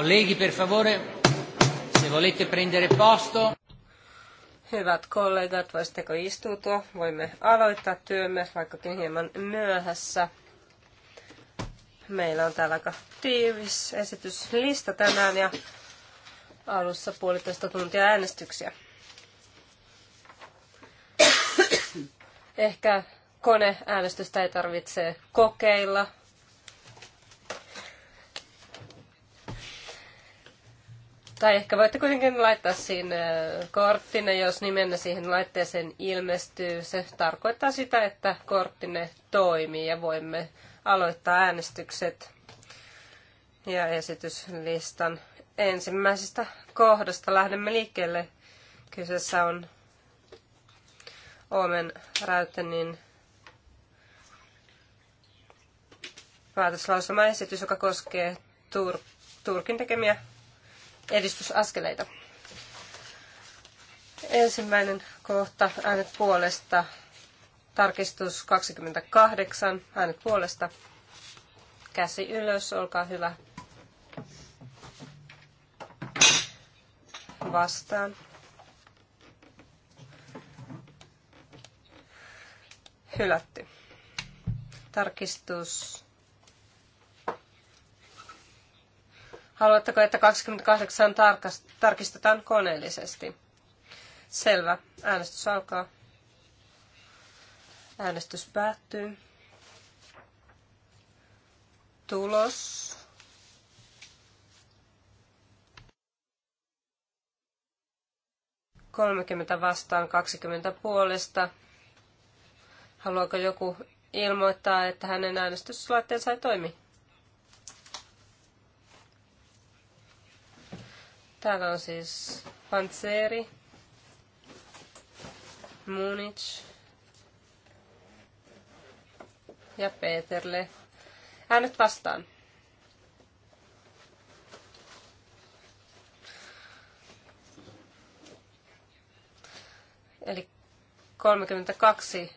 Colleghi, per favore, se volete prendere posto. Hyvät kollegat, voisitteko istutua? Voimme aloittaa työmme, vaikkakin hieman myöhässä. Meillä on täällä aika tiivis esityslista tänään ja alussa puolitoista tuntia äänestyksiä. Ehkä koneäänestystä ei tarvitse kokeilla, Tai ehkä voitte kuitenkin laittaa sinne äh, korttinen, jos nimenne siihen laitteeseen ilmestyy. Se tarkoittaa sitä, että korttinen toimii ja voimme aloittaa äänestykset ja esityslistan ensimmäisestä kohdasta lähdemme liikkeelle. Kyseessä on Omen Räytenin esitys joka koskee Tur- Turkin tekemiä edistysaskeleita. Ensimmäinen kohta, äänet puolesta, tarkistus 28, äänet puolesta, käsi ylös, olkaa hyvä. Vastaan. Hylätty. Tarkistus Haluatteko, että 28 tarkistetaan koneellisesti? Selvä. Äänestys alkaa. Äänestys päättyy. Tulos. Kolmekymmentä vastaan, 20 puolesta. Haluaako joku ilmoittaa, että hänen äänestyslaitteensa ei toimi? Täällä on siis Panzeri, Munich ja Peterle. Äänet vastaan. Eli 32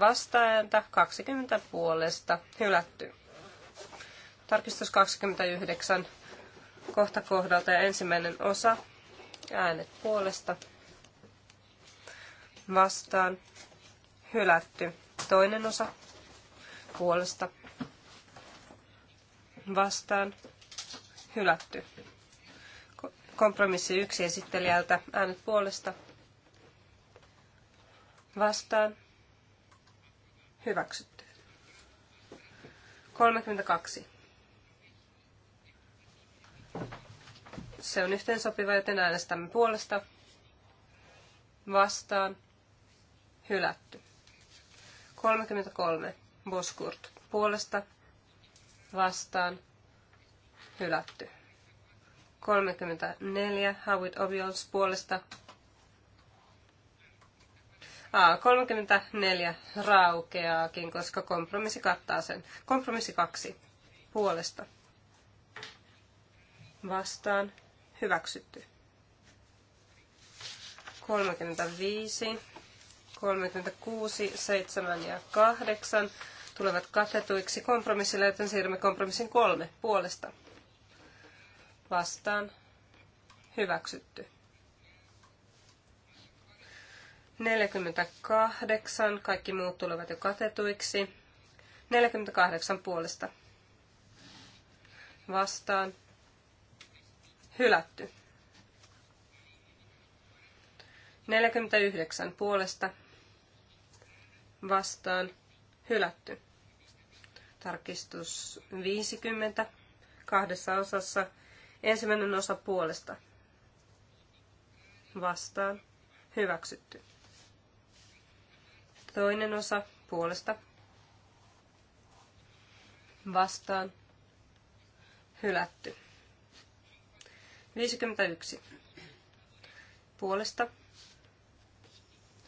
vastaajanta, 20 puolesta, hylätty. Tarkistus 29 kohta kohdalta ja ensimmäinen osa äänet puolesta vastaan hylätty. Toinen osa puolesta vastaan hylätty. Kompromissi yksi esittelijältä äänet puolesta vastaan hyväksytty. 32 Se on yhteensopiva, joten äänestämme puolesta. Vastaan. Hylätty. 33. Boskurt. Puolesta. Vastaan. Hylätty. 34. Howard Oviols. Puolesta. A, 34 raukeaakin, koska kompromissi kattaa sen. Kompromissi 2. Puolesta vastaan, Hyväksytty. 35, 36, 7 ja 8 tulevat katetuiksi kompromissille, joten siirrymme kompromissin kolme puolesta. Vastaan. Hyväksytty. 48, kaikki muut tulevat jo katetuiksi. 48 puolesta. Vastaan. Hylätty. 49 puolesta vastaan hylätty. Tarkistus 50 kahdessa osassa. Ensimmäinen osa puolesta vastaan hyväksytty. Toinen osa puolesta vastaan hylätty. 51. Puolesta.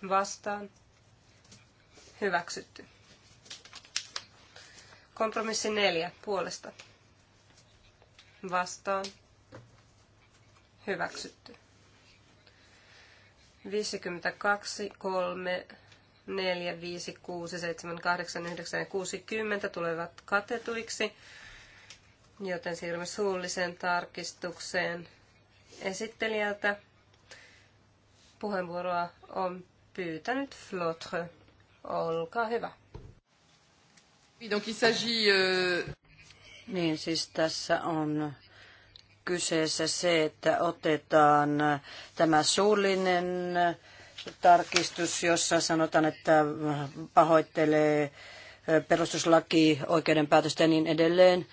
Vastaan. Hyväksytty. Kompromissi 4. Puolesta. Vastaan. Hyväksytty. 52, 3, 4, 5, 6, 7, 8, 9 ja 60 tulevat katetuiksi, joten siirrymme suulliseen tarkistukseen esittelijältä. Puheenvuoroa on pyytänyt Flotre. Olkaa hyvä. Euh, niin, siis tässä on kyseessä se, että otetaan tämä suullinen tarkistus, jossa sanotaan, että pahoittelee perustuslaki, oikeuden päätöstä ja niin edelleen.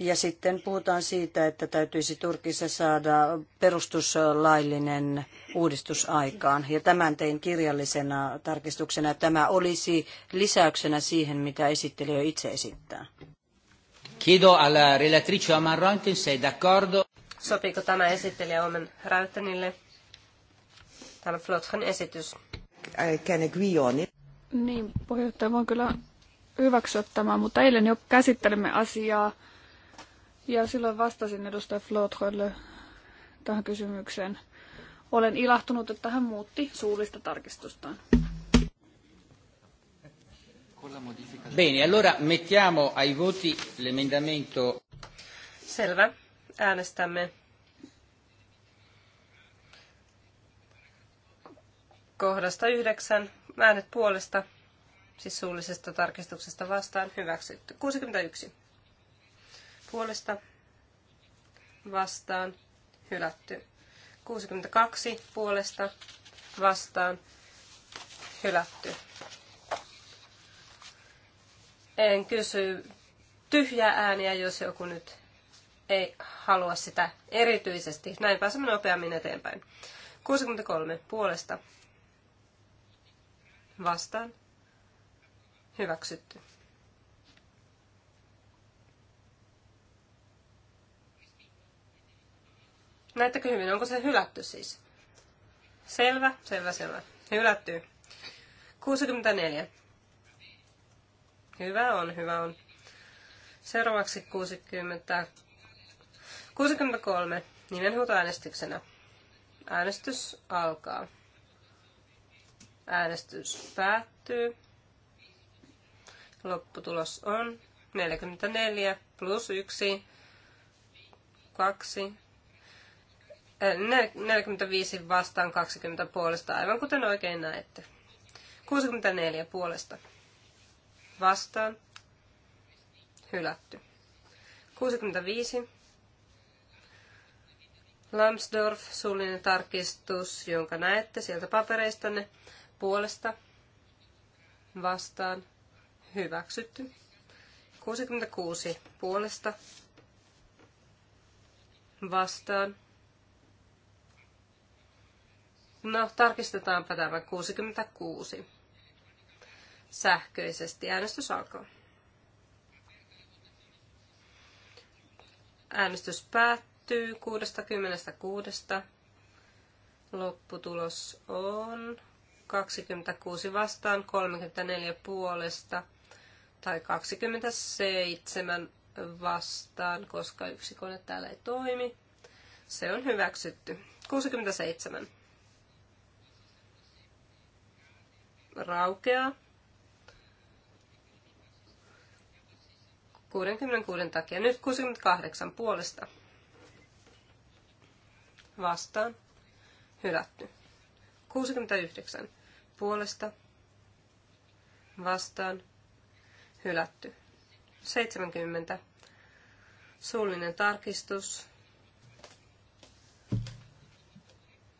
Ja sitten puhutaan siitä, että täytyisi Turkissa saada perustuslaillinen uudistus aikaan. Ja tämän tein kirjallisena tarkistuksena. Tämä olisi lisäyksenä siihen, mitä esittelijä itse esittää. Chiedo alla relatrice Oman Reuten, sei d'accordo? Sopiiko tämä esittelijä Oman Reutenille? Tämä Flotchen esitys. I can agree on it. Niin, puheenjohtaja, voin kyllä hyväksyä tämän, mutta eilen jo käsittelemme asiaa ja silloin vastasin edustaja Flotrelle tähän kysymykseen. Olen ilahtunut, että hän muutti suullista tarkistustaan. Bene, allora mettiamo ai voti l'emendamento. Selvä. Äänestämme kohdasta yhdeksän äänet puolesta, siis suullisesta tarkistuksesta vastaan hyväksytty. 61 puolesta vastaan hylätty. 62 puolesta vastaan hylätty. En kysy tyhjää ääniä, jos joku nyt ei halua sitä erityisesti. Näin pääsemme nopeammin eteenpäin. 63 puolesta vastaan hyväksytty. Näettekö hyvin, onko se hylätty siis? Selvä, selvä, selvä. Hylätty. 64. Hyvä on, hyvä on. Seuraavaksi 60. 63. Nimenhuutoäänestyksenä. Äänestys alkaa. Äänestys päättyy. Lopputulos on 44 plus 1, 2, 45 äh, vastaan 20 puolesta, aivan kuten oikein näette. 64 puolesta vastaan, hylätty. 65. Lambsdorff, suullinen tarkistus, jonka näette sieltä papereistanne, puolesta, vastaan, hyväksytty. 66 puolesta, vastaan, No, tarkistetaanpa tämä 66. Sähköisesti äänestys alkaa. Äänestys päättyy 66. Lopputulos on 26 vastaan, 34 puolesta tai 27 vastaan, koska yksi kone täällä ei toimi. Se on hyväksytty. 67. raukeaa. 66 takia. Nyt 68 puolesta. Vastaan. Hylätty. 69 puolesta. Vastaan. Hylätty. 70. Suullinen tarkistus.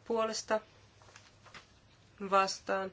Puolesta. Vastaan.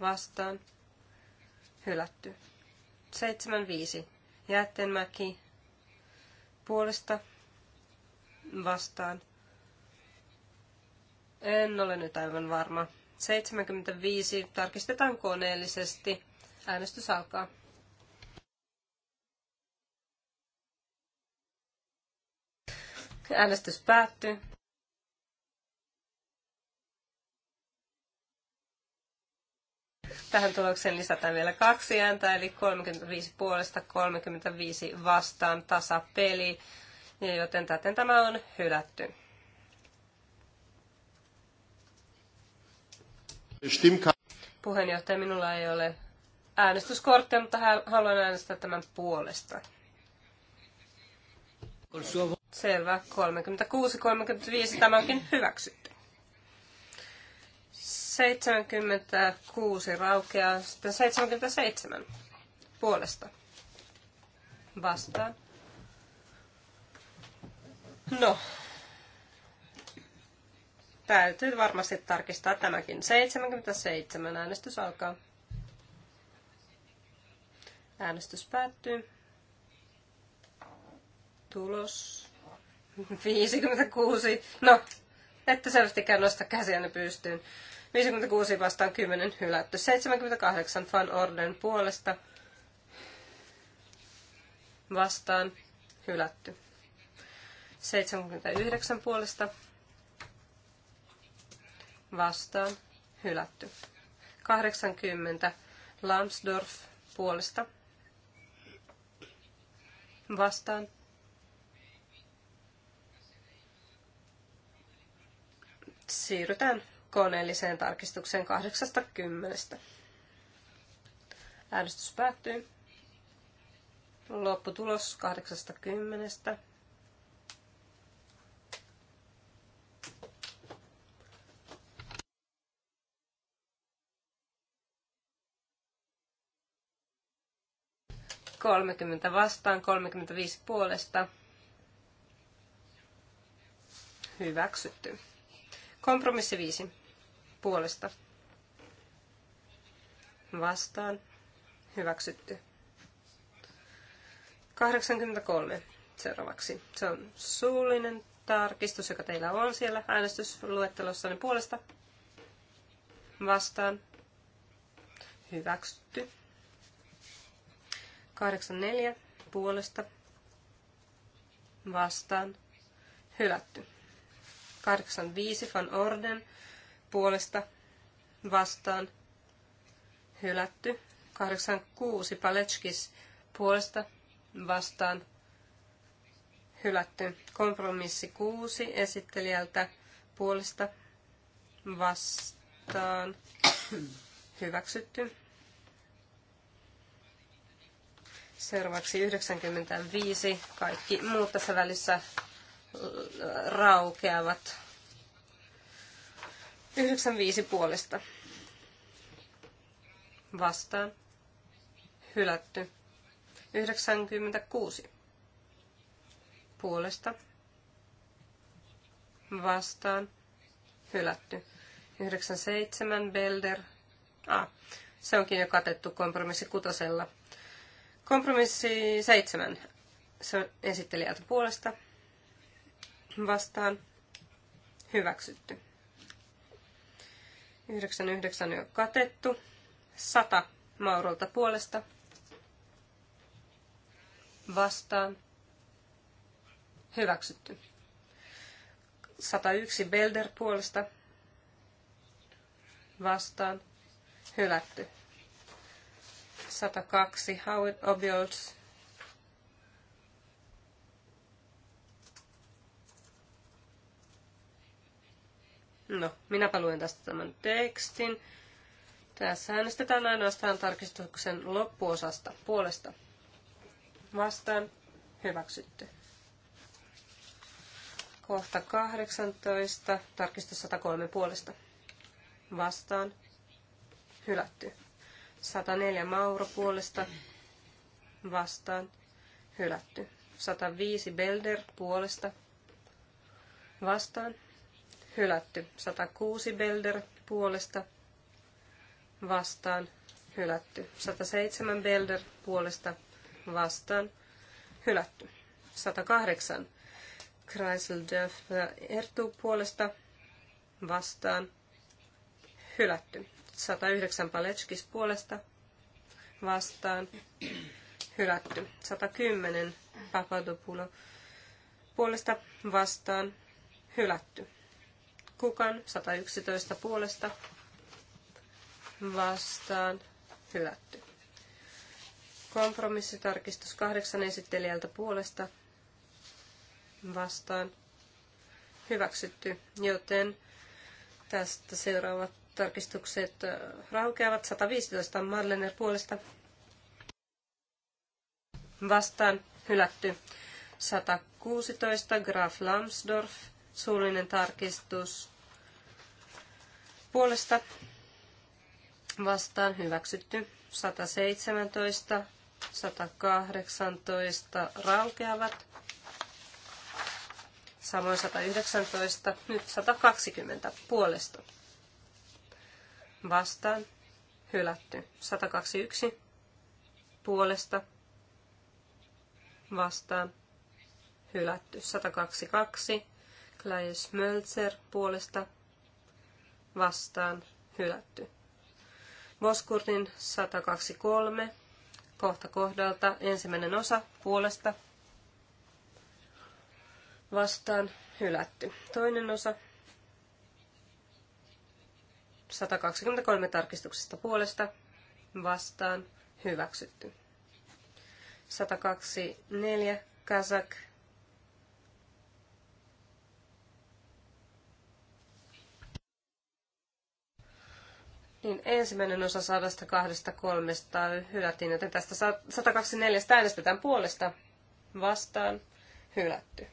vastaan hylätty. 75. Jäätteenmäki puolesta vastaan. En ole nyt aivan varma. 75. Tarkistetaan koneellisesti. Äänestys alkaa. Äänestys päättyy. Tähän tulokseen lisätään vielä kaksi ääntä, eli 35 puolesta 35 vastaan tasapeli, joten täten tämä on hylätty. Puheenjohtaja, minulla ei ole äänestyskorttia, mutta haluan äänestää tämän puolesta. Selvä, 36-35 tämä onkin hyväksytty. 76 raukeaa, sitten 77 puolesta vastaan. No, täytyy varmasti tarkistaa tämäkin. 77 äänestys alkaa. Äänestys päättyy. Tulos 56. No, ette selvästikään nosta käsiäni pystyyn. 56 vastaan 10 hylätty. 78 Van Orden puolesta vastaan hylätty. 79 puolesta vastaan hylätty. 80 Lambsdorff puolesta vastaan siirrytään koneelliseen tarkistukseen 80. Äänestys päättyy. Lopputulos 80. Kolmekymmentä vastaan, 35 puolesta. Hyväksytty. Kompromissi viisi puolesta vastaan hyväksytty. 83 seuraavaksi. Se on suullinen tarkistus, joka teillä on siellä äänestysluettelossa, niin puolesta vastaan hyväksytty. 84 puolesta vastaan hylätty. 85 van Orden puolesta vastaan hylätty. 86 Paletskis puolesta vastaan hylätty. Kompromissi 6 esittelijältä puolesta vastaan hyväksytty. Seuraavaksi 95. Kaikki muut tässä välissä raukeavat 95 puolesta. Vastaan. Hylätty. 96 puolesta. Vastaan. Hylätty. 97 Belder. Ah, se onkin jo katettu kompromissi kutosella. Kompromissi 7. Se on esittelijältä puolesta. Vastaan. Hyväksytty. 99 on jo katettu. 100 Maurolta puolesta. Vastaan. Hyväksytty. 101 Belder puolesta. Vastaan. Hylätty. 102 Howard Obiols No, minäpä luen tästä tämän tekstin. Tässä äänestetään ainoastaan tarkistuksen loppuosasta puolesta. Vastaan hyväksytty. Kohta 18, tarkistus 103 puolesta. Vastaan hylätty. 104 Mauro puolesta vastaan hylätty. 105 Belder puolesta vastaan hylätty. 106 Belder puolesta vastaan hylätty. 107 Belder puolesta vastaan hylätty. 108 Kreisel Ertu puolesta vastaan hylätty. 109 Palechkis puolesta vastaan hylätty. 110 Papadopoulos puolesta vastaan hylätty. Kukan 111 puolesta vastaan hylätty. Kompromissitarkistus kahdeksan esittelijältä puolesta vastaan hyväksytty, joten tästä seuraavat tarkistukset äh, raukeavat 115 Marlener puolesta vastaan hylätty. 116 Graf Lambsdorff Suullinen tarkistus puolesta vastaan hyväksytty. 117, 118 raukeavat. Samoin 119, nyt 120 puolesta. Vastaan hylätty. 121 puolesta vastaan hylätty. 122 Klajus Mölzer puolesta vastaan hylätty. Voskurtin 123 kohta kohdalta ensimmäinen osa puolesta vastaan hylätty. Toinen osa 123 tarkistuksesta puolesta vastaan hyväksytty. 124 Kazak Niin ensimmäinen osa 102.3 hylättiin, joten tästä 124 äänestetään puolesta vastaan hylätty.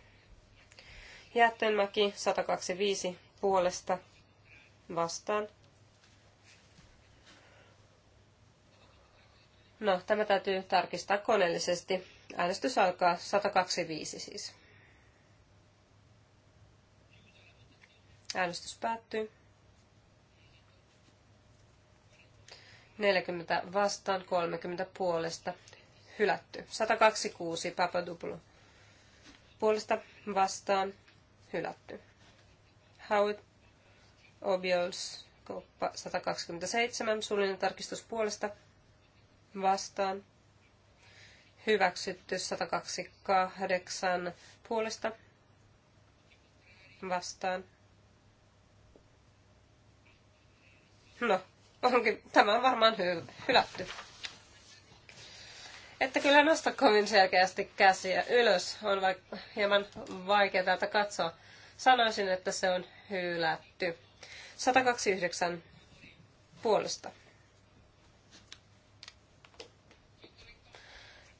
Jättenmäki 125 puolesta vastaan. No, tämä täytyy tarkistaa koneellisesti. Äänestys alkaa 125 siis. Äänestys päättyy. 40 vastaan, 30 puolesta, hylätty. 126 Papadopoulou puolesta vastaan, hylätty. Howard Obiols, koppa 127, suullinen tarkistus puolesta, vastaan, hyväksytty 128 puolesta, vastaan. No, onkin, tämä on varmaan hyl- hylätty. Että kyllä nosta kovin selkeästi käsiä ylös. On vaik- hieman vaikea täältä katsoa. Sanoisin, että se on hylätty. 129 puolesta.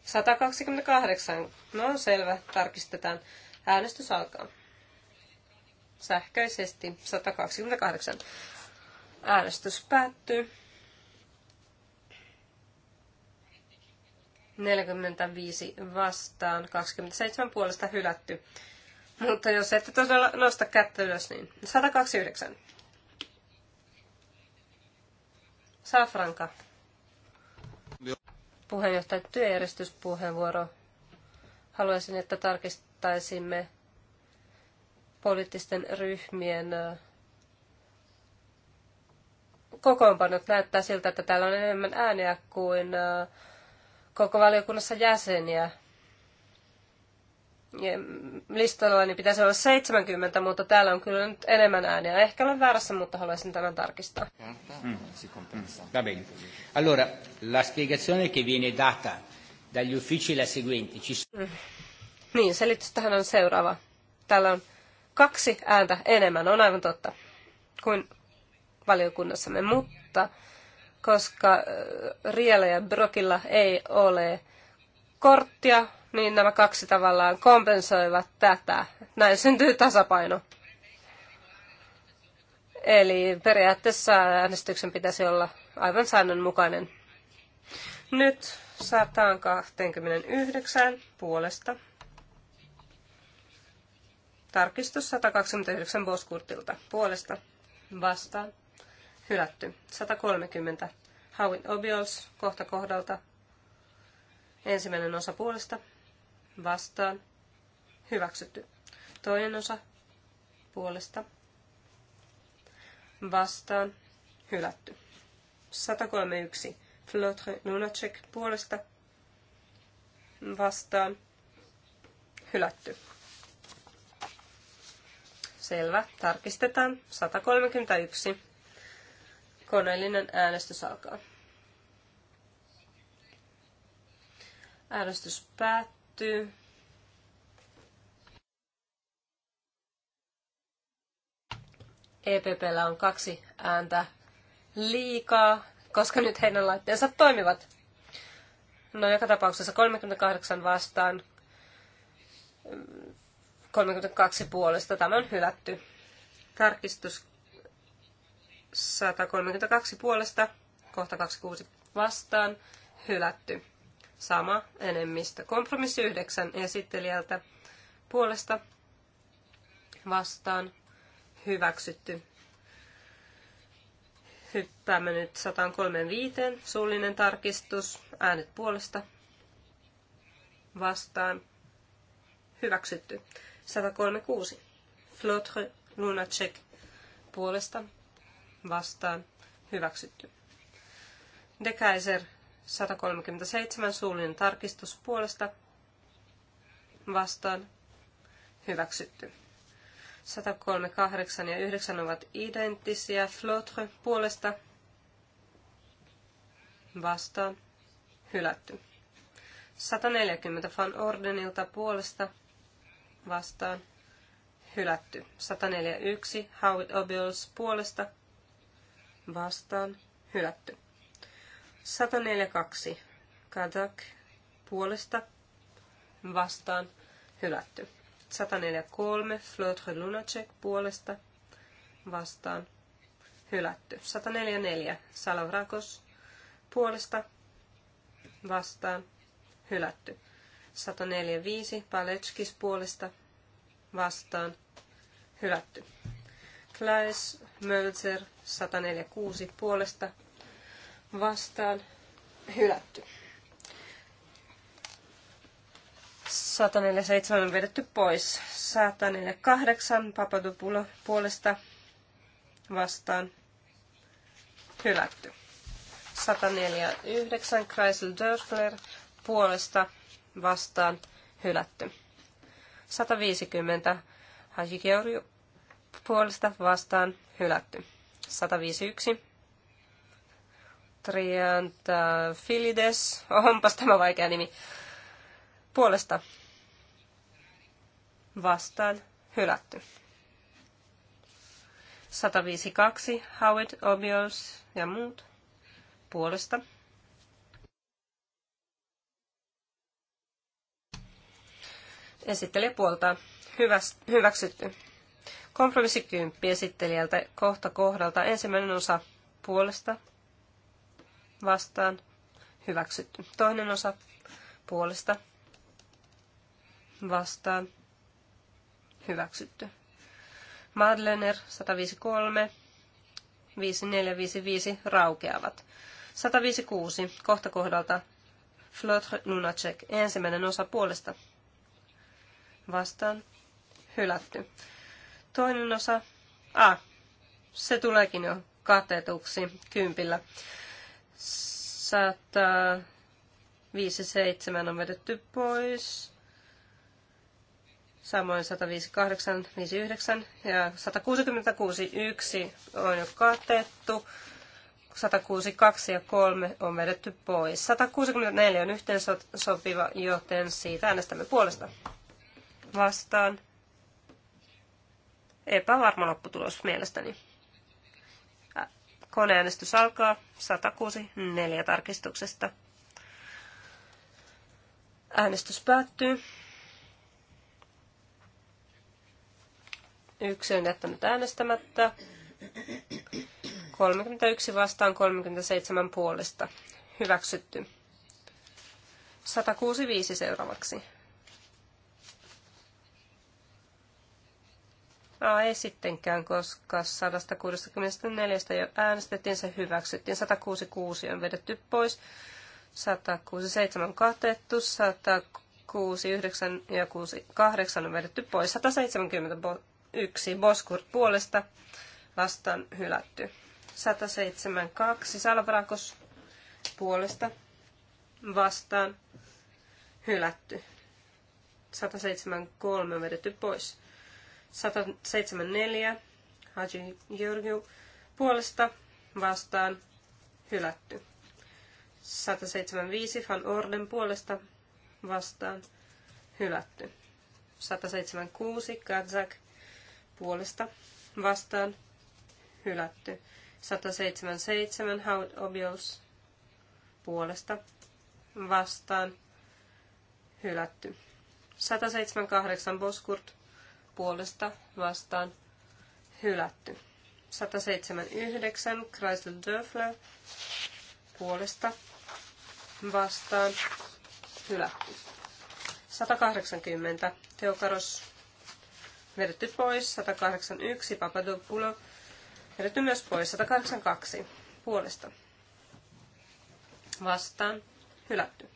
128. No selvä, tarkistetaan. Äänestys alkaa. Sähköisesti 128. Äänestys päättyy. 45 vastaan, 27 puolesta hylätty. Mutta jos ette todella nosta kättä ylös, niin 129. Safranka. Puheenjohtaja työjärjestyspuheenvuoro. Haluaisin, että tarkistaisimme poliittisten ryhmien kokoonpanot. Näyttää siltä, että täällä on enemmän ääniä kuin koko valiokunnassa jäseniä. Ja listalla niin pitäisi olla 70, mutta täällä on kyllä nyt enemmän ääniä. Ehkä olen väärässä, mutta haluaisin tämän tarkistaa. Mm. Va bene. Allora, la spiegazione che viene data dagli uffici la seguente. Ci... Mm. Niin, selitys tähän on seuraava. Täällä on kaksi ääntä enemmän, on aivan totta, kuin valiokunnassamme, mutta koska Riellä ja Brokilla ei ole korttia, niin nämä kaksi tavallaan kompensoivat tätä. Näin syntyy tasapaino. Eli periaatteessa äänestyksen pitäisi olla aivan säännönmukainen. Nyt 129 puolesta. Tarkistus 129 Boskurtilta puolesta. Vastaan hylätty. 130. it obvious, kohta kohdalta. Ensimmäinen osa puolesta vastaan hyväksytty. Toinen osa puolesta vastaan hylätty. 131. Flotre Lunacek puolesta vastaan hylätty. Selvä. Tarkistetaan. 131. Koneellinen äänestys alkaa. Äänestys päättyy. EPPllä on kaksi ääntä liikaa, koska nyt heidän laitteensa toimivat. No joka tapauksessa 38 vastaan, 32 puolesta. Tämä on hylätty. Tarkistus 132 puolesta, kohta 26 vastaan, hylätty. Sama enemmistö. Kompromissi 9 esittelijältä puolesta vastaan hyväksytty. Hyppäämme nyt 135. Suullinen tarkistus. Äänet puolesta vastaan hyväksytty. 136. Flotre Lunacek puolesta vastaan hyväksytty. Dekaiser 137 suullinen tarkistus puolesta vastaan hyväksytty. 138 ja 9 ovat identtisiä. Flotre puolesta vastaan hylätty. 140 Van Ordenilta puolesta vastaan hylätty. 141 Howard Obels puolesta vastaan hylätty. 142 Kadak puolesta vastaan hylätty. 143 Flotre Lunacek puolesta vastaan hylätty. 144 Salavrakos puolesta vastaan hylätty. 145 Paletskis puolesta vastaan hylätty. Klaes Mölzer 146 puolesta vastaan hylätty. 147 on vedetty pois. 148 Papadopoulos puolesta vastaan hylätty. 149 Kreisel Dörfler puolesta vastaan hylätty. 150 Haji Georgiou puolesta vastaan hylätty. 151. Trianta Filides. Onpas tämä vaikea nimi. Puolesta vastaan hylätty. 152. Howard, Obios ja muut puolesta. Esittelijä puolta hyvä hyväksytty. Kompromissi 10 esittelijältä kohta kohdalta ensimmäinen osa puolesta vastaan hyväksytty. Toinen osa puolesta vastaan hyväksytty. Madlener 153, 5455 raukeavat. 156 kohta kohdalta Flotre Nunacek ensimmäinen osa puolesta vastaan hylätty. Toinen osa, a, ah, se tuleekin jo katetuksi kympillä. 157 on vedetty pois. Samoin 158, 59 ja 166, 1 on jo katettu. 162 ja 3 on vedetty pois. 164 on yhteen sopiva, joten siitä äänestämme puolesta. Vastaan. Epävarma lopputulos mielestäni. Koneäänestys alkaa 164 tarkistuksesta. Äänestys päättyy. Yksi on jättänyt äänestämättä. 31 vastaan 37 puolesta. Hyväksytty. 165 seuraavaksi. A ei sittenkään, koska 164 äänestettiin, se hyväksyttiin. 166 on vedetty pois, 167 katettu, 169 ja 68 on vedetty pois, 171 Boskurt puolesta vastaan hylätty. 172 Salvrakos puolesta vastaan hylätty. 173 vedetty pois. 174 Haji Georgiou puolesta vastaan hylätty. 175 Van Orden puolesta vastaan hylätty. 176 Kazak puolesta vastaan hylätty. 177 Haud Obios puolesta vastaan hylätty. 178 Boskurt puolesta vastaan hylätty. 179 Chrysler Dörfler puolesta vastaan hylätty. 180 Teokaros vedetty pois. 181 Papadopulo vedetty myös pois. 182 puolesta vastaan hylätty.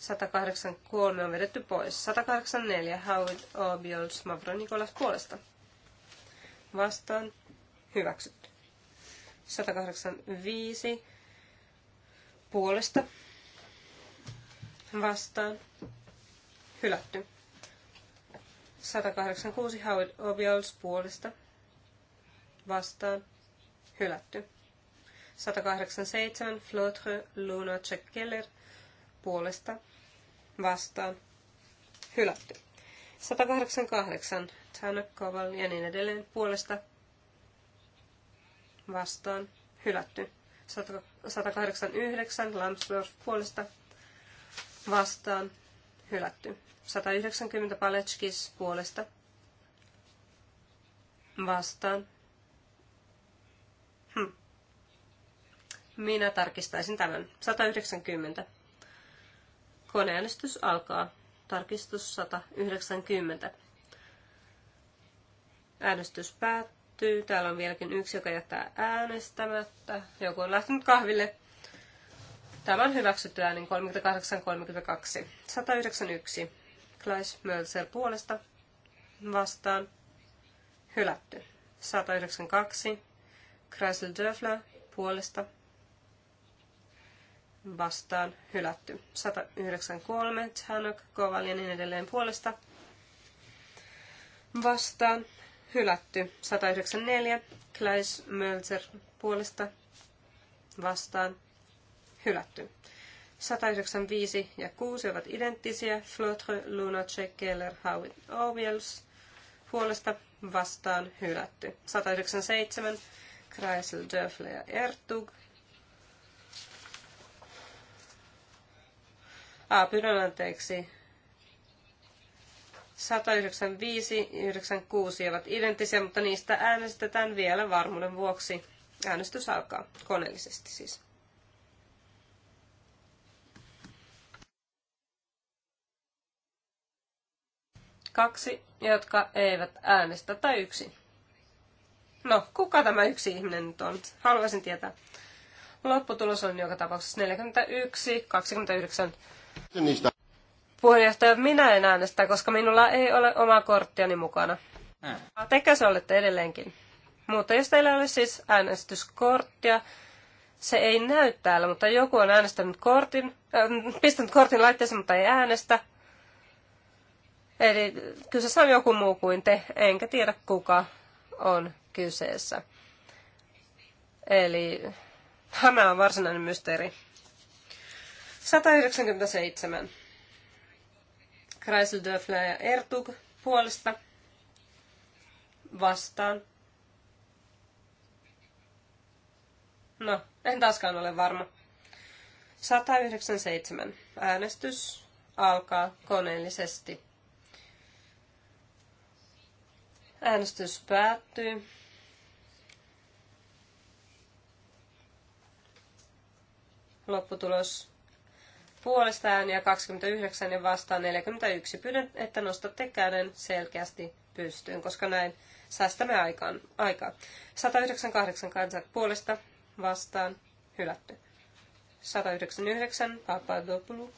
183 on vedetty pois. 184 Howard Obiols Mavro Nikolas puolesta. Vastaan hyväksytty. 185 puolesta vastaan hylätty. 186 Howard Obiols puolesta vastaan hylätty. 187 Flotre Luna Keller puolesta vastaan hylätty. 188 Tanakoval ja niin edelleen puolesta vastaan hylätty. 189 Lambsdorff puolesta vastaan hylätty. 190 Paletskis puolesta vastaan. Hm. Minä tarkistaisin tämän. 190. Koneäänestys alkaa. Tarkistus 190. Äänestys päättyy. Täällä on vieläkin yksi, joka jättää äänestämättä. Joku on lähtenyt kahville. Tämä on hyväksytty äänin 38-32. 191. Klaes Mölzer puolesta vastaan. Hylätty. 192. Kreisel Döfler puolesta vastaan hylätty. 193 Chanok, Koval ja niin edelleen puolesta vastaan hylätty. 194 Kleis Mölzer puolesta vastaan hylätty. 195 ja 6 ovat identtisiä. Flotre, Lunacek, Keller, Howitt, Oviels puolesta vastaan hylätty. 197 Kreisel, Dörfle ja Ertug A, pyydän anteeksi. 195 ja 96 ovat identtisiä, mutta niistä äänestetään vielä varmuuden vuoksi. Äänestys alkaa koneellisesti siis. Kaksi, jotka eivät äänestä, tai yksi. No, kuka tämä yksi ihminen nyt on? Haluaisin tietää. Lopputulos on joka tapauksessa 41, 29 Puheenjohtaja, minä en äänestä, koska minulla ei ole omaa korttiani mukana. Äh. Ah, Tekä se olette edelleenkin? Mutta jos teillä olisi siis äänestyskorttia, se ei näy täällä, mutta joku on äänestänyt kortin, äh, pistänyt kortin laitteeseen, mutta ei äänestä. Eli kyseessä on joku muu kuin te, enkä tiedä kuka on kyseessä. Eli tämä on varsinainen mysteeri. 197. Kreisel, Döfler ja Ertug puolesta vastaan. No, en taaskaan ole varma. 197. Äänestys alkaa koneellisesti. Äänestys päättyy. Lopputulos puolesta ääniä 29 ja vastaan 41. Pyydän, että nostatte käden selkeästi pystyyn, koska näin säästämme aikaan, aikaa. 198 puolesta vastaan hylätty. 199 Papadopoulou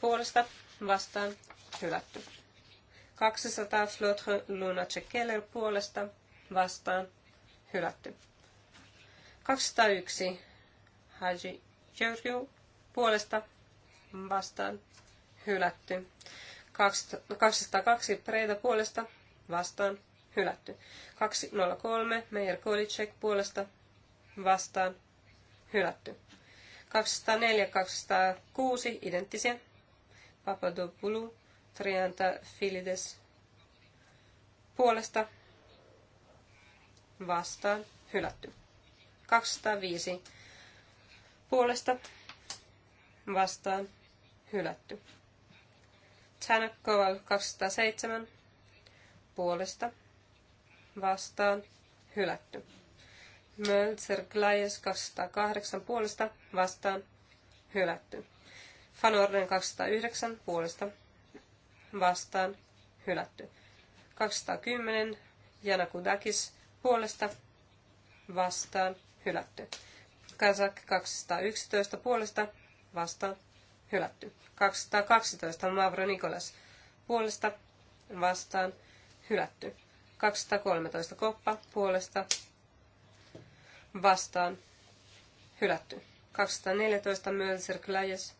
puolesta vastaan hylätty. 200 Flotre Lunacek Keller puolesta vastaan hylätty. 201 Haji Georgiou puolesta vastaan hylätty. 202 Preita puolesta vastaan hylätty. 203 Meijer Kolicek puolesta vastaan hylätty. 204 206 identtisiä. Papadopoulou, Trianta Filides puolesta vastaan hylätty. 205 puolesta vastaan hylätty. Tanak Koval 207 puolesta vastaan hylätty. Mölzer Glajes 208 puolesta vastaan hylätty. Fanorden 209 puolesta vastaan hylätty. 210 Janakudakis puolesta vastaan hylätty. Kazak 211 puolesta vastaan hylätty. 212 Mavro Nikolas puolesta vastaan hylätty. 213 Koppa puolesta vastaan hylätty. 214 Mölser Klajes.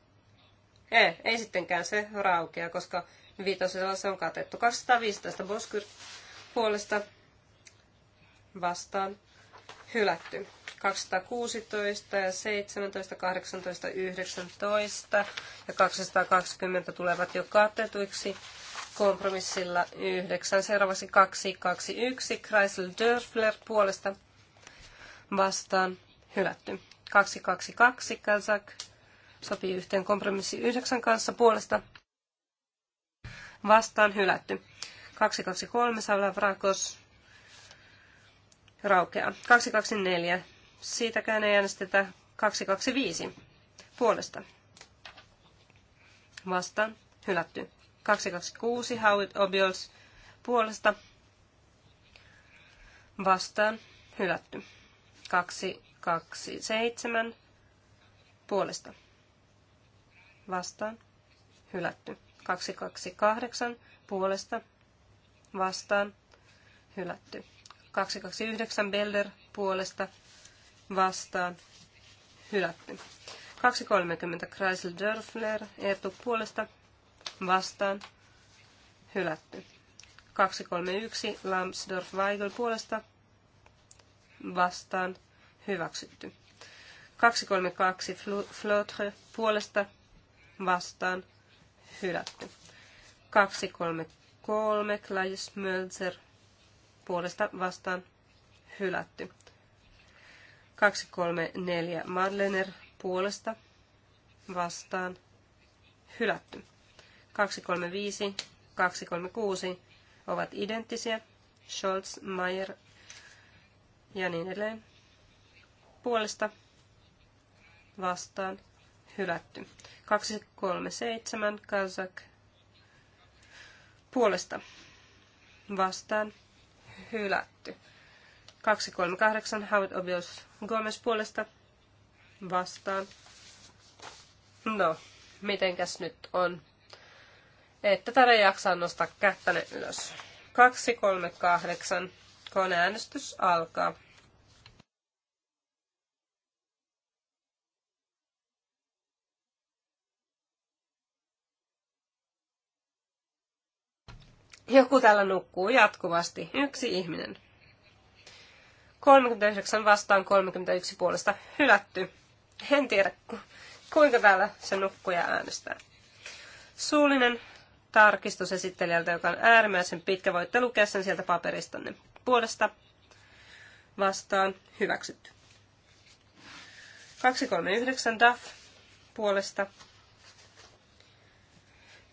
Ei, eh, ei sittenkään se raukea, koska viitosella se on katettu. 215 Boskyr puolesta vastaan hylätty. 216 ja 17, 18, 19 ja 220 tulevat jo katetuiksi kompromissilla 9. Seuraavaksi 221 Kreisel Dörfler puolesta vastaan hylätty. 222 Kazak sopii yhteen kompromissi 9 kanssa puolesta vastaan hylätty. 223 Savla Vrakos raukeaa. 224. Siitäkään ei äänestetä. 225. Puolesta. Vastaan. Hylätty. 226. Howard Obiols. Puolesta. Vastaan. Hylätty. 227. Puolesta. Vastaan. Hylätty. 228. Puolesta. Vastaan. Hylätty. 229 Belder puolesta vastaan hylätty. 230 Kreisel Dörfler Eetu puolesta vastaan hylätty. 231 Lambsdorff Weigel puolesta vastaan hyväksytty. 232 Flotre puolesta vastaan hylätty. 233 Klaus Mölzer puolesta vastaan hylätty. 234 Madlener puolesta vastaan hylätty. 235, 236 ovat identtisiä. Scholz, Mayer ja niin edelleen. Puolesta vastaan hylätty. 237 Kazak puolesta vastaan hylätty. 238 Howard Obios Gomez puolesta vastaan. No, mitenkäs nyt on? Että tätä jaksaa nostaa kättäne ylös. 238 koneäänestys alkaa. Joku täällä nukkuu jatkuvasti. Yksi ihminen. 39 vastaan 31 puolesta hylätty. En tiedä, kuinka täällä se nukkuja äänestää. Suullinen tarkistus esittelijältä, joka on äärimmäisen pitkä. Voitte lukea sen sieltä paperistanne. Puolesta vastaan hyväksytty. 239 DAF puolesta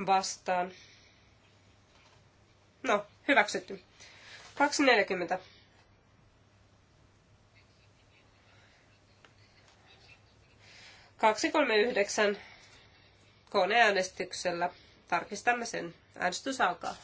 vastaan No, hyväksytty. 240. Kaksi kolme yhdeksän koneäänestyksellä. Tarkistamme sen. Äänestys alkaa.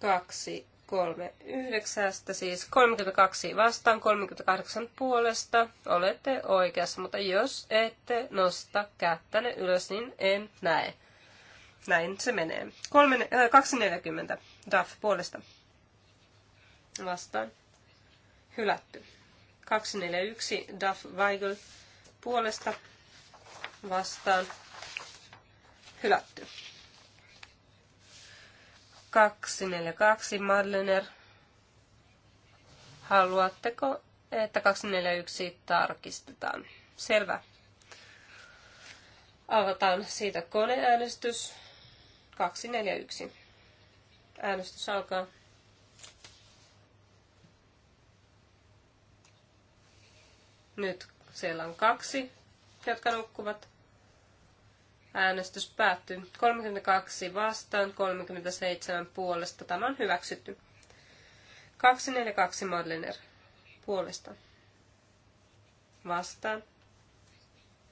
Kaksi kolme yhdeksästä siis 32 vastaan, 38 puolesta. Olette oikeassa, mutta jos ette nosta kättäne ylös, niin en näe. Näin se menee. kolme äh, 240 DAF puolesta. Vastaan. Hylätty. 241 DAF Weigel puolesta. Vastaan. Hylätty. 242 Madlener. Haluatteko, että 241 tarkistetaan? Selvä. Avataan siitä koneäänestys. 241. Äänestys alkaa. Nyt siellä on kaksi, jotka nukkuvat. Äänestys päättyy. 32 vastaan, 37 puolesta. Tämä on hyväksytty. 242 Madlener puolesta. Vastaan.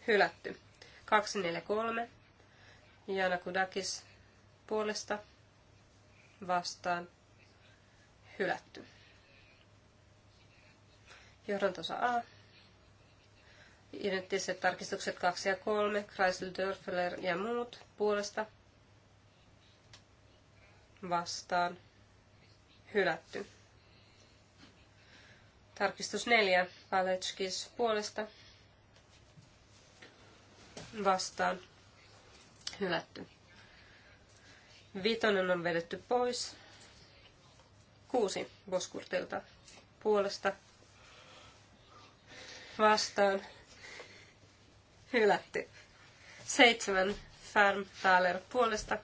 Hylätty. 243 Jana Kudakis puolesta. Vastaan. Hylätty. Johdantosa A Identtiset tarkistukset 2 ja 3, Chrysler, Dörfler ja muut puolesta vastaan hylätty. Tarkistus 4, Paletskis puolesta vastaan hylätty. Vitonen on vedetty pois. Kuusi Boskurtilta puolesta vastaan hylätty. Seitsemän Färm Thaler puolesta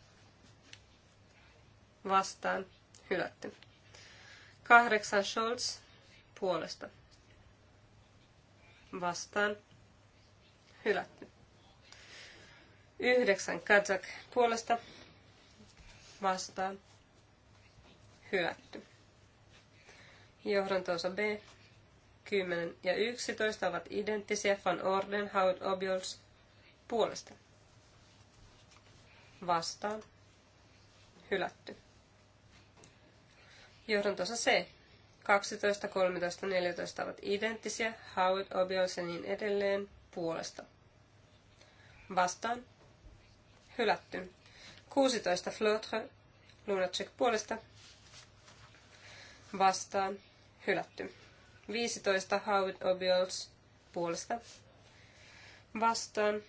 vastaan hylätty. Kahdeksan Scholz puolesta vastaan hylätty. Yhdeksän Kazak puolesta vastaan hylätty. Johdantoosa B 10 ja 11 ovat identtisiä Van Orden, Howard Obiols puolesta. Vastaan. Hylätty. Johdantosa C. 12, 13, 14 ovat identtisiä Howard Obiols ja niin edelleen puolesta. Vastaan. Hylätty. 16 Flotre Lunacek puolesta. Vastaan. Hylätty. 15 Howard Obiols puolesta vastaan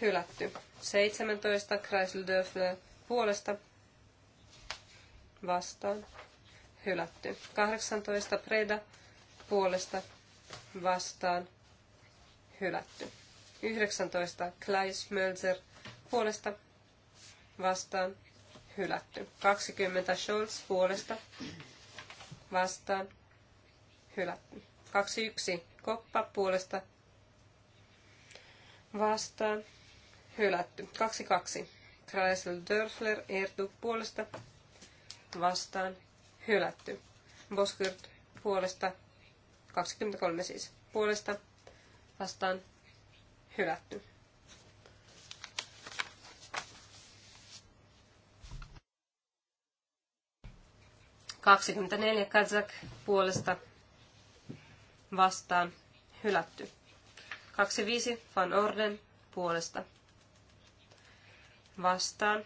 hylätty. 17 Chrysler Dörfler puolesta vastaan hylätty. 18 Preda puolesta vastaan hylätty. 19 Kleis Mölzer puolesta vastaan hylätty. 20 Scholz puolesta vastaan hylätty hylätty. 21. koppa puolesta vastaan hylätty. 22. Kreisel Dörfler Ertu puolesta vastaan hylätty. Boskert puolesta 23 siis puolesta vastaan hylätty. Kaksikymmentäneljä Kazak puolesta vastaan hylätty. 25 Van Orden puolesta vastaan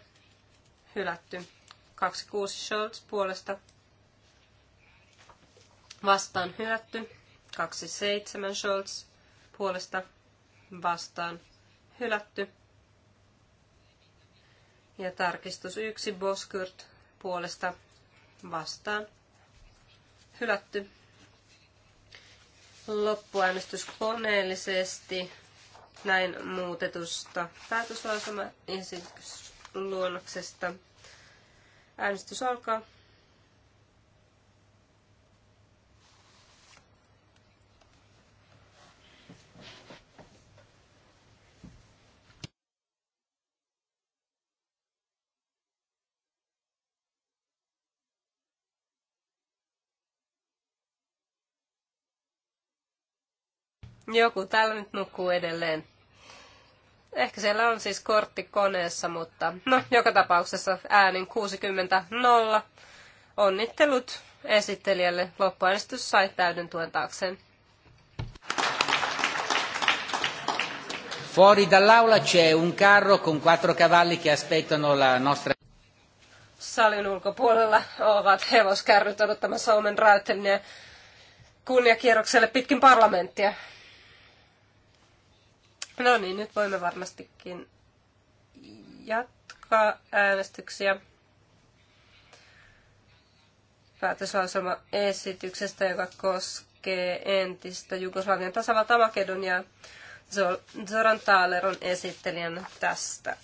hylätty. 26 Scholz puolesta vastaan hylätty. 27 Scholz puolesta vastaan hylätty. Ja tarkistus 1 Boskurt puolesta vastaan hylätty loppuäänestys koneellisesti näin muutetusta päätöslauselmaesitysluonnoksesta. Äänestys alkaa. Joku täällä nyt nukkuu edelleen. Ehkä siellä on siis kortti koneessa, mutta no, joka tapauksessa äänin 60-0. Onnittelut esittelijälle. Loppuäänestys sai täyden tuen taakseen. Fuori dall'aula c'è un carro con quattro cavalli che aspettano la nostra... Salin ulkopuolella ovat hevoskärryt odottamassa Omen Rautelin kunniakierrokselle pitkin parlamenttia. No niin, nyt voimme varmastikin jatkaa äänestyksiä päätöslauselma esityksestä, joka koskee entistä Jugoslavian tasavalta Makedoniaa. Zoran Taaler on tästä.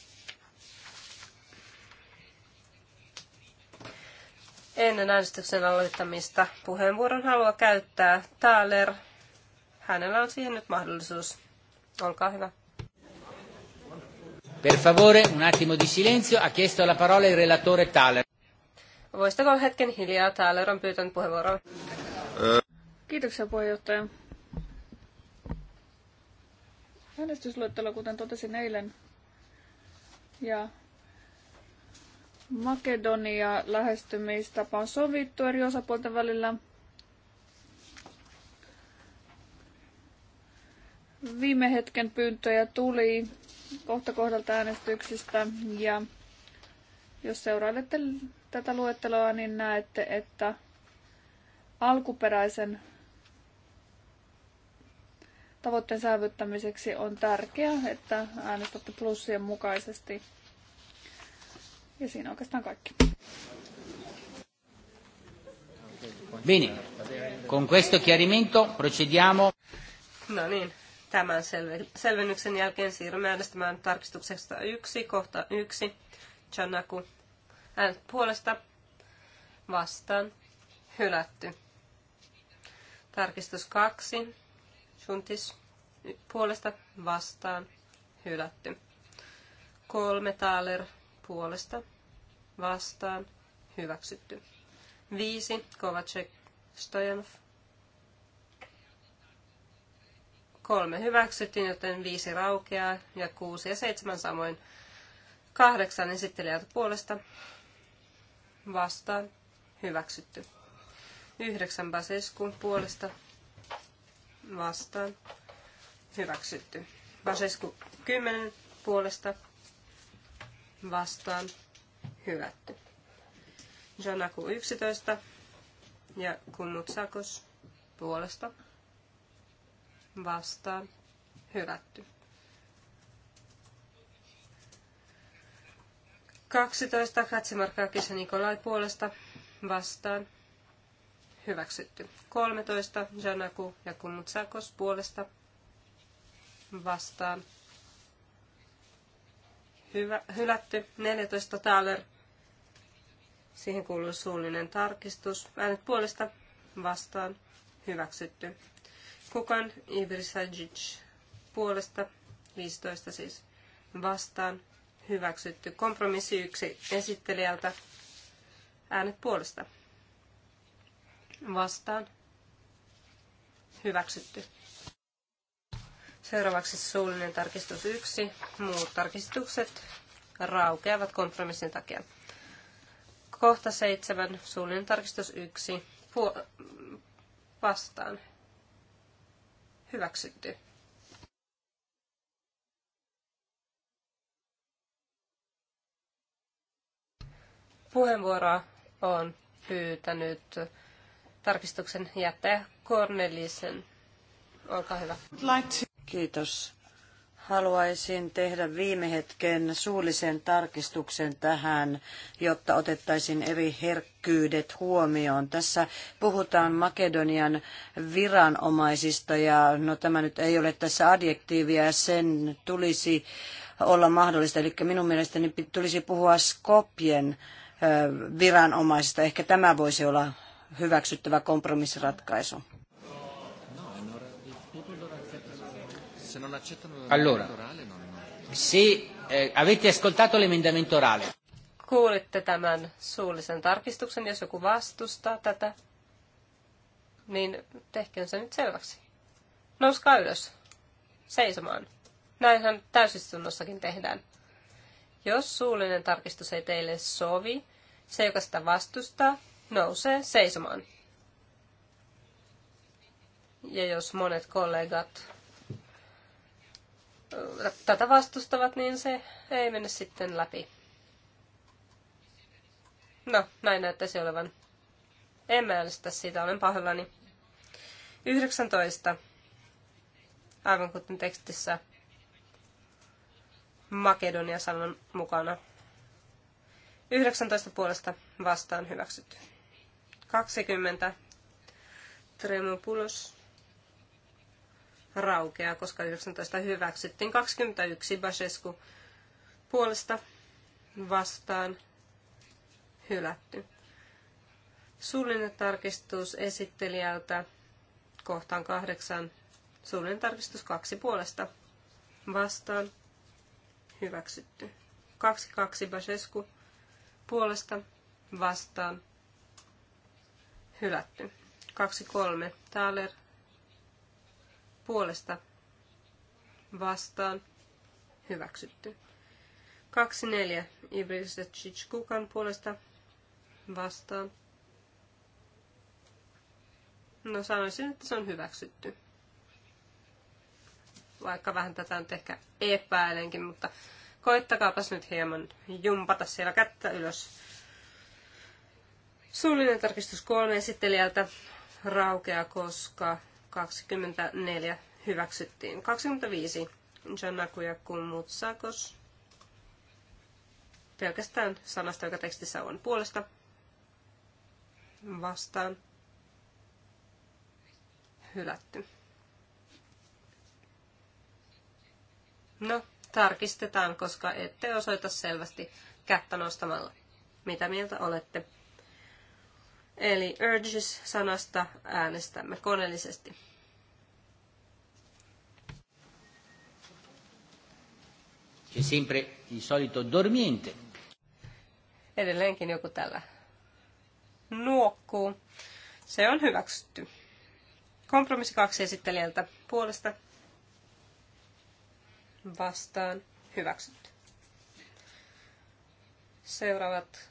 Ennen äänestyksen aloittamista puheenvuoron haluaa käyttää Taaler. Hänellä on siihen nyt mahdollisuus. Olkaa hyvä. Per favore, un attimo di silenzio. Ha chiesto la parola il relatore Thaler. Voisitko hetken hiljaa? Thaler on pyytänyt puheenvuoroa. Kiitoksia puheenjohtaja. Äänestysluettelo, kuten totesin eilen, ja Makedonia lähestymistapa on sovittu eri osapuolten välillä – viime hetken pyyntöjä tuli kohta kohdalta äänestyksistä ja jos seurailette tätä luetteloa, niin näette, että alkuperäisen tavoitteen saavuttamiseksi on tärkeää, että äänestätte plussien mukaisesti. Ja siinä oikeastaan kaikki. Bene, con questo chiarimento procediamo. No niin, Tämän selvennyksen jälkeen siirrymme äänestämään tarkistuksesta 1, kohta 1, Chanaku. Äänet puolesta, vastaan, hylätty. Tarkistus 2, Shuntis puolesta, vastaan, hylätty. Kolme Taaler, puolesta, vastaan, hyväksytty. Viisi Kovacek, Stojanov, Kolme hyväksyttiin, joten viisi raukeaa ja kuusi ja seitsemän samoin. Kahdeksan esittelijältä puolesta vastaan hyväksytty. Yhdeksän Baseskun puolesta vastaan hyväksytty. Basesku kymmenen puolesta vastaan hylätty. Janaku 11 ja Kummutsakos puolesta vastaan hylätty. 12 Katsimarkakis ja Nikolai puolesta vastaan hyväksytty. 13 Janaku ja Kumutsakos puolesta vastaan hyvä, hylätty. 14 Taler. Siihen kuuluu suullinen tarkistus. Äänet puolesta vastaan hyväksytty kukaan. Sajic puolesta 15 siis vastaan. Hyväksytty. Kompromissi yksi esittelijältä. Äänet puolesta. Vastaan. Hyväksytty. Seuraavaksi suullinen tarkistus 1. Muut tarkistukset raukeavat kompromissin takia. Kohta 7. Suullinen tarkistus 1. vastaan. Hyväksytty. Puheenvuoroa on pyytänyt tarkistuksen jättäjä Cornelisen. Olkaa hyvä. Kiitos haluaisin tehdä viime hetken suullisen tarkistuksen tähän, jotta otettaisiin eri herkkyydet huomioon. Tässä puhutaan Makedonian viranomaisista ja no tämä nyt ei ole tässä adjektiivia, sen tulisi olla mahdollista. Eli minun mielestäni tulisi puhua Skopjen viranomaisista. Ehkä tämä voisi olla hyväksyttävä kompromissiratkaisu. Se non accettano l'emendamento allora, orale, non... No. Se eh, avete ascoltato l'emendamento orale. Kuulitte tämän suullisen tarkistuksen, jos joku vastustaa tätä, niin tehkään se nyt selväksi. Nouskaa ylös. Seisomaan. Näinhän täysistunnossakin tehdään. Jos suullinen tarkistus ei teille sovi, se, joka sitä vastustaa, nousee seisomaan. Ja jos monet kollegat tätä vastustavat, niin se ei mene sitten läpi. No, näin näyttäisi olevan. En mä äänestä siitä, olen pahoillani. 19. Aivan kuten tekstissä Makedonia sanon mukana. 19 puolesta vastaan hyväksytty. 20. Tremopulos raukeaa, koska 19 hyväksyttiin. 21 Basescu puolesta vastaan hylätty. Suullinen tarkistus esittelijältä kohtaan kahdeksan. Suullinen tarkistus kaksi puolesta vastaan hyväksytty. 22 Basescu puolesta vastaan hylätty. 23 Thaler puolesta vastaan hyväksytty. 24 Ibrisa Chichkukan puolesta vastaan. No sanoisin, että se on hyväksytty. Vaikka vähän tätä nyt ehkä epäilenkin, mutta koittakaapas nyt hieman jumpata siellä kättä ylös. Suullinen tarkistus kolme esittelijältä raukea, koska 24 hyväksyttiin. 25 Janaku ja Kummutsakos. Pelkästään sanasta, joka tekstissä on puolesta vastaan hylätty. No, tarkistetaan, koska ette osoita selvästi kättä nostamalla. Mitä mieltä olette? Eli urges-sanasta äänestämme koneellisesti. C'è sempre di solito dormiente. Edelleenkin joku tällä nuokkuu. Se on hyväksytty. Kompromissi kaksi esittelijältä puolesta vastaan hyväksytty. Seuraavat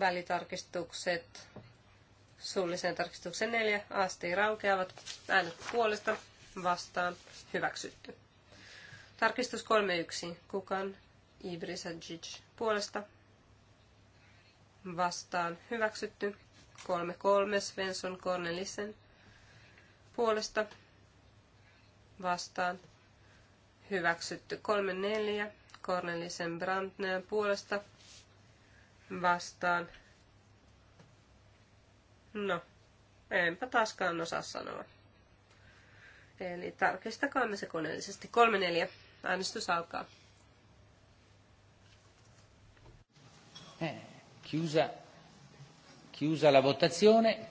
välitarkistukset suullisen tarkistuksen neljä asti raukeavat äänet puolesta vastaan hyväksytty. Tarkistus 3.1. Kukan Ibrisagic puolesta vastaan hyväksytty. 3.3. Svensson Cornelissen puolesta vastaan hyväksytty. 3.4. Cornelissen Brandner puolesta vastaan. No, enpä taaskaan osaa sanoa. Eli me se koneellisesti. 3.4. Äänestys alkaa. Eh, chiusa, chiusa la votazione.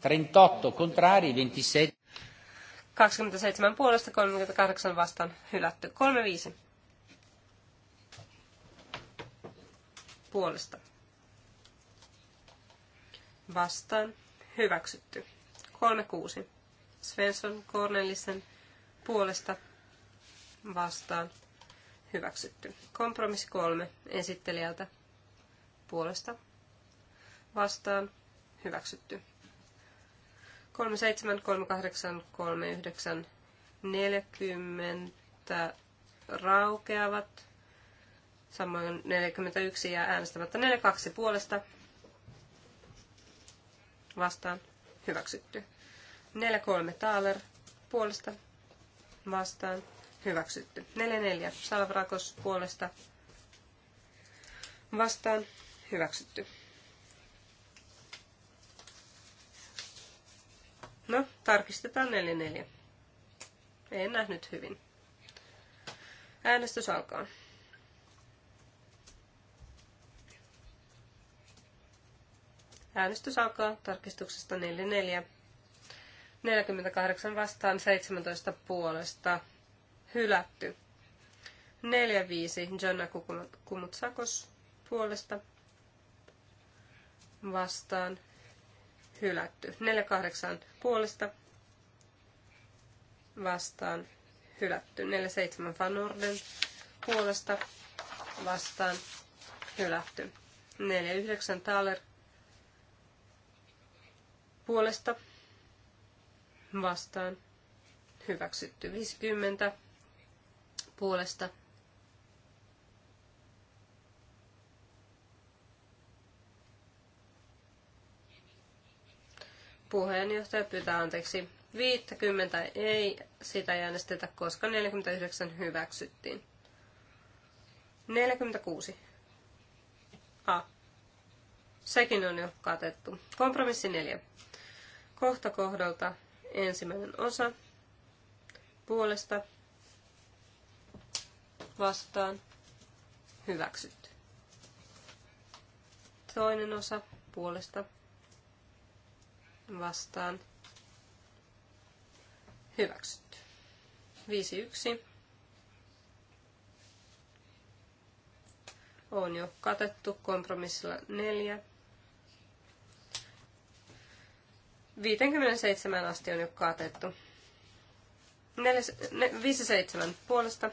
38 contrari, 27. 27 puolesta, 38 vastaan hylätty. 35 puolesta. Vastaan hyväksytty. 36 Svensson Cornelissen puolesta vastaan hyväksytty. Kompromissi kolme esittelijältä puolesta vastaan hyväksytty. 37, 38, 39, 40 raukeavat. Samoin 41 ja äänestämättä 42 puolesta vastaan hyväksytty. 43 Taaler puolesta vastaan hyväksytty. 4-4. Salvrakos puolesta vastaan hyväksytty. No, tarkistetaan 4-4. En nähnyt hyvin. Äänestys alkaa. Äänestys alkaa tarkistuksesta 4-4. 48 vastaan, 17 puolesta, hylätty. 4-5 Jonna Kumutsakos puolesta vastaan hylätty. 4-8 puolesta vastaan hylätty. 4-7 Van Orden puolesta vastaan hylätty. 4-9 Thaler puolesta vastaan hyväksytty. 50 puolesta puheenjohtaja pyytää anteeksi. 50 ei sitä äänestetä, koska 49 hyväksyttiin. 46. A. Sekin on jo katettu. Kompromissi 4. Kohta kohdalta ensimmäinen osa puolesta vastaan hyväksytty. Toinen osa puolesta vastaan hyväksytty. 5.1 on jo katettu kompromissilla 4. 57 asti on jo katettu. 4, 5.7 puolesta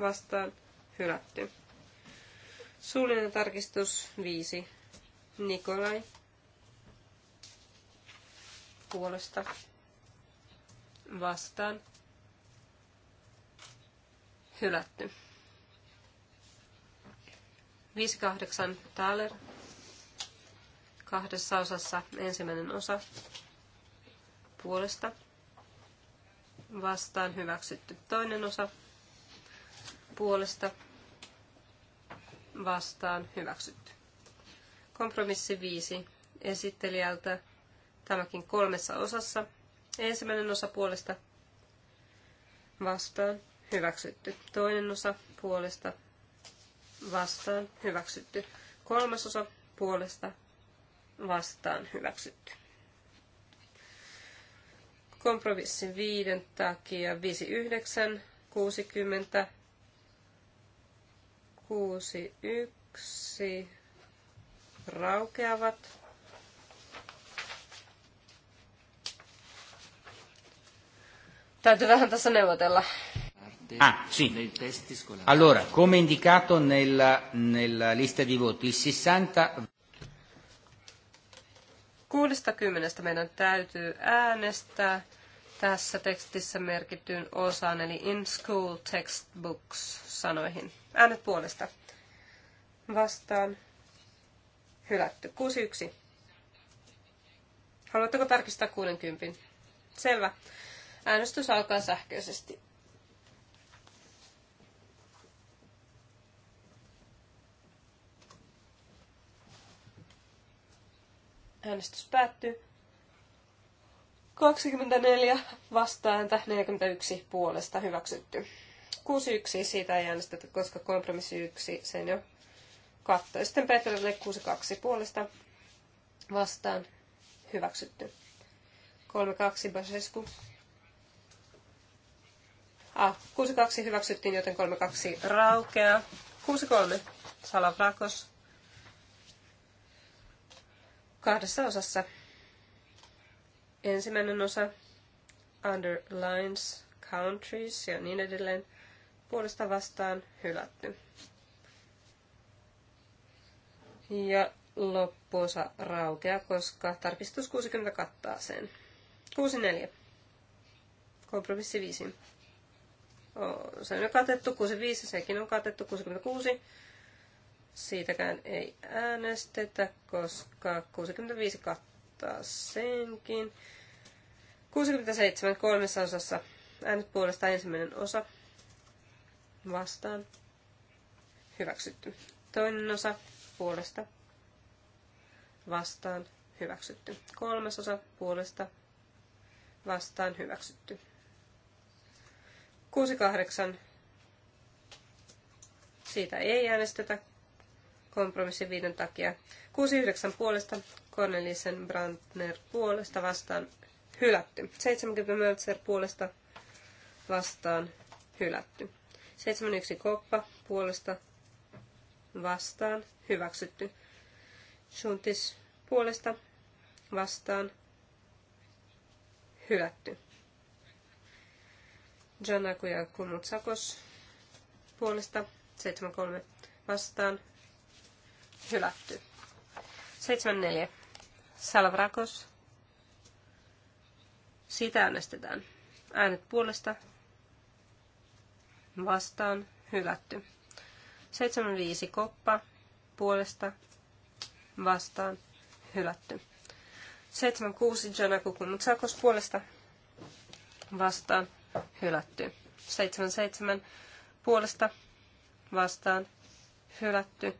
vastaan hylätty. Suullinen tarkistus 5. Nikolai puolesta vastaan hylätty. 58 Thaler kahdessa osassa ensimmäinen osa puolesta vastaan hyväksytty toinen osa puolesta vastaan hyväksytty. Kompromissi 5 esittelijältä tämäkin kolmessa osassa. Ensimmäinen osa puolesta vastaan hyväksytty. Toinen osa puolesta vastaan hyväksytty. Kolmas osa puolesta vastaan hyväksytty. Kompromissin viiden takia 59, 60, Kuusi yksi raukeavat. Täytyy vähän tässä neuvotella. Ah, sì. Allora, come indicato nella, nella lista di voti, il 60... 60 meidän täytyy äänestää tässä tekstissä merkityn osaan, eli in school textbooks sanoihin. Äänet puolesta. Vastaan. Hylätty. 61. Haluatteko tarkistaa 60? Selvä. Äänestys alkaa sähköisesti. Äänestys päättyy. 24 vastaääntä, 41 puolesta hyväksytty. 61 siitä ei äänestetä, koska kompromissi 1 sen jo kattoi. Sitten Petra oli 62 puolesta vastaan hyväksytty. 32 Basescu. Ah, 62 hyväksyttiin, joten 32 raukeaa. 63 Salavrakos. Kahdessa osassa. Ensimmäinen osa underlines countries ja niin edelleen puolesta vastaan hylätty. Ja loppuosa raukea, koska tarkistus 60 kattaa sen. 64. Kompromissi 5. O, Se on jo katettu, 65, sekin on katettu, 66. Siitäkään ei äänestetä, koska 65 kattaa senkin. 67 kolmessa osassa. Äänet puolesta ensimmäinen osa vastaan hyväksytty. Toinen osa puolesta vastaan hyväksytty. Kolmas osa puolesta vastaan hyväksytty. 6.8. Siitä ei äänestetä kompromissin viiden takia. 6.9 puolesta, Cornelisen Brandner puolesta vastaan hylätty. 70 Möltser puolesta vastaan hylätty. 71 koppa puolesta vastaan hyväksytty. Shuntis puolesta vastaan hylätty. Janaku ja Kumutsakos puolesta 73 vastaan hylätty. 74. Salvrakos. Siitä äänestetään. Äänet puolesta vastaan hylätty. 75 koppa puolesta vastaan hylätty. 76 Jana Kukumutsakos puolesta vastaan hylätty. 77 puolesta vastaan hylätty.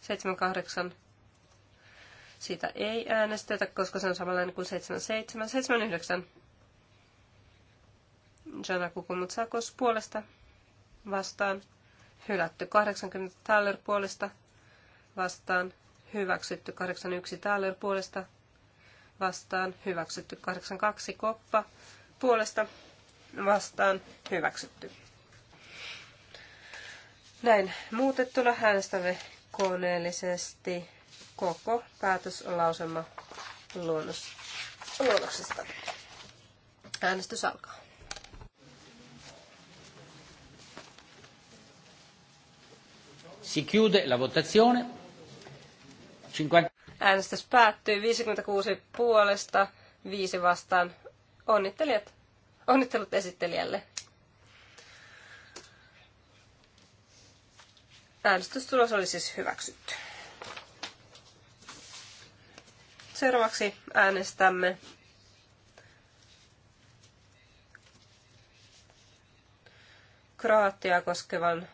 78 siitä ei äänestetä, koska se on samanlainen kuin 77. 79 Jana Kukumutsakos puolesta vastaan hylätty 80 Thaler puolesta vastaan hyväksytty 81 Thaler puolesta vastaan hyväksytty 82 Koppa puolesta vastaan hyväksytty. Näin muutettuna äänestämme koneellisesti koko päätöslauselma luonnos, luonnoksesta. Äänestys alkaa. Si chiude la votazione. 50... Äänestys päättyy 56 puolesta, 5 vastaan. Onnittelijat. Onnittelut esittelijälle. Äänestystulos oli siis hyväksytty. Seuraavaksi äänestämme Kroatiaa koskevan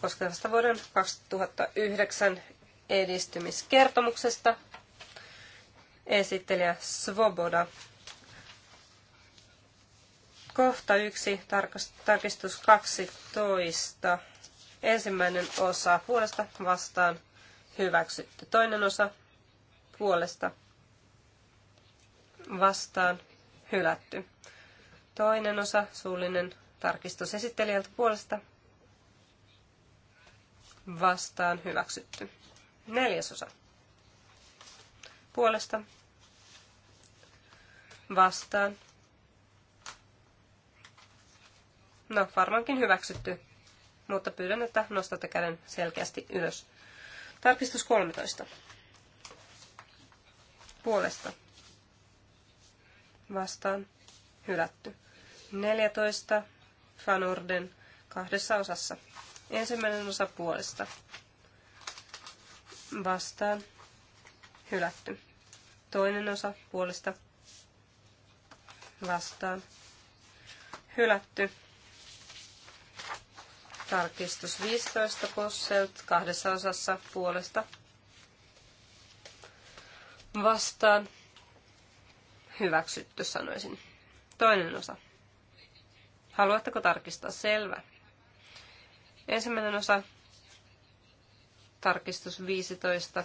koskevasta vuoden 2009 edistymiskertomuksesta. Esittelijä Svoboda. Kohta yksi, tarkistus 12. Ensimmäinen osa puolesta vastaan hyväksytty. Toinen osa puolesta vastaan hylätty. Toinen osa suullinen tarkistus esittelijältä puolesta vastaan hyväksytty. Neljäsosa puolesta vastaan. No, varmaankin hyväksytty, mutta pyydän, että nostatte käden selkeästi ylös. Tarkistus 13. Puolesta. Vastaan. Hylätty. 14. Fanorden kahdessa osassa. Ensimmäinen osa puolesta. Vastaan. Hylätty. Toinen osa puolesta. Vastaan. Hylätty. Tarkistus 15 Posselt kahdessa osassa puolesta. Vastaan. Hyväksytty, sanoisin. Toinen osa. Haluatteko tarkistaa? Selvä. Ensimmäinen osa, tarkistus 15.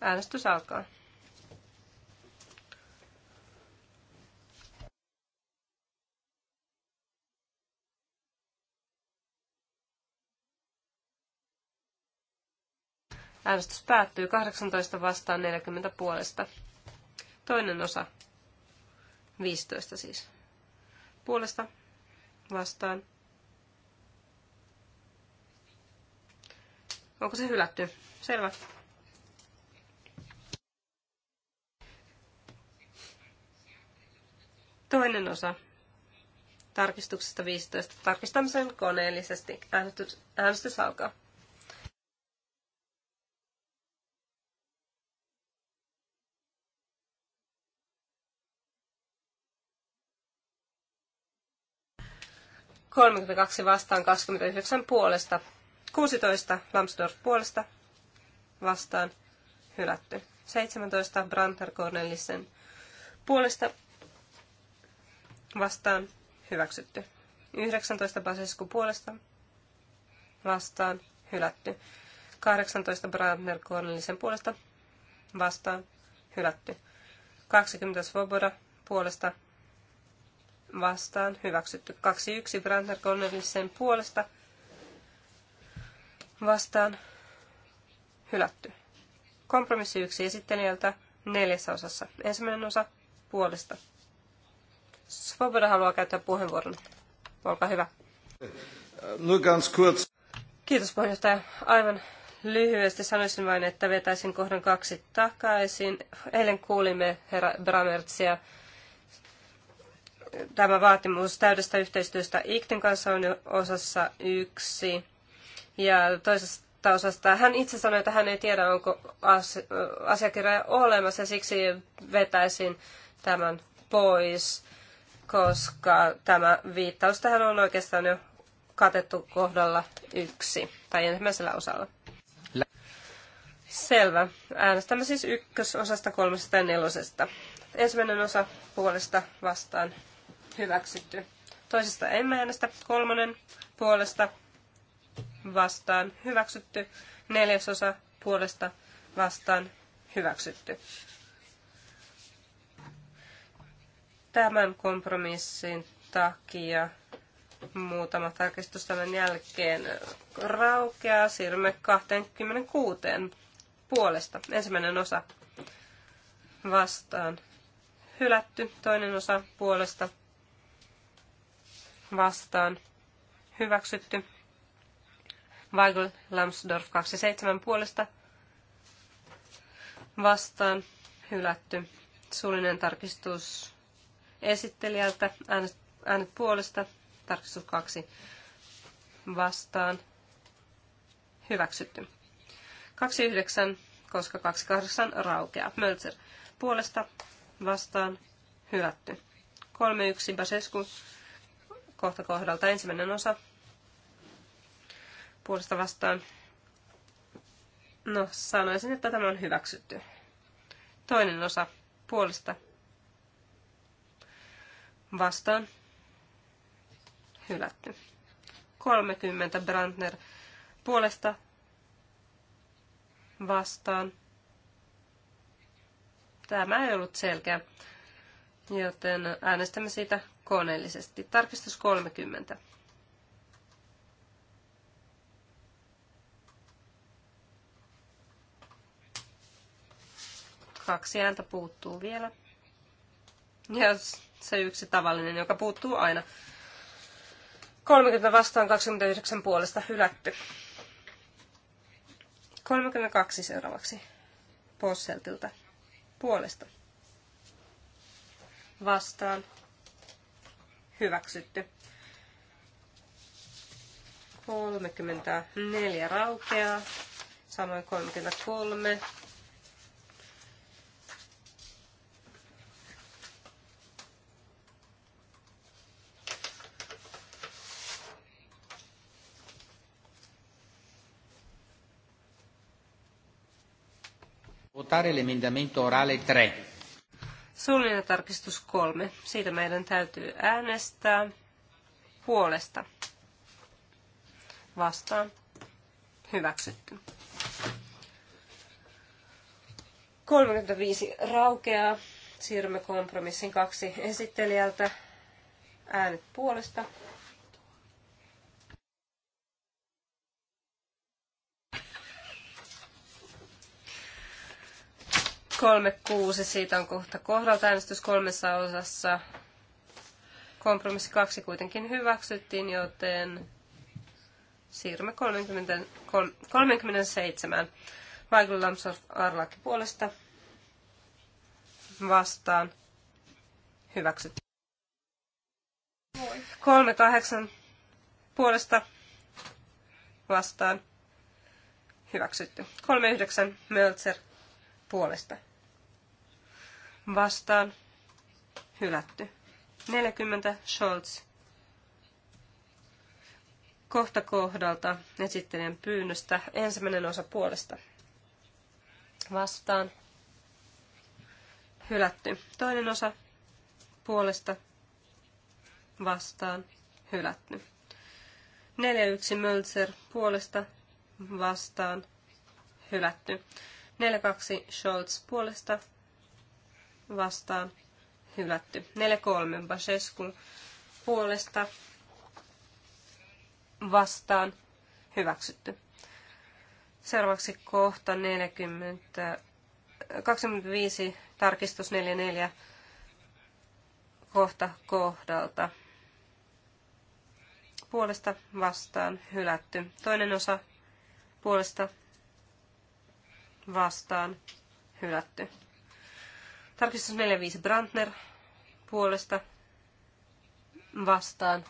Äänestys alkaa. Äänestys päättyy 18 vastaan 40 puolesta. Toinen osa. 15 siis. Puolesta vastaan Onko se hylätty? Selvä. Toinen osa tarkistuksesta 15. Tarkistamisen koneellisesti. Äänestys, äänestys alkaa. Kolmekymmentäkaksi vastaan kaksikymmentäyhdeksän puolesta 16 Lambsdorff puolesta vastaan hylätty. 17 Branter Cornelissen puolesta vastaan hyväksytty. 19 Basescu puolesta vastaan hylätty. 18 Brandner Cornelisen puolesta vastaan hylätty. 20 Svoboda puolesta vastaan hyväksytty. 21 Brandner Cornelisen puolesta vastaan hylätty. Kompromissi yksi esittelijältä neljässä osassa. Ensimmäinen osa puolesta. Svoboda haluaa käyttää puheenvuoron. Olkaa hyvä. Kiitos puheenjohtaja. Aivan lyhyesti sanoisin vain, että vetäisin kohdan kaksi takaisin. Eilen kuulimme herra Bramertsia. Tämä vaatimus täydestä yhteistyöstä IKTEN kanssa on osassa yksi. Ja toisesta osasta hän itse sanoi, että hän ei tiedä, onko asiakirja olemassa ja siksi vetäisin tämän pois, koska tämä viittaus tähän on oikeastaan jo katettu kohdalla yksi tai ensimmäisellä osalla. Selvä. Äänestämme siis ykkösosasta, kolmesta ja nelosesta. Ensimmäinen osa puolesta vastaan hyväksytty. Toisesta emme äänestä. Kolmonen puolesta vastaan hyväksytty, neljäsosa puolesta vastaan hyväksytty. Tämän kompromissin takia muutama tarkistus tämän jälkeen raukeaa. Siirrymme 26 puolesta. Ensimmäinen osa vastaan hylätty, toinen osa puolesta vastaan hyväksytty, Weigl Lambsdorff 27 puolesta vastaan hylätty. Suullinen tarkistus esittelijältä äänet, äänet puolesta tarkistus 2 vastaan hyväksytty. 29, koska 28 raukeaa. Mölzer puolesta vastaan hylätty. 31 Basescu kohta kohdalta ensimmäinen osa puolesta vastaan. No, sanoisin, että tämä on hyväksytty. Toinen osa puolesta vastaan hylätty. 30 Brandner puolesta vastaan. Tämä ei ollut selkeä, joten äänestämme siitä koneellisesti. Tarkistus 30. Kaksi ääntä puuttuu vielä. Ja se yksi tavallinen, joka puuttuu aina. 30 vastaan 29 puolesta hylätty. 32 seuraavaksi Posseltilta puolesta. Vastaan hyväksytty. 34 raukeaa, samoin 33, votare l'emendamento orale 3. Suullinen tarkistus 3. Siitä meidän täytyy äänestää puolesta. Vastaan. Hyväksytty. 35 raukeaa. Siirrymme kompromissin kaksi esittelijältä. Äänet puolesta 36 siitä on kohta kohdalta äänestys kolmessa osassa. Kompromissi kaksi kuitenkin hyväksyttiin, joten siirrymme 30, 37. Michael Lamsdorf Arlaki puolesta vastaan hyväksytty. 38 puolesta vastaan hyväksytty. 39 Möltser puolesta vastaan hylätty. 40 Scholz. Kohta kohdalta esittelijän pyynnöstä ensimmäinen osa puolesta. Vastaan. Hylätty. Toinen osa puolesta. Vastaan. Hylätty. 41 Mölzer puolesta. Vastaan. Hylätty. 42 Scholz puolesta vastaan hylätty. 4-3 Basescu puolesta vastaan hyväksytty. Seuraavaksi kohta 40, 25 tarkistus 44 kohta kohdalta. Puolesta vastaan hylätty. Toinen osa puolesta vastaan hylätty. Tarkistus 45 Brandner puolesta vastaan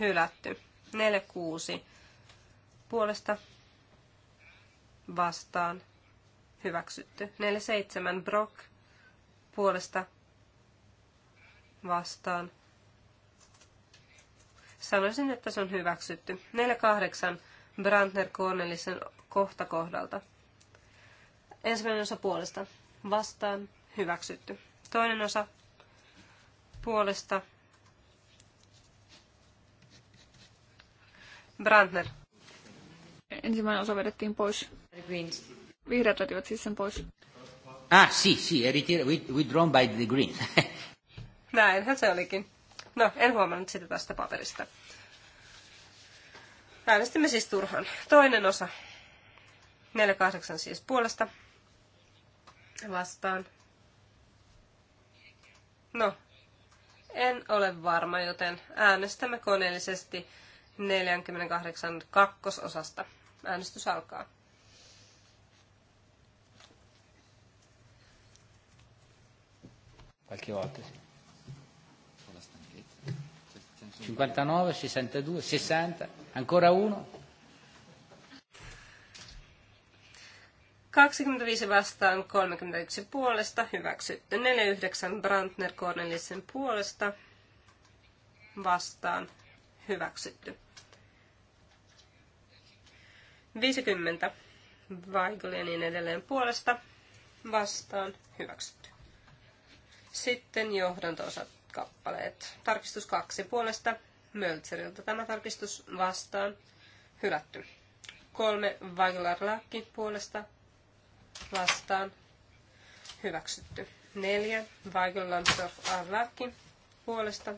hylätty. 46 puolesta vastaan hyväksytty. 47 Brock puolesta vastaan. Sanoisin, että se on hyväksytty. 48 Brandner Cornelissen kohta kohdalta. Ensimmäinen osa puolesta vastaan hyväksytty. Toinen osa puolesta Brandner. Ensimmäinen osa vedettiin pois. Vihreät vetivät siis sen pois. Ah, si, si, withdrawn by the green. Näinhän se olikin. No, en huomannut sitä tästä paperista. Äänestimme siis turhan. Toinen osa. 4.8 siis puolesta vastaan. No, en ole varma, joten äänestämme koneellisesti 48 kakkososasta. Äänestys alkaa. Qualche volta, sì. 59, 62, 60, ancora uno. 25 vastaan, 31 puolesta, hyväksytty. 49 Brandner Cornelissen puolesta, vastaan, hyväksytty. 50 Weigel niin edelleen puolesta, vastaan, hyväksytty. Sitten johdantoosat kappaleet. Tarkistus kaksi puolesta, Möltseriltä tämä tarkistus vastaan, hylätty. Kolme weigel puolesta, vastaan hyväksytty. Neljä, Weigelandsdorf Arlaki puolesta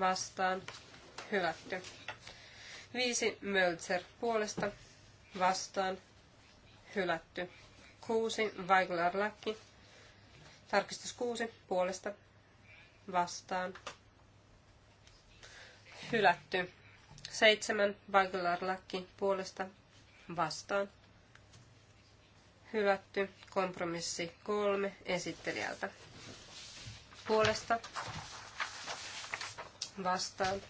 vastaan hylätty. Viisi, Mölzer puolesta vastaan hylätty. Kuusi, Weigel tarkistus kuusi puolesta vastaan hylätty. Seitsemän, Weigel puolesta vastaan Hylätty. Kompromissi kolme esittelijältä. Puolesta. Vastaan.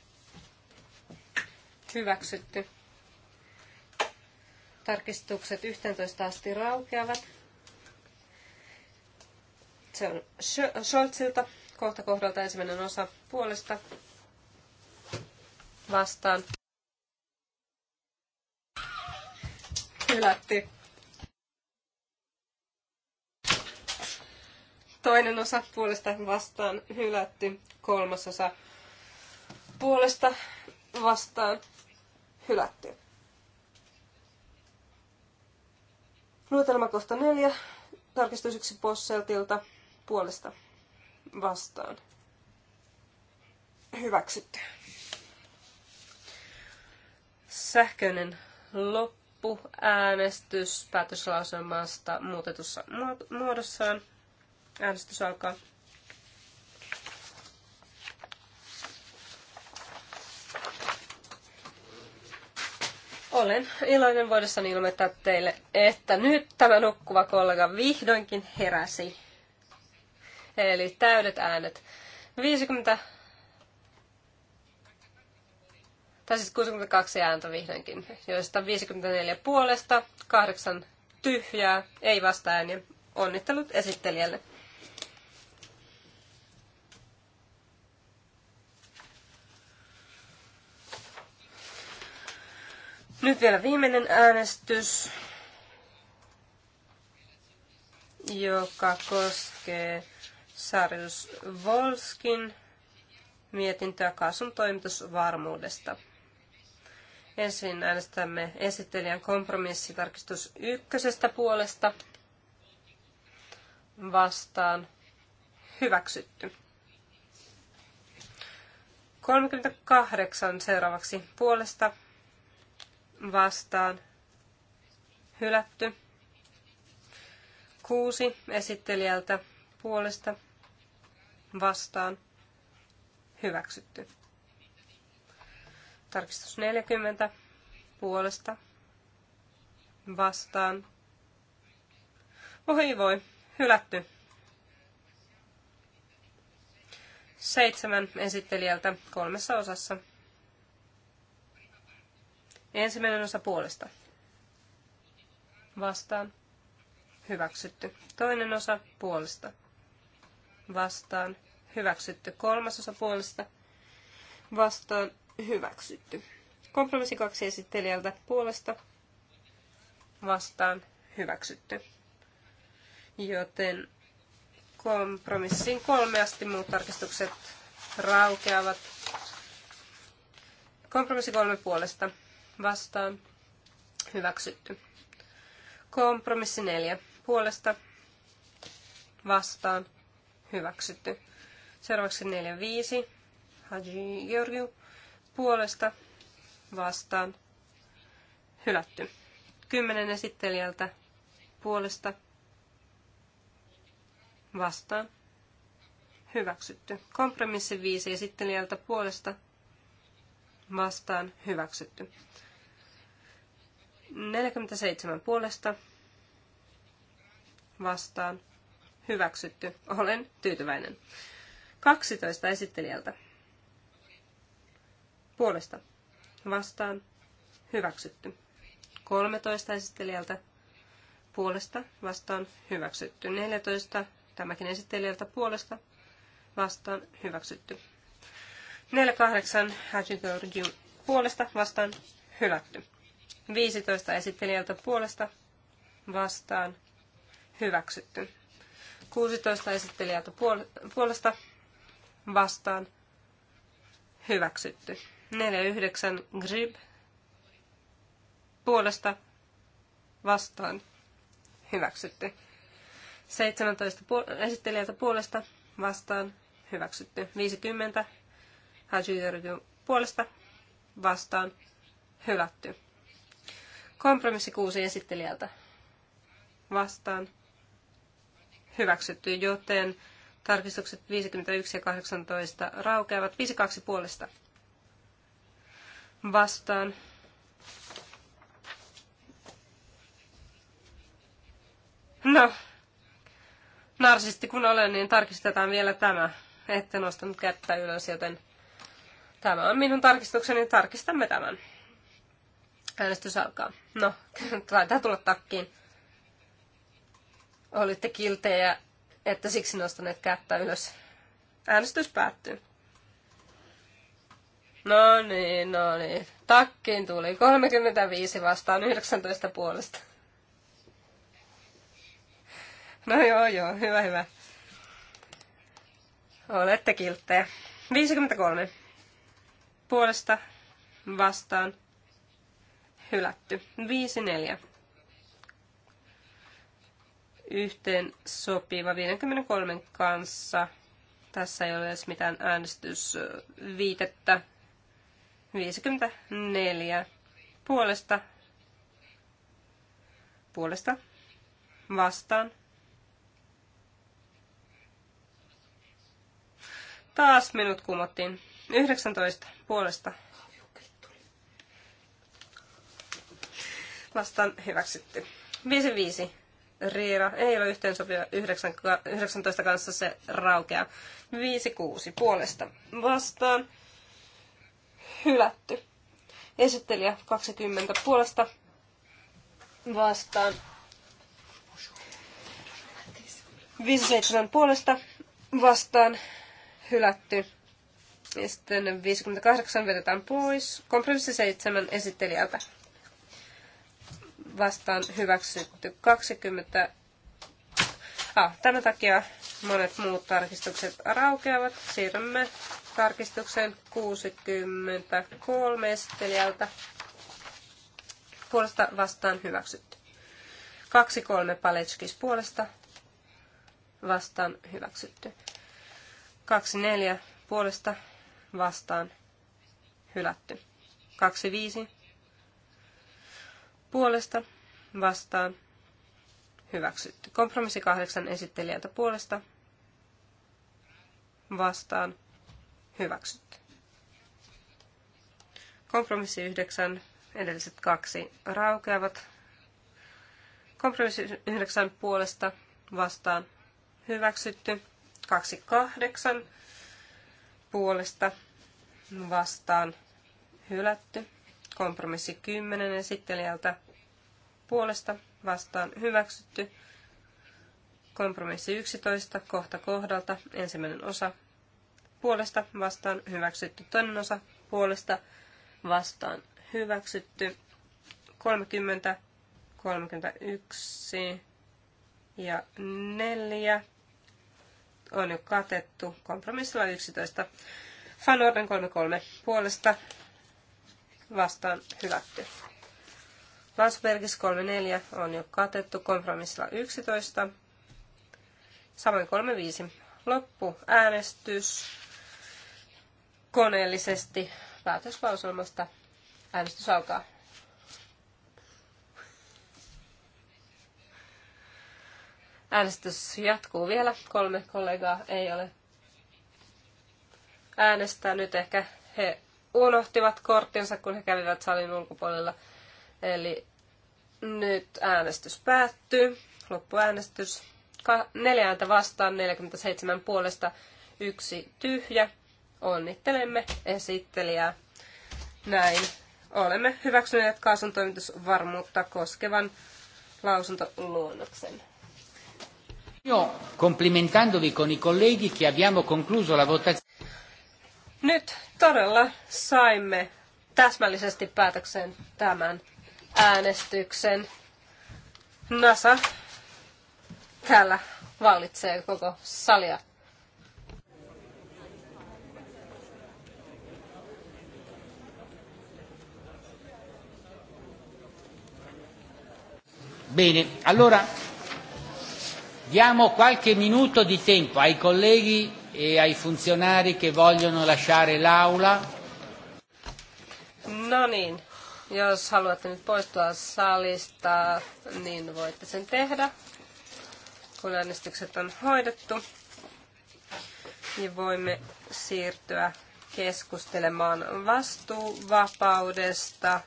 Hyväksytty. Tarkistukset 11 asti raukeavat. Se on Scholzilta kohta kohdalta ensimmäinen osa puolesta vastaan. Hylätty Toinen osa puolesta vastaan hylätty. Kolmas osa puolesta vastaan hylätty. Luetelmakohta neljä. Tarkistus yksi Posseltilta puolesta vastaan. Hyväksytty. Sähköinen loppuäänestys päätöslauselmasta muutetussa muodossaan. Äänestys alkaa. Olen iloinen voidessani ilmoittaa teille, että nyt tämä nukkuva kollega vihdoinkin heräsi. Eli täydet äänet. 50, tai siis 62 ääntä vihdoinkin, joista 54 puolesta, 8 tyhjää, ei vasta ääniä. Onnittelut esittelijälle. Nyt vielä viimeinen äänestys, joka koskee Sarius Volskin mietintöä kaasun toimitusvarmuudesta. Ensin äänestämme esittelijän kompromissitarkistus ykkösestä puolesta vastaan hyväksytty. 38 seuraavaksi puolesta vastaan hylätty. Kuusi esittelijältä puolesta vastaan hyväksytty. Tarkistus 40 puolesta vastaan. Voi voi, hylätty. Seitsemän esittelijältä kolmessa osassa Ensimmäinen osa puolesta. Vastaan. Hyväksytty. Toinen osa puolesta. Vastaan. Hyväksytty. Kolmas osa puolesta. Vastaan. Hyväksytty. Kompromissi kaksi esittelijältä puolesta. Vastaan. Hyväksytty. Joten kompromissiin kolme asti muut tarkistukset raukeavat. Kompromissi kolme puolesta vastaan hyväksytty. Kompromissi 4 puolesta vastaan hyväksytty. Seuraavaksi 4.5. Haji Georgiou puolesta vastaan hylätty. Kymmenen esittelijältä puolesta vastaan hyväksytty. Kompromissi 5 esittelijältä puolesta vastaan hyväksytty. 47 puolesta vastaan hyväksytty. Olen tyytyväinen. 12 esittelijältä puolesta vastaan hyväksytty. 13 esittelijältä puolesta vastaan hyväksytty. 14 tämäkin esittelijältä puolesta vastaan hyväksytty. 48 Hadjigorgiu puolesta vastaan hylätty. 15 esittelijältä puolesta vastaan hyväksytty. 16 esittelijältä puolesta vastaan hyväksytty. 49 Grib puolesta vastaan hyväksytty. 17 esittelijältä puolesta vastaan hyväksytty. 50 Hajjyrky puolesta vastaan hylätty. Kompromissi kuusi esittelijältä vastaan hyväksytty, joten tarkistukset 51 ja 18 raukeavat 52 puolesta vastaan. No, narsisti kun olen, niin tarkistetaan vielä tämä. Ette nostanut kättä ylös, joten tämä on minun tarkistukseni. Tarkistamme tämän. Äänestys alkaa. No, taitaa tulla takkiin. Olitte kiltejä, että siksi nostaneet kättä ylös. Äänestys päättyy. No niin, no niin. Takkiin tuli 35 vastaan 19 puolesta. No joo, joo, hyvä, hyvä. Olette kilttejä. 53 puolesta vastaan hylätty. 5-4. Yhteen sopiva 53 kanssa. Tässä ei ole edes mitään äänestysviitettä. 54 puolesta. Puolesta. Vastaan. Taas minut kumottiin. 19 puolesta vastaan hyväksytty. 55. Riira ei ole yhteensopia 19 kanssa, se raukeaa. 56 puolesta vastaan hylätty. Esittelijä 20 puolesta vastaan. 57 puolesta vastaan hylätty. Ja sitten 58 vedetään pois. Kompromissi 7 esittelijältä vastaan hyväksytty 20. Ah, tämän takia monet muut tarkistukset raukeavat. Siirrymme tarkistuksen 63 esittelijältä puolesta vastaan hyväksytty. Kaksi kolme Paletskis puolesta vastaan hyväksytty. Kaksi neljä puolesta vastaan hylätty. Kaksi viisi puolesta vastaan hyväksytty. Kompromissi kahdeksan esittelijältä puolesta vastaan hyväksytty. Kompromissi yhdeksän edelliset kaksi raukeavat. Kompromissi yhdeksän puolesta vastaan hyväksytty. Kaksi kahdeksan puolesta vastaan hylätty. Kompromissi 10 esittelijältä puolesta vastaan hyväksytty. Kompromissi 11 kohta kohdalta ensimmäinen osa puolesta vastaan hyväksytty. Toinen osa puolesta vastaan hyväksytty. 30, 31 ja 4 on jo katettu kompromissilla 11. Fanorden 33 puolesta vastaan hylätty. Landsbergis 34 on jo katettu kompromissilla 11. Samoin 35. äänestys koneellisesti päätöslauselmasta. Äänestys alkaa. Äänestys jatkuu vielä. Kolme kollegaa ei ole äänestää. Nyt ehkä he unohtivat korttinsa, kun he kävivät salin ulkopuolella. Eli nyt äänestys päättyy. Loppuäänestys. Neljä ääntä vastaan, 47 puolesta, yksi tyhjä. Onnittelemme esittelijää. Näin. Olemme hyväksyneet kaasun toimitusvarmuutta koskevan lausuntoluonnoksen. Joo, complimentandovi con i colleghi che abbiamo concluso la votazione. Nyt todella saimme täsmällisesti päätöksen tämän äänestyksen. NASA täällä vallitsee koko salia. Bene, allora diamo qualche minuto di tempo ai colleghi e ai funzionari che vogliono lasciare l'aula. No niin, jos haluatte nyt poistua salista, niin voitte sen tehdä, kun äänestykset on hoidettu. Ja niin voimme siirtyä keskustelemaan vastuuvapaudesta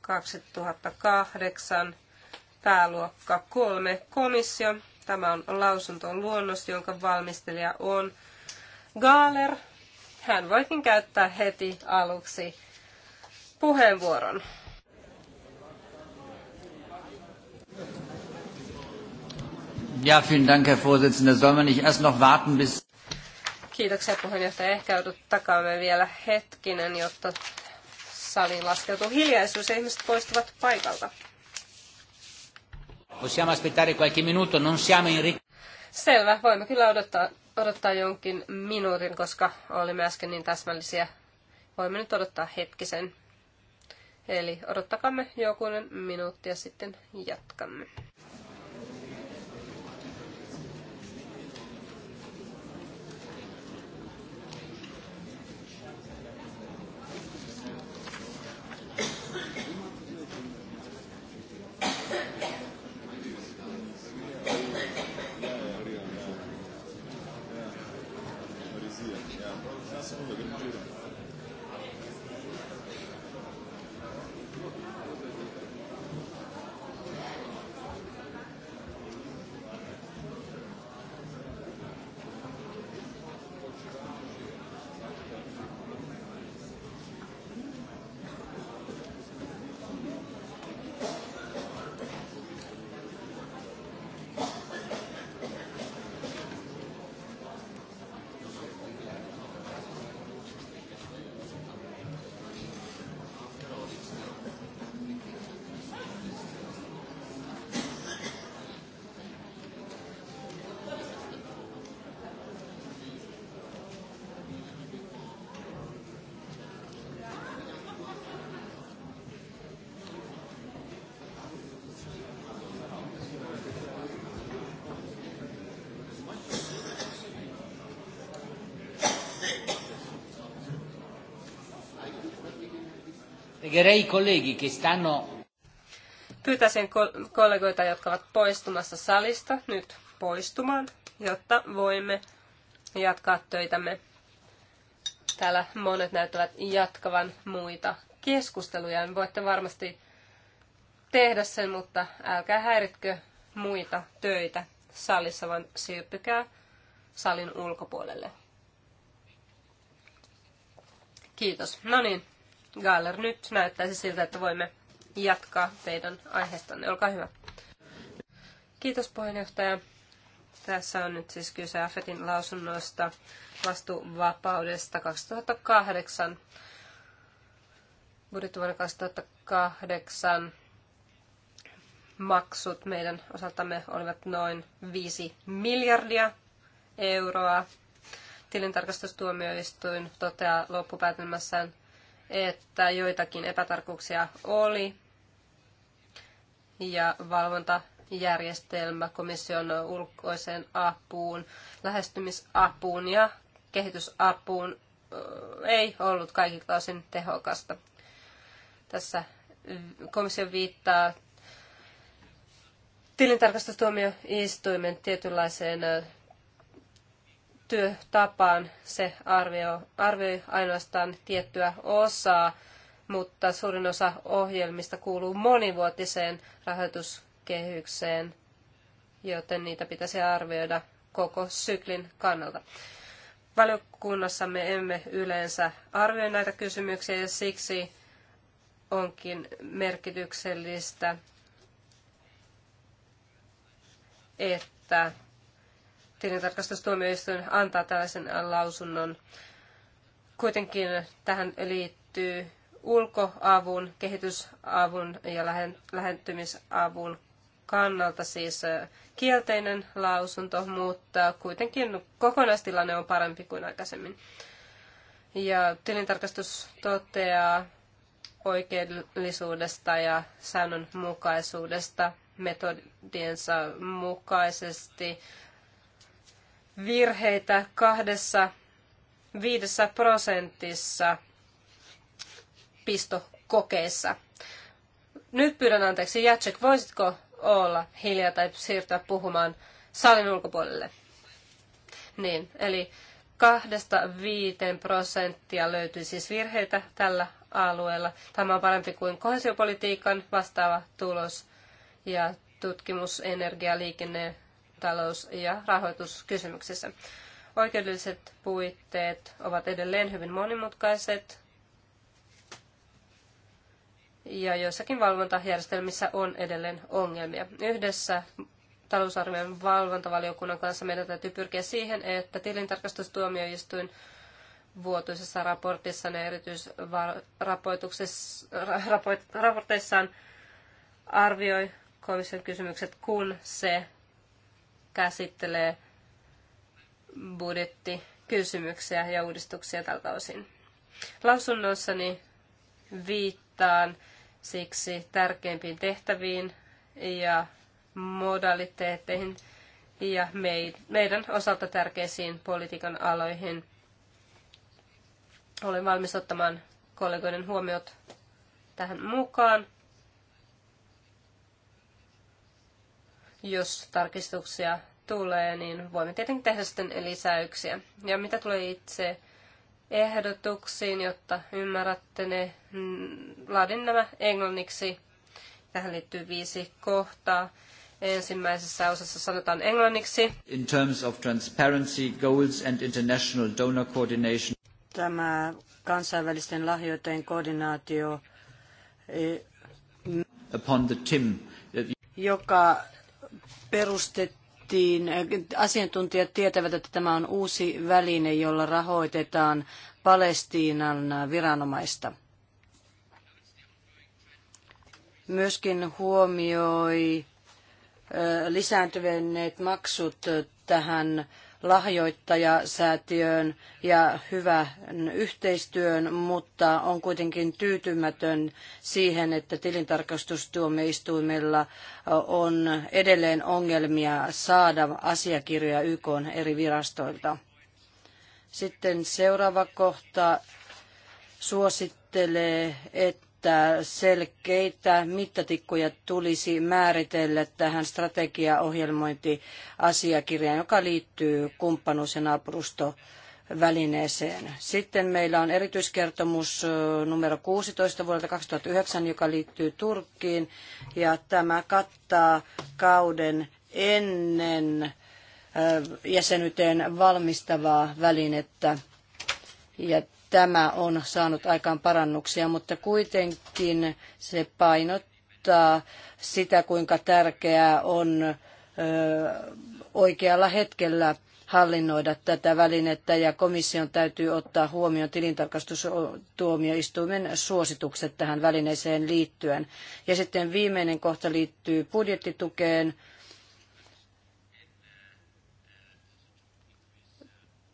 2008 pääluokka 3 komissio. Tämä on lausunton luonnos, jonka valmistelija on Gaaler. Hän voikin käyttää heti aluksi puheenvuoron. Ja, vielen Dank, Herr Vorsitzender. Soll man nicht erst noch warten, bis... Kiitoksia puheenjohtaja. Ehkä joudut takaamme vielä hetkinen, jotta saliin laskeutuu hiljaisuus ja ihmiset poistuvat paikalta. Possiamo aspettare qualche minuto, non siamo in... Selvä, voimme kyllä odottaa odottaa jonkin minuutin, koska olimme äsken niin täsmällisiä. Voimme nyt odottaa hetkisen. Eli odottakamme jokunen minuutti ja sitten jatkamme. pregherei che stanno... Pyytäisin kollegoita, jotka ovat poistumassa salista, nyt poistumaan, jotta voimme jatkaa töitämme. Täällä monet näyttävät jatkavan muita keskusteluja. Voitte varmasti tehdä sen, mutta älkää häiritkö muita töitä salissa, vaan siirtykää salin ulkopuolelle. Kiitos. No niin, Galler, nyt näyttäisi siltä, että voimme jatkaa teidän aiheestanne. Olkaa hyvä. Kiitos puheenjohtaja. Tässä on nyt siis kyse AFETin lausunnosta vastuuvapaudesta 2008. Budjettivuonna 2008 maksut meidän osaltamme olivat noin 5 miljardia euroa. Tilintarkastustuomioistuin toteaa loppupäätelmässään, että joitakin epätarkkuuksia oli ja valvontajärjestelmä komission ulkoiseen apuun, lähestymisapuun ja kehitysapuun ei ollut kaikilta osin tehokasta. Tässä komissio viittaa tilintarkastustuomioistuimen tietynlaiseen työtapaan. Se arvio, arvioi ainoastaan tiettyä osaa, mutta suurin osa ohjelmista kuuluu monivuotiseen rahoituskehykseen, joten niitä pitäisi arvioida koko syklin kannalta. Valiokunnassa me emme yleensä arvioi näitä kysymyksiä ja siksi onkin merkityksellistä, että tilintarkastustuomioistuin antaa tällaisen lausunnon. Kuitenkin tähän liittyy ulkoavun, kehitysavun ja lähentymisavun kannalta siis kielteinen lausunto, mutta kuitenkin kokonaistilanne on parempi kuin aikaisemmin. Ja tilintarkastus toteaa oikeellisuudesta ja säännönmukaisuudesta metodiensa mukaisesti virheitä kahdessa viidessä prosentissa pistokokeissa. Nyt pyydän anteeksi, Jacek, voisitko olla hiljaa tai siirtyä puhumaan salin ulkopuolelle? Niin, eli kahdesta viiteen prosenttia löytyy siis virheitä tällä alueella. Tämä on parempi kuin kohesiopolitiikan vastaava tulos ja tutkimus, energia, liikenne, talous- ja rahoituskysymyksissä. Oikeudelliset puitteet ovat edelleen hyvin monimutkaiset ja joissakin valvontajärjestelmissä on edelleen ongelmia. Yhdessä talousarvion valvontavaliokunnan kanssa meidän täytyy pyrkiä siihen, että tilintarkastustuomioistuin vuotuisessa raportissa ja erityisraporteissaan arvioi komission kysymykset, kun se käsittelee budjettikysymyksiä ja uudistuksia tältä osin. Lausunnossani viittaan siksi tärkeimpiin tehtäviin ja modaliteetteihin ja meidän osalta tärkeisiin politiikan aloihin. Olen valmis ottamaan kollegoiden huomiot tähän mukaan Jos tarkistuksia tulee, niin voimme tietenkin tehdä sitten lisäyksiä. Ja mitä tulee itse ehdotuksiin, jotta ymmärrätte ne, mm, laadin nämä englanniksi. Tähän liittyy viisi kohtaa. Ensimmäisessä osassa sanotaan englanniksi. In terms of transparency, goals and international donor coordination. Tämä kansainvälisten lahjoiteen koordinaatio, eh, upon the TIM, joka perustettiin, asiantuntijat tietävät, että tämä on uusi väline, jolla rahoitetaan Palestiinan viranomaista. Myöskin huomioi lisääntyneet maksut tähän lahjoittajasäätiöön ja hyvän yhteistyön, mutta on kuitenkin tyytymätön siihen, että tilintarkastustuomioistuimella on edelleen ongelmia saada asiakirjoja YK eri virastoilta. Sitten seuraava kohta suosittelee, että että selkeitä mittatikkuja tulisi määritellä tähän strategiaohjelmointiasiakirjaan, joka liittyy kumppanuus- ja naapurusto välineeseen. Sitten meillä on erityiskertomus numero 16 vuodelta 2009, joka liittyy Turkkiin, ja tämä kattaa kauden ennen jäsenyyteen valmistavaa välinettä. Ja tämä on saanut aikaan parannuksia, mutta kuitenkin se painottaa sitä, kuinka tärkeää on oikealla hetkellä hallinnoida tätä välinettä ja komission täytyy ottaa huomioon tilintarkastustuomioistuimen suositukset tähän välineeseen liittyen. Ja sitten viimeinen kohta liittyy budjettitukeen.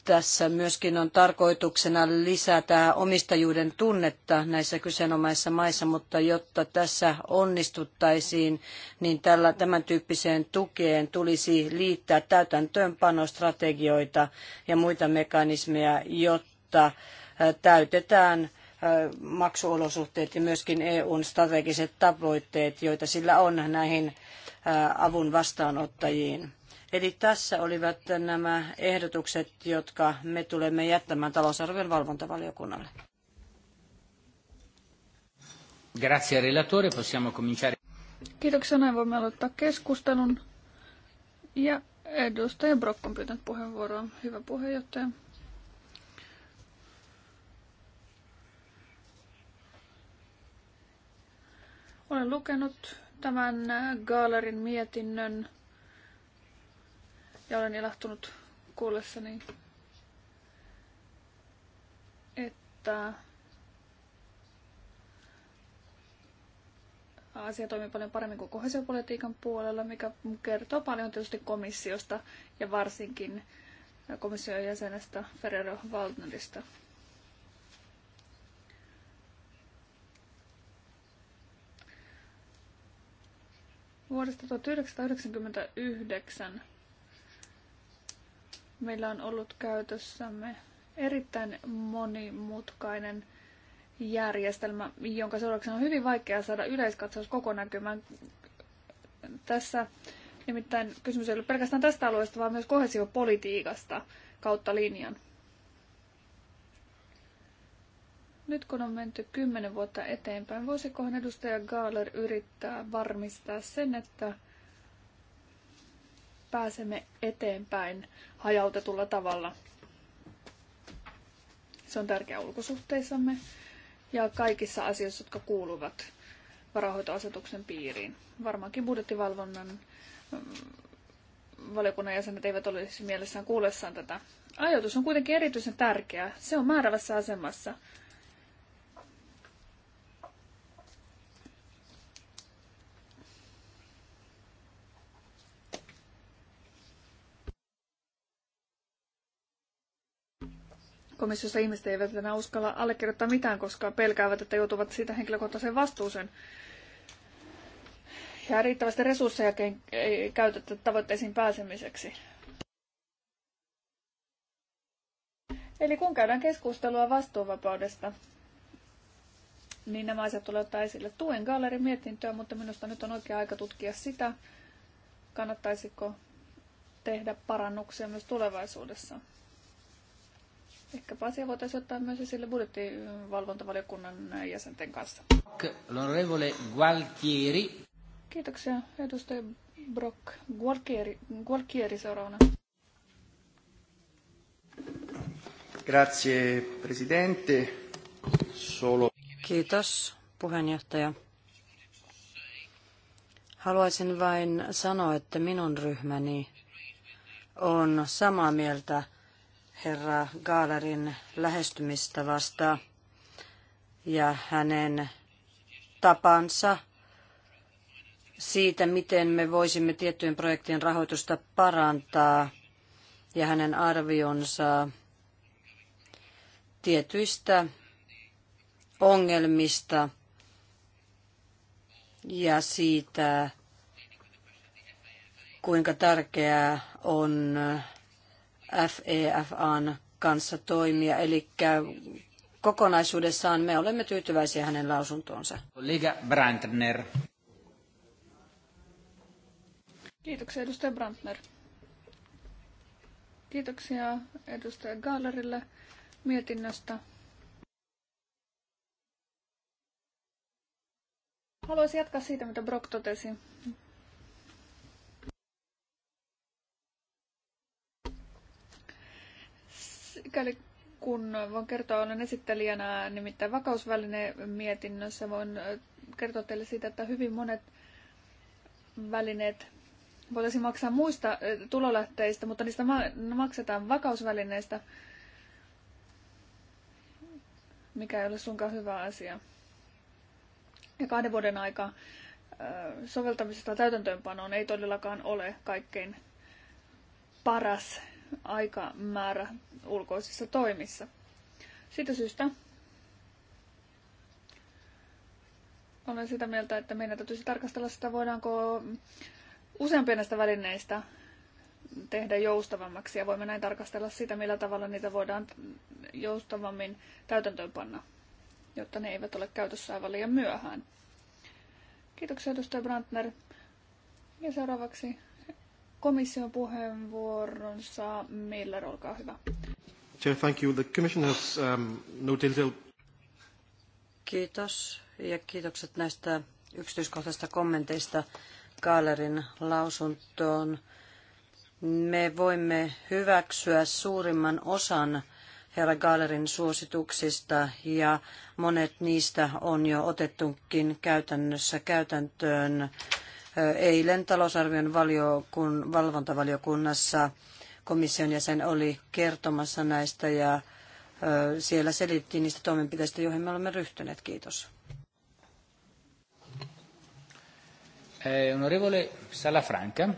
Tässä myöskin on tarkoituksena lisätä omistajuuden tunnetta näissä kyseenomaisissa maissa, mutta jotta tässä onnistuttaisiin, niin tällä, tämän tyyppiseen tukeen tulisi liittää täytäntöönpanostrategioita ja muita mekanismeja, jotta äh, täytetään äh, maksuolosuhteet ja myöskin EUn strategiset tavoitteet, joita sillä on näihin äh, avun vastaanottajiin. Eli tässä olivat nämä ehdotukset, jotka me tulemme jättämään talousarvion valvontavaliokunnalle. Grazie relatore, possiamo cominciare. Kiitoksia, näin voimme aloittaa keskustelun. Ja edustaja Brock on pyytänyt puheenvuoroa. Hyvä puheenjohtaja. Olen lukenut tämän Gaalerin mietinnön ja olen ilahtunut kuullessani, että asia toimii paljon paremmin kuin kohesiopolitiikan puolella, mikä kertoo paljon tietysti komissiosta ja varsinkin komission jäsenestä Ferrero Waldnerista. Vuodesta 1999 Meillä on ollut käytössämme erittäin monimutkainen järjestelmä, jonka seurauksena on hyvin vaikea saada yleiskatsaus koko näkymään. Tässä nimittäin kysymys ei ole pelkästään tästä alueesta, vaan myös kohesiopolitiikasta kautta linjan. Nyt kun on menty kymmenen vuotta eteenpäin, voisikohan edustaja Gaaler yrittää varmistaa sen, että pääsemme eteenpäin hajautetulla tavalla. Se on tärkeä ulkosuhteissamme ja kaikissa asioissa, jotka kuuluvat varahoitoasetuksen piiriin. Varmaankin budjettivalvonnan mm, valiokunnan jäsenet eivät olisi mielessään kuullessaan tätä. Ajoitus on kuitenkin erityisen tärkeä. Se on määrävässä asemassa komissiossa ihmiset eivät enää uskalla allekirjoittaa mitään, koska pelkäävät, että joutuvat siitä henkilökohtaiseen vastuuseen. Ja riittävästi resursseja ei käytetä tavoitteisiin pääsemiseksi. Eli kun käydään keskustelua vastuuvapaudesta, niin nämä asiat tulee ottaa esille. Tuen gallerin mietintöä, mutta minusta nyt on oikea aika tutkia sitä, kannattaisiko tehdä parannuksia myös tulevaisuudessa. Ehkäpä asia voitaisiin ottaa myös esille budjettivalvontavaliokunnan jäsenten kanssa. L'onorevole Gualtieri. Kiitoksia edustaja Brock. Gualtieri, Gualtieri seuraavana. Grazie, presidente. Solo... Kiitos, puheenjohtaja. Haluaisin vain sanoa, että minun ryhmäni on samaa mieltä herra Gaalerin lähestymistavasta ja hänen tapansa siitä, miten me voisimme tiettyjen projektien rahoitusta parantaa ja hänen arvionsa tietyistä ongelmista ja siitä, kuinka tärkeää on FEFAn kanssa toimia. Eli kokonaisuudessaan me olemme tyytyväisiä hänen lausuntoonsa. Liga Brandner. Kiitoksia edustaja Brandner. Kiitoksia edustaja Gallerille mietinnöstä. Haluaisin jatkaa siitä, mitä Brock totesi Mikäli kun voin kertoa, olen esittelijänä nimittäin vakausväline mietinnössä, voin kertoa teille siitä, että hyvin monet välineet voitaisiin maksaa muista tulolähteistä, mutta niistä maksetaan vakausvälineistä, mikä ei ole sunkaan hyvä asia. Ja kahden vuoden aika soveltamisesta täytäntöönpanoon ei todellakaan ole kaikkein paras aikamäärä ulkoisissa toimissa. Siitä syystä olen sitä mieltä, että meidän täytyisi tarkastella sitä, voidaanko useampia näistä välineistä tehdä joustavammaksi ja voimme näin tarkastella sitä, millä tavalla niitä voidaan joustavammin täytäntöönpanna, jotta ne eivät ole käytössä aivan liian myöhään. Kiitoksia edustaja Brandner. Ja seuraavaksi komission puheenvuoron saa Miller, olkaa hyvä. Chair, thank you. The commission has um, no detailed... Kiitos ja kiitokset näistä yksityiskohtaisista kommenteista Kaalerin lausuntoon. Me voimme hyväksyä suurimman osan herra Gallerin suosituksista ja monet niistä on jo otettukin käytännössä käytäntöön Eilen talousarvion valiokun, valvontavaliokunnassa komission jäsen oli kertomassa näistä ja siellä selitti niistä toimenpiteistä, joihin me olemme ryhtyneet. Kiitos. Eh, onorevole Salafranca.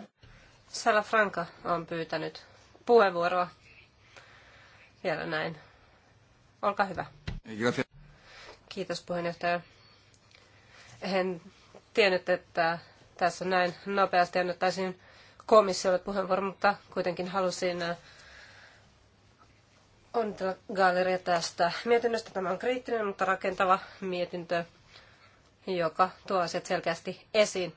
Salafranca on pyytänyt puheenvuoroa. Vielä näin. Olkaa hyvä. Kiitos puheenjohtaja. En tiennyt, että tässä näin nopeasti annettaisiin komissiolle puheenvuoro, mutta kuitenkin halusin äh, onnitella galleria tästä mietinnöstä. Tämä on kriittinen, mutta rakentava mietintö, joka tuo asiat selkeästi esiin.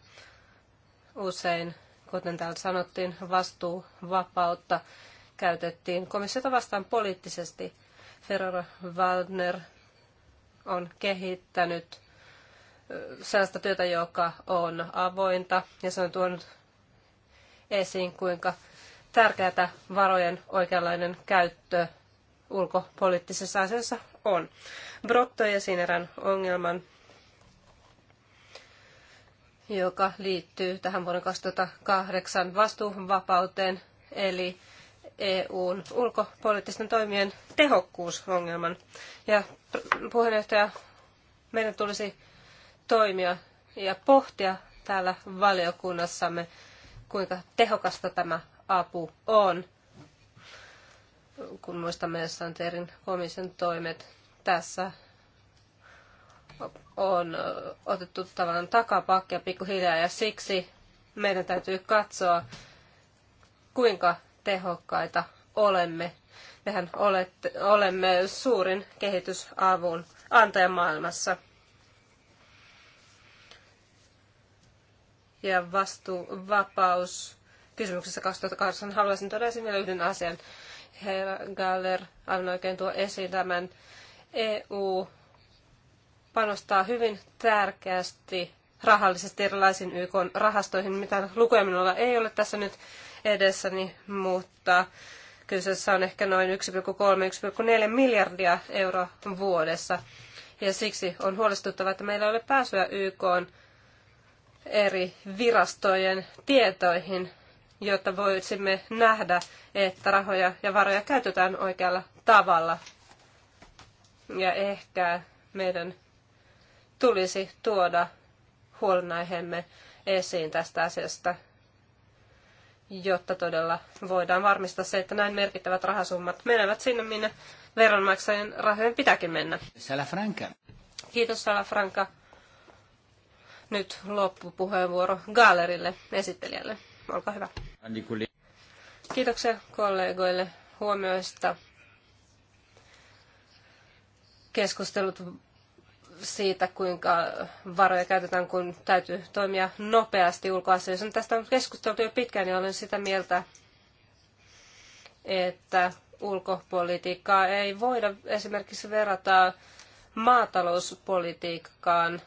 Usein, kuten täällä sanottiin, vastuuvapautta käytettiin komissiota vastaan poliittisesti. Ferrer Waldner on kehittänyt sellaista työtä, joka on avointa ja se on tuonut esiin, kuinka tärkeää varojen oikeanlainen käyttö ulkopoliittisessa asiassa on. Brotto ja esiin erään ongelman, joka liittyy tähän vuoden 2008 vastuuvapauteen, eli EUn ulkopoliittisten toimien tehokkuusongelman. Ja puheenjohtaja, meidän tulisi toimia ja pohtia täällä valiokunnassamme, kuinka tehokasta tämä apu on, kun muistamme Santerin komission toimet tässä on otettu tavallaan takapakkia pikkuhiljaa ja siksi meidän täytyy katsoa, kuinka tehokkaita olemme. Mehän olette, olemme suurin kehitysavun antaja maailmassa. ja vapaus. kysymyksessä 2008 haluaisin todeta sinne yhden asian. Herra Galler aivan oikein tuo esiin tämän EU panostaa hyvin tärkeästi rahallisesti erilaisiin YK rahastoihin. mitä lukuja minulla ei ole tässä nyt edessäni, mutta kyseessä on ehkä noin 1,3-1,4 miljardia euroa vuodessa. Ja siksi on huolestuttavaa, että meillä ei ole pääsyä YK eri virastojen tietoihin, jotta voisimme nähdä, että rahoja ja varoja käytetään oikealla tavalla. Ja ehkä meidän tulisi tuoda huolenaiheemme esiin tästä asiasta, jotta todella voidaan varmistaa se, että näin merkittävät rahasummat menevät sinne, minne veronmaksajien rahojen pitääkin mennä. Salafranca. Kiitos Salafranca. Nyt loppupuheenvuoro Gallerille, esittelijälle. Olkaa hyvä. Kiitoksia kollegoille huomioista. Keskustelut siitä, kuinka varoja käytetään, kun täytyy toimia nopeasti ulkoasioissa. No, tästä on keskusteltu jo pitkään, niin olen sitä mieltä, että ulkopolitiikkaa ei voida esimerkiksi verrata maatalouspolitiikkaan –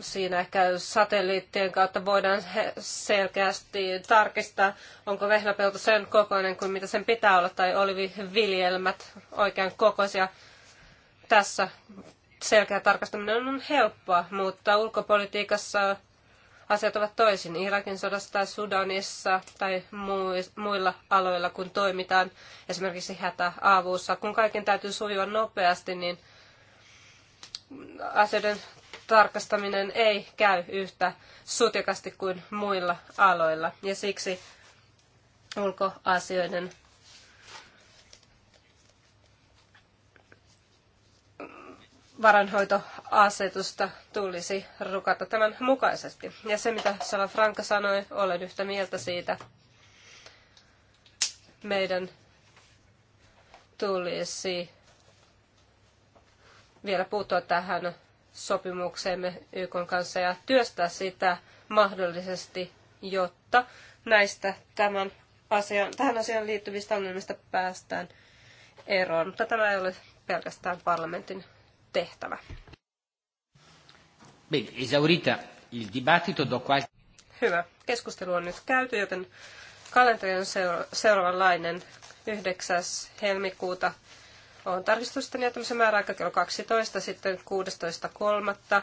siinä ehkä satelliittien kautta voidaan selkeästi tarkistaa, onko vehnäpelto sen kokoinen kuin mitä sen pitää olla, tai oliviviljelmät oikean kokoisia. Tässä selkeä tarkastaminen on helppoa, mutta ulkopolitiikassa asiat ovat toisin. Irakin sodassa tai Sudanissa tai muilla aloilla, kun toimitaan esimerkiksi hätäavussa. Kun kaiken täytyy sujua nopeasti, niin asioiden tarkastaminen ei käy yhtä sutjakasti kuin muilla aloilla. Ja siksi ulkoasioiden varanhoitoasetusta tulisi rukata tämän mukaisesti. Ja se, mitä Franka sanoi, olen yhtä mieltä siitä. Meidän tulisi vielä puuttua tähän sopimukseemme YK kanssa ja työstää sitä mahdollisesti, jotta näistä tämän asian, tähän asiaan liittyvistä ongelmista päästään eroon. Mutta tämä ei ole pelkästään parlamentin tehtävä. Hyvä. Keskustelu on nyt käyty, joten kalenteri on seuraavanlainen 9. helmikuuta on tarkistusten jättämisen määräaika kello 12, sitten 16.3.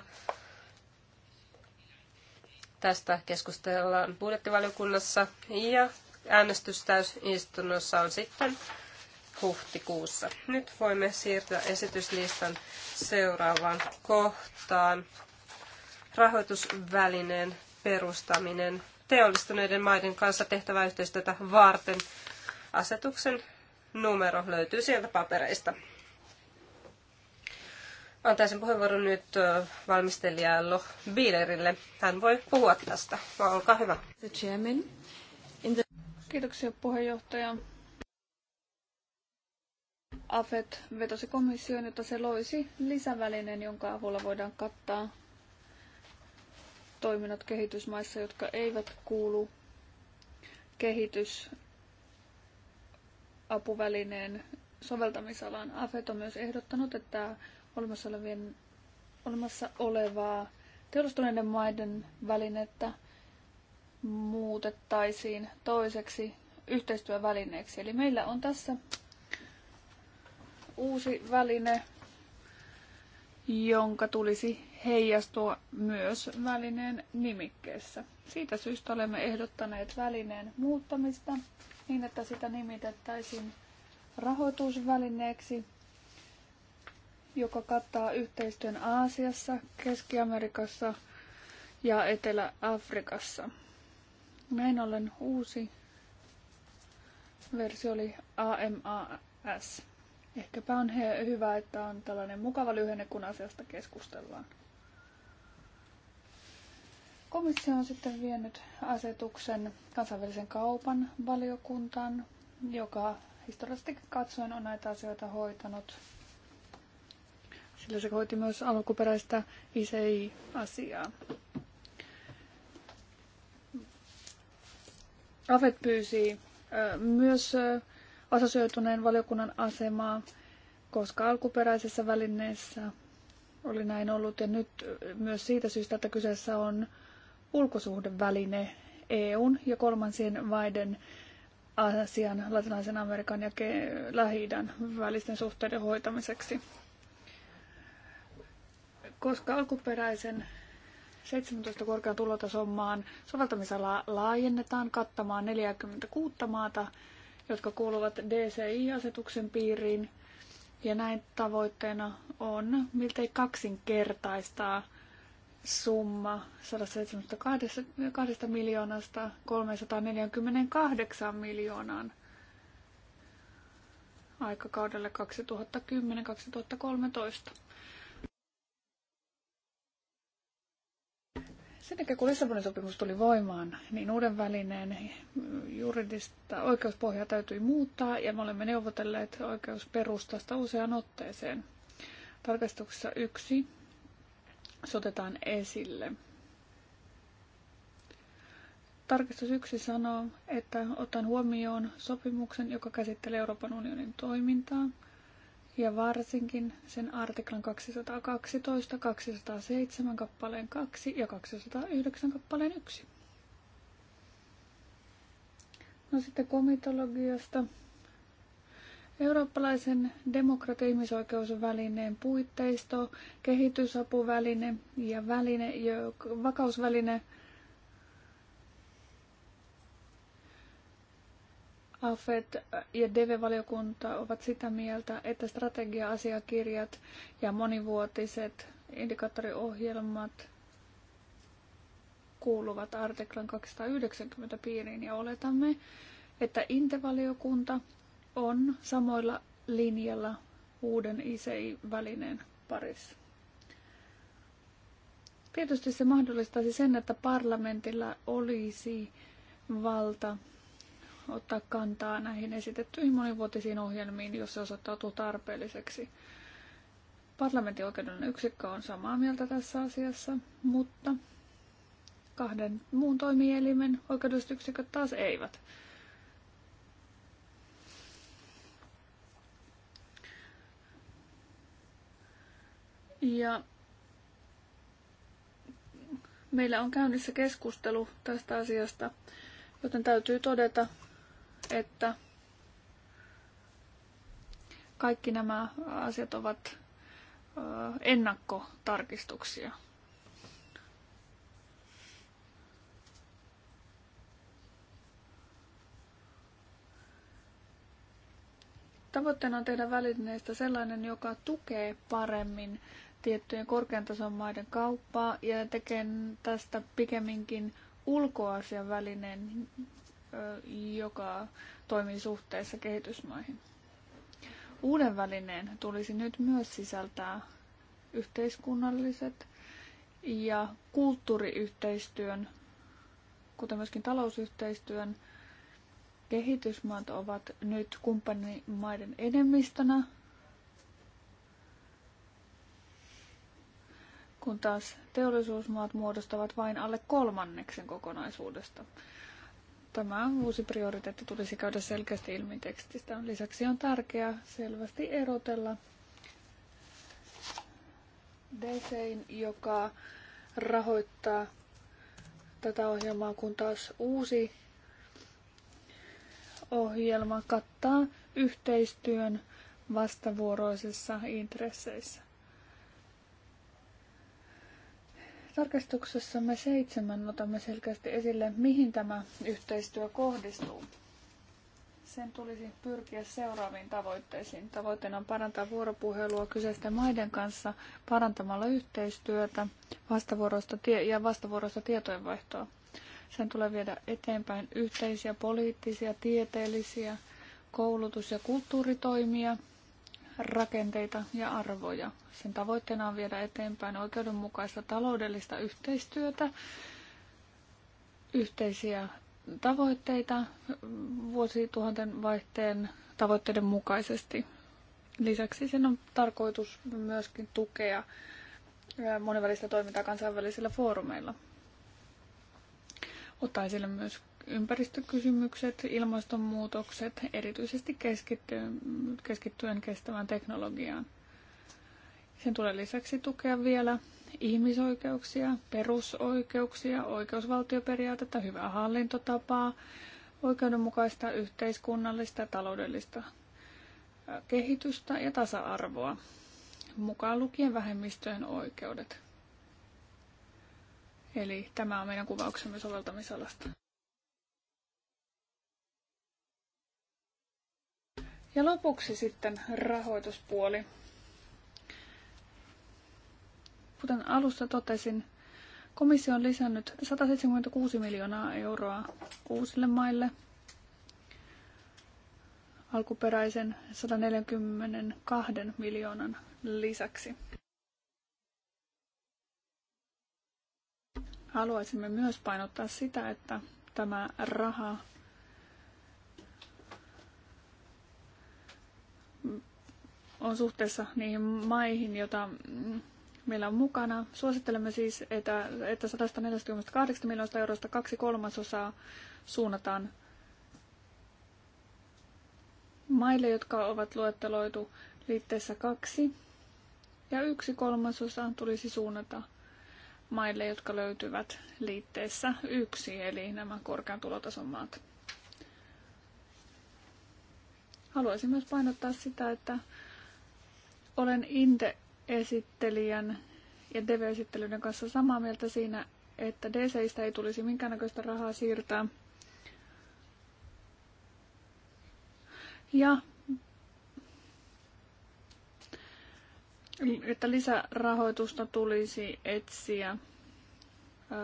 Tästä keskustellaan budjettivaliokunnassa ja äänestystäysistunnossa on sitten huhtikuussa. Nyt voimme siirtyä esityslistan seuraavaan kohtaan. Rahoitusvälineen perustaminen teollistuneiden maiden kanssa tehtävää yhteistyötä varten asetuksen numero löytyy sieltä papereista. Antaisin puheenvuoron nyt valmistelija Loh Bielerille. Hän voi puhua tästä. No, olkaa hyvä. Kiitoksia puheenjohtaja. AFET vetosi komissioon, jotta se loisi lisävälineen, jonka avulla voidaan kattaa toiminnot kehitysmaissa, jotka eivät kuulu kehitys- apuvälineen soveltamisalan. AFET on myös ehdottanut, että olemassa, olevien, olemassa olevaa teollistuneiden maiden välinettä muutettaisiin toiseksi yhteistyövälineeksi. Eli meillä on tässä uusi väline, jonka tulisi heijastua myös välineen nimikkeessä. Siitä syystä olemme ehdottaneet välineen muuttamista niin, että sitä nimitettäisiin rahoitusvälineeksi, joka kattaa yhteistyön Aasiassa, Keski-Amerikassa ja Etelä-Afrikassa. Näin ollen uusi versio oli AMAS. Ehkäpä on he, hyvä, että on tällainen mukava lyhenne, kun asiasta keskustellaan. Komissio on sitten vienyt asetuksen kansainvälisen kaupan valiokuntaan, joka historiallisesti katsoen on näitä asioita hoitanut. Sillä se hoiti myös alkuperäistä ICI-asiaa. Afet pyysi myös assosioituneen valiokunnan asemaa, koska alkuperäisessä välineessä oli näin ollut ja nyt myös siitä syystä, että kyseessä on ulkosuhdeväline EUn ja kolmansien maiden Aasian, Latinalaisen Amerikan ja lähi välisten suhteiden hoitamiseksi. Koska alkuperäisen 17 korkean tulotason maan soveltamisalaa laajennetaan kattamaan 46 maata, jotka kuuluvat DCI-asetuksen piiriin, ja näin tavoitteena on miltei kaksinkertaistaa summa 172 miljoonasta 348 miljoonaan aikakaudelle 2010-2013. Sen jälkeen kun Lissabonin sopimus tuli voimaan, niin uuden välineen juridista oikeuspohjaa täytyi muuttaa ja me olemme neuvotelleet oikeusperustasta useaan otteeseen. Tarkastuksessa yksi sotetaan esille. Tarkistus 1 sanoo, että otan huomioon sopimuksen, joka käsittelee Euroopan unionin toimintaa, ja varsinkin sen artiklan 212, 207 kappaleen 2 ja 209 kappaleen 1. No sitten komitologiasta. Eurooppalaisen demokratia- ihmisoikeusvälineen puitteisto, kehitysapuväline ja väline, vakausväline AFET ja DEVE-valiokunta ovat sitä mieltä, että strategia-asiakirjat ja monivuotiset indikaattoriohjelmat kuuluvat artiklan 290 piiriin ja oletamme, että Intevaliokunta on samoilla linjalla uuden ICI-välineen parissa. Tietysti se mahdollistaisi sen, että parlamentilla olisi valta ottaa kantaa näihin esitettyihin monivuotisiin ohjelmiin, jos se osoittautuu tarpeelliseksi. Parlamentin oikeudellinen yksikkö on samaa mieltä tässä asiassa, mutta kahden muun toimielimen oikeudelliset yksiköt taas eivät. Ja meillä on käynnissä keskustelu tästä asiasta, joten täytyy todeta, että kaikki nämä asiat ovat ennakkotarkistuksia. Tavoitteena on tehdä välineistä sellainen, joka tukee paremmin tiettyjen korkean tason maiden kauppaa ja tekee tästä pikemminkin ulkoasian välineen, joka toimii suhteessa kehitysmaihin. Uuden välineen tulisi nyt myös sisältää yhteiskunnalliset ja kulttuuriyhteistyön, kuten myöskin talousyhteistyön, kehitysmaat ovat nyt kumppanimaiden enemmistönä kun taas teollisuusmaat muodostavat vain alle kolmanneksen kokonaisuudesta. Tämä uusi prioriteetti tulisi käydä selkeästi ilmi tekstistä. Lisäksi on tärkeää selvästi erotella DCin, joka rahoittaa tätä ohjelmaa, kun taas uusi ohjelma kattaa yhteistyön vastavuoroisissa intresseissä. Tarkastuksessamme seitsemän otamme selkeästi esille, mihin tämä yhteistyö kohdistuu. Sen tulisi pyrkiä seuraaviin tavoitteisiin. Tavoitteena on parantaa vuoropuhelua kyseisten maiden kanssa parantamalla yhteistyötä vastavuoroista ja vastavuoroista tietojenvaihtoa. Sen tulee viedä eteenpäin yhteisiä poliittisia, tieteellisiä, koulutus- ja kulttuuritoimia – rakenteita ja arvoja. Sen tavoitteena on viedä eteenpäin oikeudenmukaista taloudellista yhteistyötä, yhteisiä tavoitteita vuosituhanten vaihteen tavoitteiden mukaisesti. Lisäksi sen on tarkoitus myöskin tukea monenvälistä toimintaa kansainvälisillä foorumeilla. Ottaa esille myös ympäristökysymykset, ilmastonmuutokset, erityisesti keskittyen, kestävään teknologiaan. Sen tulee lisäksi tukea vielä ihmisoikeuksia, perusoikeuksia, oikeusvaltioperiaatetta, hyvää hallintotapaa, oikeudenmukaista yhteiskunnallista ja taloudellista äh, kehitystä ja tasa-arvoa, mukaan lukien vähemmistöjen oikeudet. Eli tämä on meidän kuvauksemme soveltamisalasta. Ja lopuksi sitten rahoituspuoli. Kuten alussa totesin, komissio on lisännyt 176 miljoonaa euroa uusille maille alkuperäisen 142 miljoonan lisäksi. Haluaisimme myös painottaa sitä, että tämä raha on suhteessa niihin maihin, joita meillä on mukana. Suosittelemme siis, että, että 148 miljoonasta eurosta kaksi kolmasosaa suunnataan maille, jotka ovat luetteloitu liitteessä kaksi. Ja yksi kolmasosa tulisi suunnata maille, jotka löytyvät liitteessä yksi, eli nämä korkean tulotason maat. Haluaisin myös painottaa sitä, että olen Inte-esittelijän ja DV-esittelyiden kanssa samaa mieltä siinä, että DCistä ei tulisi minkäännäköistä rahaa siirtää. Ja että lisärahoitusta tulisi etsiä äh,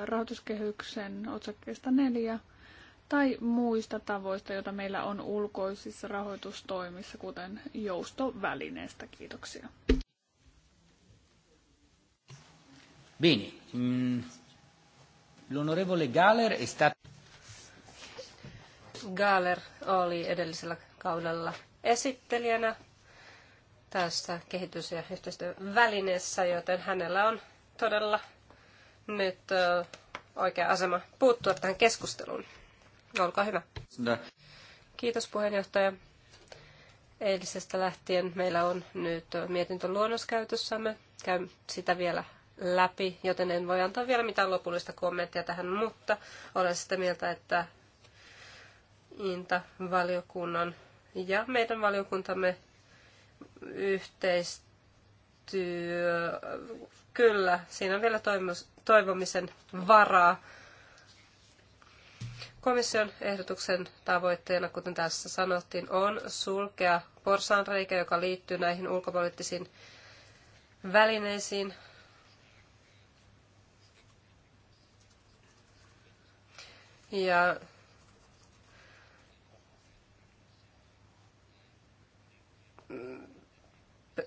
rahoituskehyksen otsakkeesta neljä tai muista tavoista, joita meillä on ulkoisissa rahoitustoimissa, kuten joustovälineestä. Kiitoksia. Bene. Mm. L'onorevole Galer è stato... Galer oli edellisellä kaudella esittelijänä tässä kehitys- ja yhteistyövälineessä, joten hänellä on todella nyt oikea asema puuttua tähän keskusteluun. No, olkaa hyvä. Kiitos puheenjohtaja. Eilisestä lähtien meillä on nyt mietintöluonnos käytössämme. Käyn sitä vielä läpi, joten en voi antaa vielä mitään lopullista kommenttia tähän, mutta olen sitä mieltä, että Inta-valiokunnan ja meidän valiokuntamme yhteistyö, kyllä, siinä on vielä toivomisen varaa Komission ehdotuksen tavoitteena, kuten tässä sanottiin, on sulkea porsaanreikä, joka liittyy näihin ulkopoliittisiin välineisiin. Ja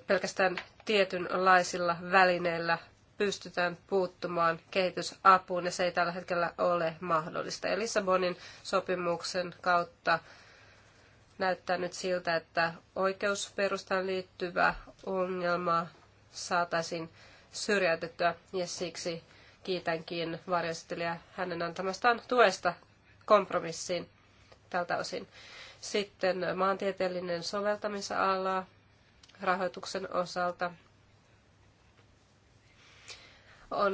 pelkästään tietynlaisilla välineillä pystytään puuttumaan kehitysapuun, ja se ei tällä hetkellä ole mahdollista. Ja Lissabonin sopimuksen kautta näyttää nyt siltä, että oikeusperustaan liittyvä ongelma saataisiin syrjäytettyä, ja siksi kiitänkin varjostelijaa hänen antamastaan tuesta kompromissiin tältä osin. Sitten maantieteellinen soveltamisala rahoituksen osalta on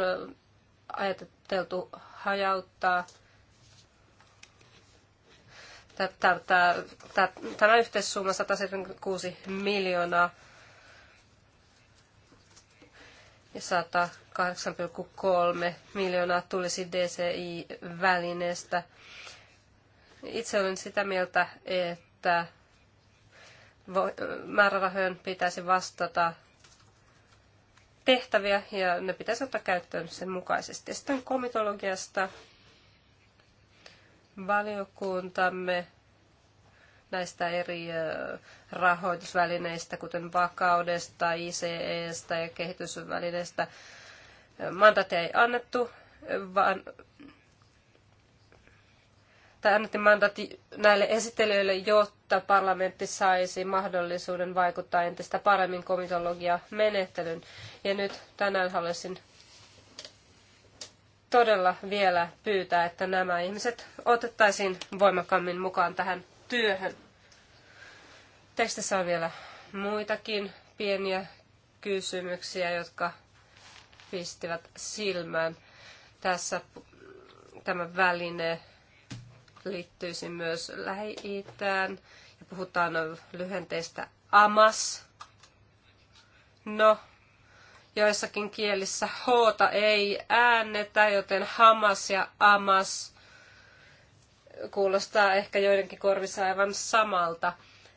ajateltu hajauttaa tämä yhteissumma 176 miljoonaa ja 108,3 miljoonaa tulisi DCI-välineestä. Itse olen sitä mieltä, että määrärahojen pitäisi vastata tehtäviä ja ne pitäisi ottaa käyttöön sen mukaisesti. sitten komitologiasta valiokuntamme näistä eri rahoitusvälineistä, kuten vakaudesta, ICEstä ja kehitysvälineistä. Mandatia ei annettu, vaan että annettiin mandaatti näille esittelijöille, jotta parlamentti saisi mahdollisuuden vaikuttaa entistä paremmin komitologia-menettelyyn. Ja nyt tänään haluaisin todella vielä pyytää, että nämä ihmiset otettaisiin voimakkaammin mukaan tähän työhön. Tekstissä on vielä muitakin pieniä kysymyksiä, jotka pistivät silmään. Tässä tämä väline liittyisi myös Lähi-Itään ja puhutaan lyhenteistä AMAS. No, joissakin kielissä h ei äännetä, joten Hamas ja Amas kuulostaa ehkä joidenkin korvissa aivan samalta.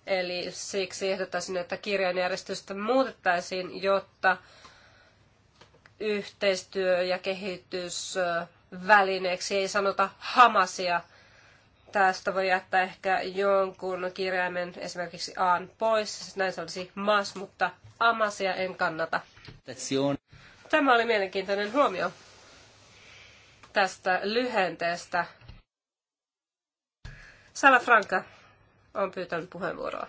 Eli siksi ehdotaisin, että kirjanjärjestystä muutettaisiin, jotta yhteistyö ja kehitys välineeksi ei sanota Hamasia, tästä voi jättää ehkä jonkun kirjaimen, esimerkiksi A pois, näin se olisi mas, mutta amasia en kannata. Tämä oli mielenkiintoinen huomio tästä lyhenteestä. Sala Franca on pyytänyt puheenvuoroa.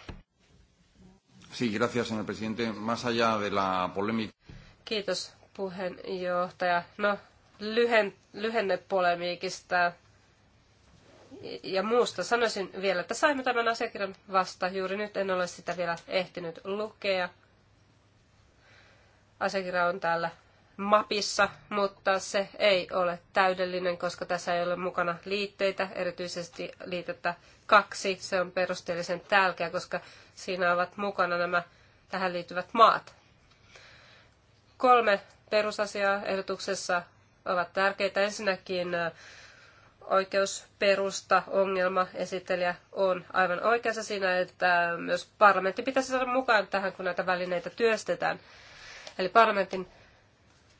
Sí, gracias, señor presidente. Más allá de la polémica. Kiitos, puheenjohtaja. No, lyhen, polemiikista ja muusta. Sanoisin vielä, että saimme tämän asiakirjan vasta juuri nyt. En ole sitä vielä ehtinyt lukea. Asiakirja on täällä mapissa, mutta se ei ole täydellinen, koska tässä ei ole mukana liitteitä, erityisesti liitettä kaksi. Se on perusteellisen tärkeä, koska siinä ovat mukana nämä tähän liittyvät maat. Kolme perusasiaa ehdotuksessa ovat tärkeitä. Ensinnäkin oikeusperusta ongelma esittelijä on aivan oikeassa siinä, että myös parlamentti pitäisi saada mukaan tähän, kun näitä välineitä työstetään. Eli parlamentin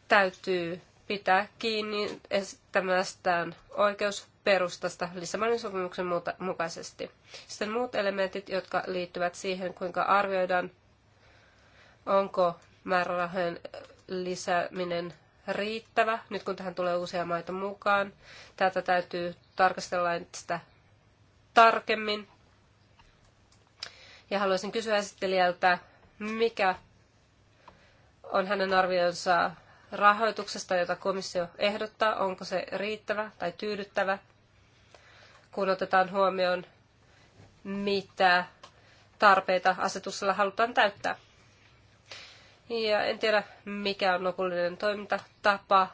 täytyy pitää kiinni esittämästään oikeusperustasta Lissabonin sopimuksen mukaisesti. Sitten muut elementit, jotka liittyvät siihen, kuinka arvioidaan, onko määrärahojen lisääminen riittävä, nyt kun tähän tulee uusia maita mukaan. Tätä täytyy tarkastella sitä tarkemmin. Ja haluaisin kysyä esittelijältä, mikä on hänen arvionsa rahoituksesta, jota komissio ehdottaa, onko se riittävä tai tyydyttävä, kun otetaan huomioon, mitä tarpeita asetuksella halutaan täyttää. Ja en tiedä, mikä on lopullinen toimintatapa.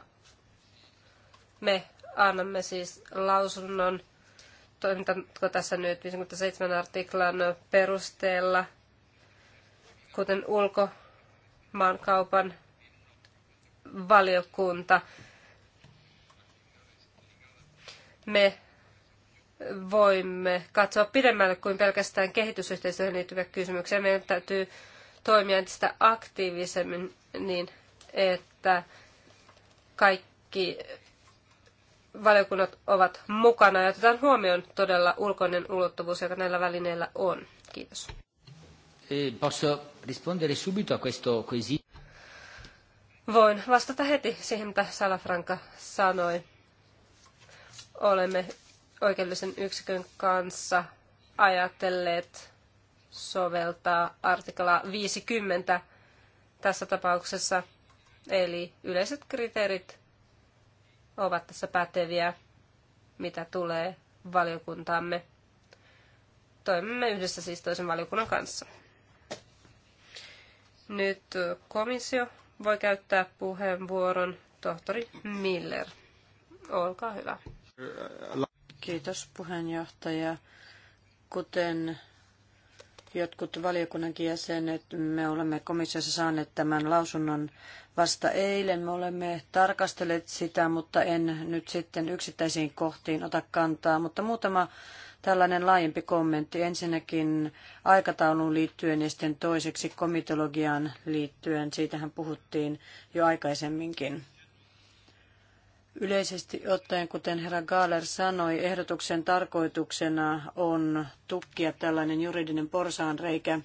Me annamme siis lausunnon, toimintatko tässä nyt 57 artiklan perusteella, kuten ulkomaankaupan valiokunta. Me voimme katsoa pidemmälle kuin pelkästään kehitysyhteistyöhön liittyviä kysymyksiä. Meidän täytyy toimia entistä aktiivisemmin niin, että kaikki valiokunnat ovat mukana ja otetaan huomioon todella ulkoinen ulottuvuus, joka näillä välineillä on. Kiitos. E, Voin vastata heti siihen, mitä Salafranca sanoi. Olemme oikeudellisen yksikön kanssa ajatelleet soveltaa artikla 50 tässä tapauksessa. Eli yleiset kriteerit ovat tässä päteviä, mitä tulee valiokuntaamme. Toimimme yhdessä siis toisen valiokunnan kanssa. Nyt komissio voi käyttää puheenvuoron tohtori Miller. Olkaa hyvä. Kiitos puheenjohtaja. Kuten jotkut valiokunnankin jäsenet, me olemme komissiossa saaneet tämän lausunnon vasta eilen. Me olemme tarkastelleet sitä, mutta en nyt sitten yksittäisiin kohtiin ota kantaa, mutta muutama tällainen laajempi kommentti. Ensinnäkin aikatauluun liittyen ja sitten toiseksi komitologiaan liittyen. Siitähän puhuttiin jo aikaisemminkin. Yleisesti ottaen, kuten herra Gaaler sanoi, ehdotuksen tarkoituksena on tukkia tällainen juridinen porsaanreikä.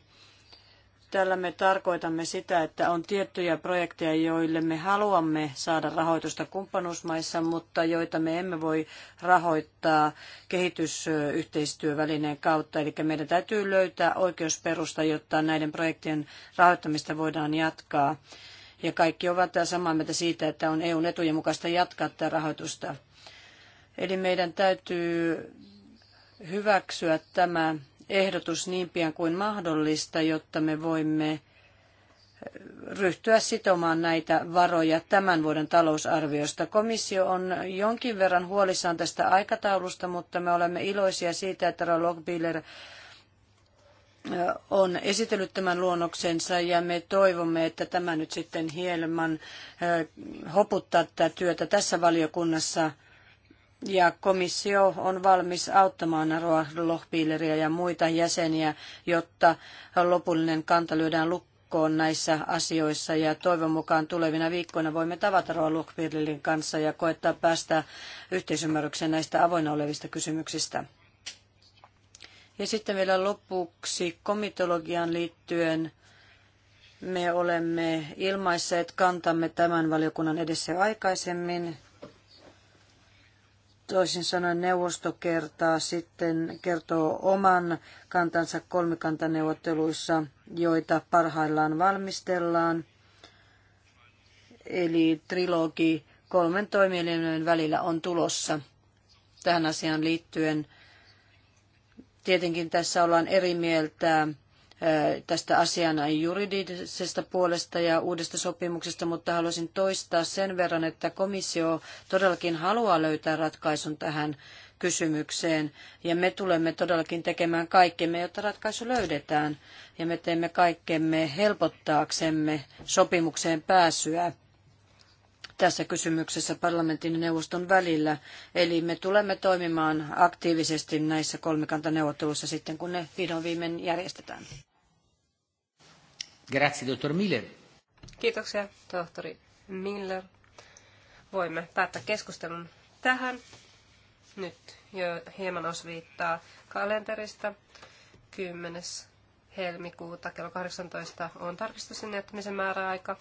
Tällä me tarkoitamme sitä, että on tiettyjä projekteja, joille me haluamme saada rahoitusta kumppanuusmaissa, mutta joita me emme voi rahoittaa kehitysyhteistyövälineen kautta. Eli meidän täytyy löytää oikeusperusta, jotta näiden projektien rahoittamista voidaan jatkaa ja kaikki ovat samaa mieltä siitä, että on EUn etujen mukaista jatkaa tätä rahoitusta. Eli meidän täytyy hyväksyä tämä ehdotus niin pian kuin mahdollista, jotta me voimme ryhtyä sitomaan näitä varoja tämän vuoden talousarviosta. Komissio on jonkin verran huolissaan tästä aikataulusta, mutta me olemme iloisia siitä, että Rolok Biller on esitellyt tämän luonnoksensa ja me toivomme, että tämä nyt sitten hieman hoputtaa tätä työtä tässä valiokunnassa ja komissio on valmis auttamaan Roa Lohpiileriä ja muita jäseniä, jotta lopullinen kanta lyödään lukkoon näissä asioissa. Ja toivon mukaan tulevina viikkoina voimme tavata Roa Lohpiilerin kanssa ja koettaa päästä yhteisymmärrykseen näistä avoinna olevista kysymyksistä. Ja sitten vielä lopuksi komitologian liittyen me olemme ilmaisseet kantamme tämän valiokunnan edessä aikaisemmin. Toisin sanoen neuvosto kertaa sitten kertoo oman kantansa kolmikantaneuvotteluissa, joita parhaillaan valmistellaan. Eli trilogi kolmen toimielimen välillä on tulossa tähän asiaan liittyen. Tietenkin tässä ollaan eri mieltä tästä asian juridisesta puolesta ja uudesta sopimuksesta, mutta haluaisin toistaa sen verran, että komissio todellakin haluaa löytää ratkaisun tähän kysymykseen. Ja me tulemme todellakin tekemään kaikkemme, jotta ratkaisu löydetään. Ja me teemme kaikkemme helpottaaksemme sopimukseen pääsyä tässä kysymyksessä parlamentin ja neuvoston välillä. Eli me tulemme toimimaan aktiivisesti näissä kolmikantaneuvotteluissa sitten, kun ne vihdoin viimein järjestetään. Grazie, dottor Miller. Kiitoksia, tohtori Miller. Voimme päättää keskustelun tähän. Nyt jo hieman osviittaa kalenterista. 10. helmikuuta kello 18 on tarkistuksen määräaika.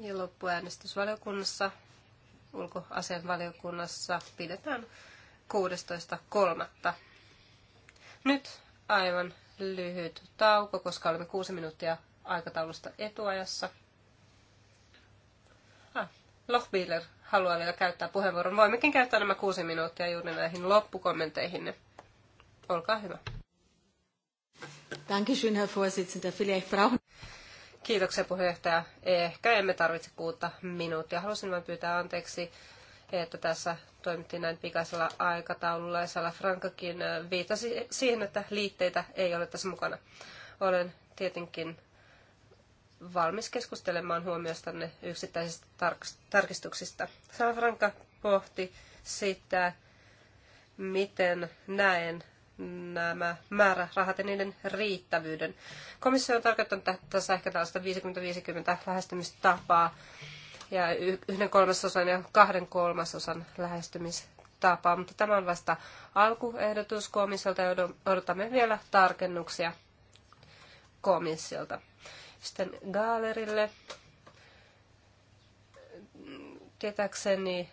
Ja loppuäänestysvaliokunnassa, ulkoasianvaliokunnassa pidetään 16.3. Nyt aivan lyhyt tauko, koska olemme kuusi minuuttia aikataulusta etuajassa. Ah, Lochbieler haluaa vielä käyttää puheenvuoron. Voimmekin käyttää nämä kuusi minuuttia juuri näihin loppukommenteihin. Olkaa hyvä. Dankeschön, Herr Vorsitzender. Vielleicht brauchen... Kiitoksia puheenjohtaja. Ehkä emme tarvitse kuutta minuuttia. Haluaisin vain pyytää anteeksi, että tässä toimittiin näin pikaisella aikataululla. Ja Sala Frankakin äh, viitasi siihen, että liitteitä ei ole tässä mukana. Olen tietenkin valmis keskustelemaan huomiostanne yksittäisistä tarkistuksista. Sala Franka pohti sitä, miten näen nämä määrärahat ja niiden riittävyyden. Komissio on tarkoittanut tässä ehkä tällaista 50-50 lähestymistapaa ja yhden kolmasosan ja kahden kolmasosan lähestymistapaa, mutta tämä on vasta alkuehdotus komissiolta ja odotamme vielä tarkennuksia komissiolta. Sitten Gaalerille tietääkseni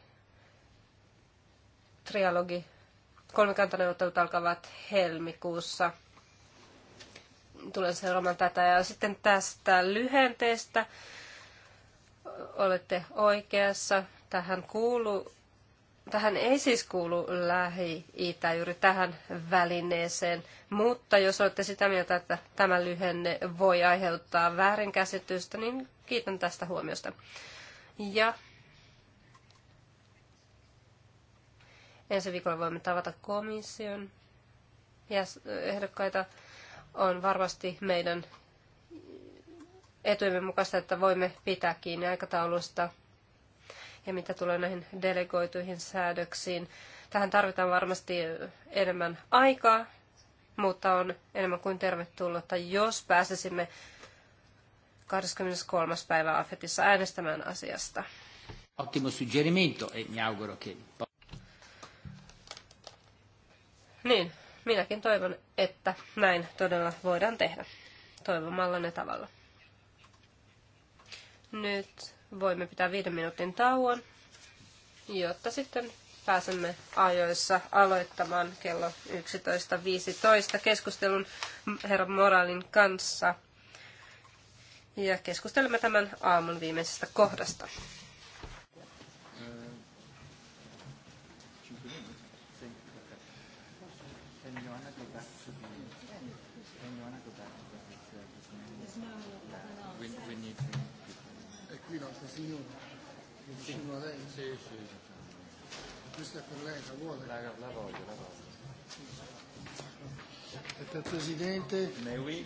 trialogi Kolmikantaneuvottelut alkavat helmikuussa. Tulen seuraamaan tätä. Ja sitten tästä lyhenteestä olette oikeassa. Tähän kuuluu tähän ei siis kuulu Lähi-Itä juuri tähän välineeseen, mutta jos olette sitä mieltä, että tämä lyhenne voi aiheuttaa väärinkäsitystä, niin kiitän tästä huomiosta. Ja Ensi viikolla voimme tavata komission ja ehdokkaita. On varmasti meidän etujemme mukaista, että voimme pitää kiinni aikataulusta. Ja mitä tulee näihin delegoituihin säädöksiin, tähän tarvitaan varmasti enemmän aikaa, mutta on enemmän kuin tervetullutta, jos pääsisimme 23. päivä Afetissa äänestämään asiasta. Ottimo suggerimento e mi auguro che... Niin, minäkin toivon, että näin todella voidaan tehdä toivomallanne tavalla. Nyt voimme pitää viiden minuutin tauon, jotta sitten pääsemme ajoissa aloittamaan kello 11.15 keskustelun herra Moralin kanssa. Ja keskustelemme tämän aamun viimeisestä kohdasta. signora, vicino a lei. Sì, sì. Questa per lei la vuole? La, la voglio, la voglio. Sì. Presidente. Eh?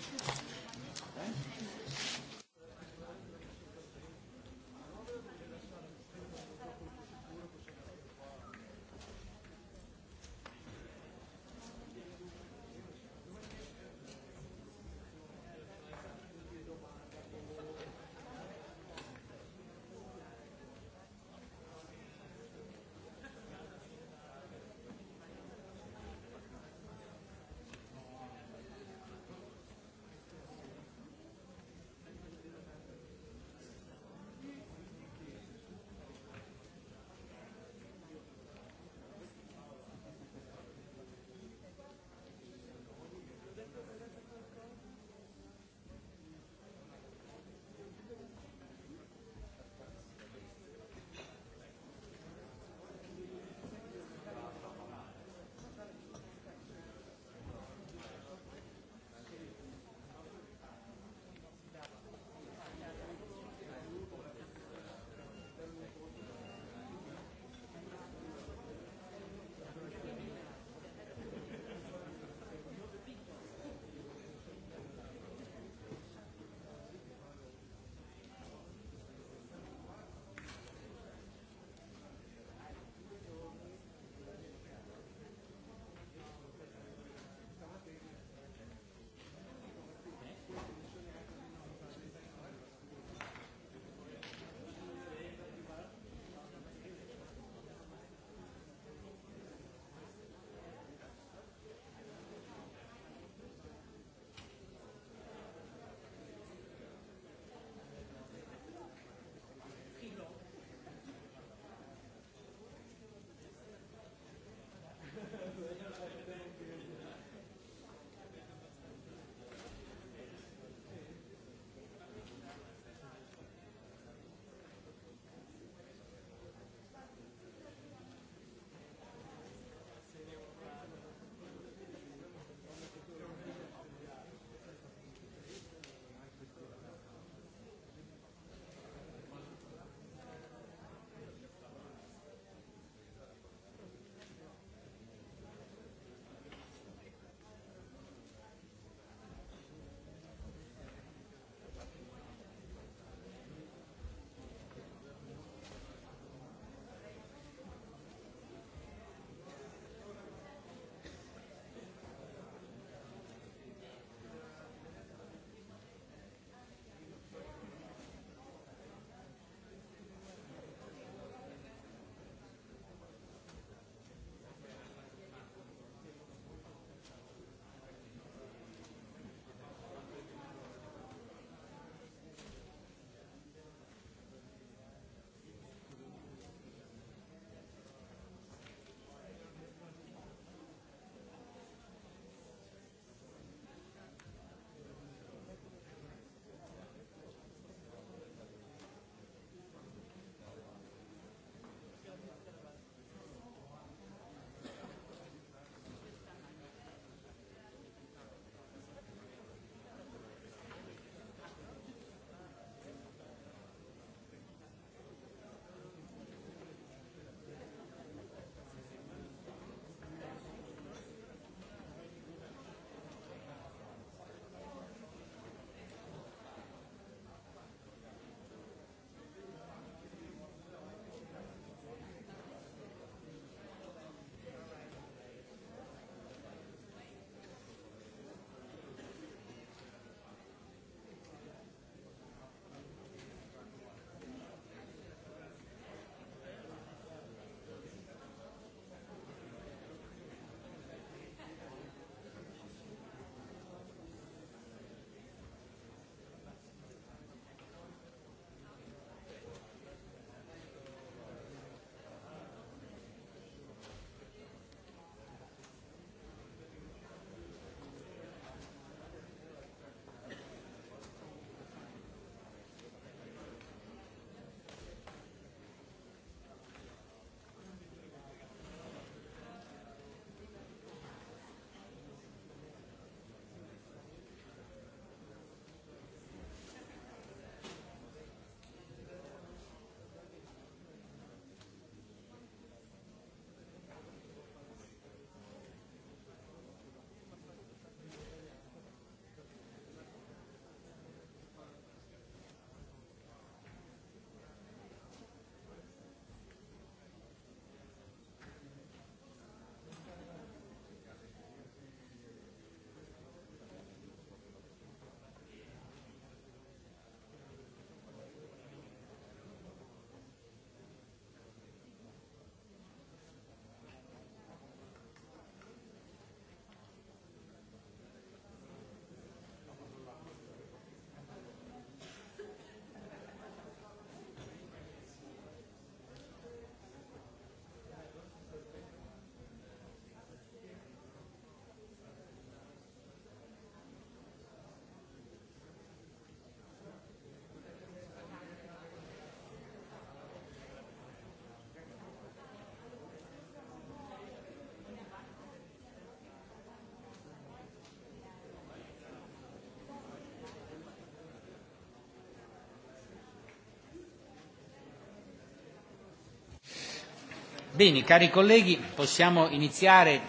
Bene, cari colleghi, possiamo iniziare.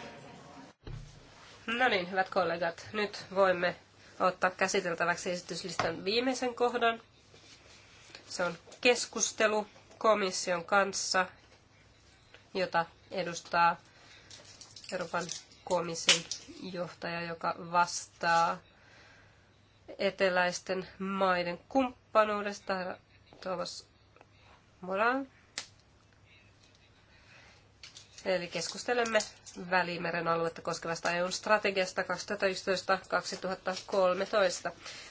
No niin, hyvät kollegat, nyt voimme ottaa käsiteltäväksi esityslistan viimeisen kohdan. Se on keskustelu komission kanssa, jota edustaa Euroopan komission johtaja, joka vastaa eteläisten maiden kumppanuudesta, Tuomas Moran. Eli keskustelemme Välimeren aluetta koskevasta EUn strategiasta 2011-2013.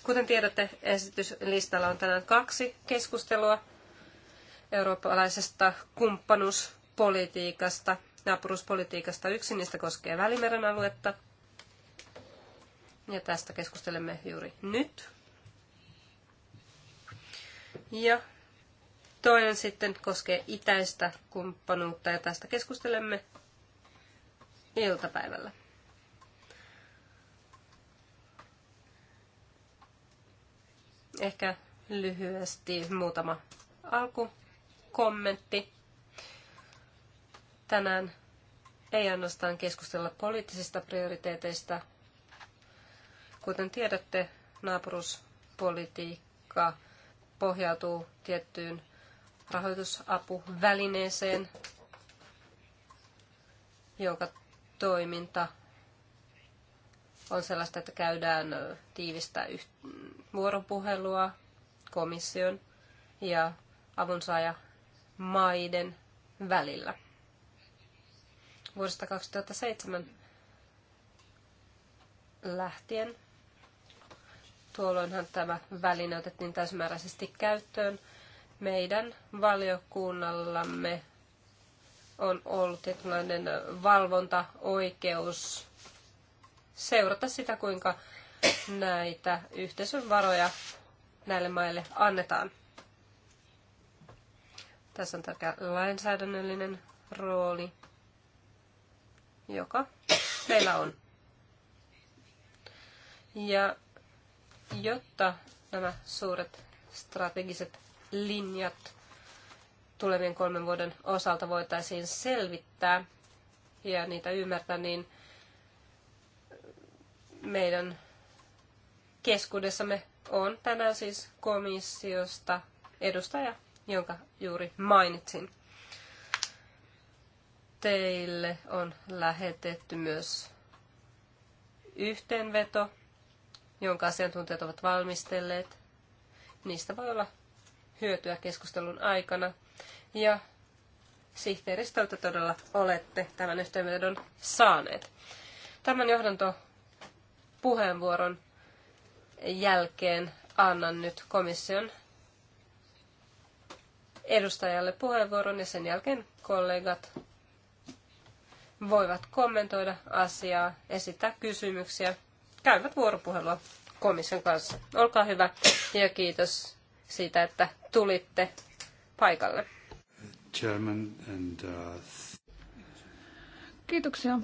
Kuten tiedätte, esityslistalla on tänään kaksi keskustelua eurooppalaisesta kumppanuuspolitiikasta, naapuruspolitiikasta. Yksi niistä koskee Välimeren aluetta. Ja tästä keskustelemme juuri nyt. Ja Toinen sitten koskee itäistä kumppanuutta ja tästä keskustelemme iltapäivällä. Ehkä lyhyesti muutama alkukommentti. Tänään ei ainoastaan keskustella poliittisista prioriteeteista. Kuten tiedätte, naapuruspolitiikka pohjautuu tiettyyn rahoitusapuvälineeseen, joka toiminta on sellaista, että käydään tiivistä vuoropuhelua komission ja avunsaaja maiden välillä. Vuodesta 2007 lähtien tuolloinhan tämä väline otettiin täysimääräisesti käyttöön – meidän valiokunnallamme on ollut tietynlainen valvontaoikeus seurata sitä, kuinka näitä yhteisön varoja näille maille annetaan. Tässä on tärkeä lainsäädännöllinen rooli, joka meillä on. Ja jotta nämä suuret strategiset linjat tulevien kolmen vuoden osalta voitaisiin selvittää ja niitä ymmärtää, niin meidän keskuudessamme on tänään siis komissiosta edustaja, jonka juuri mainitsin. Teille on lähetetty myös yhteenveto, jonka asiantuntijat ovat valmistelleet. Niistä voi olla hyötyä keskustelun aikana. Ja sihteeristöltä todella olette tämän yhteenvedon saaneet. Tämän puheenvuoron jälkeen annan nyt komission edustajalle puheenvuoron ja sen jälkeen kollegat voivat kommentoida asiaa, esittää kysymyksiä, käyvät vuoropuhelua komission kanssa. Olkaa hyvä ja kiitos siitä, että tulitte paikalle. and, uh... Kiitoksia,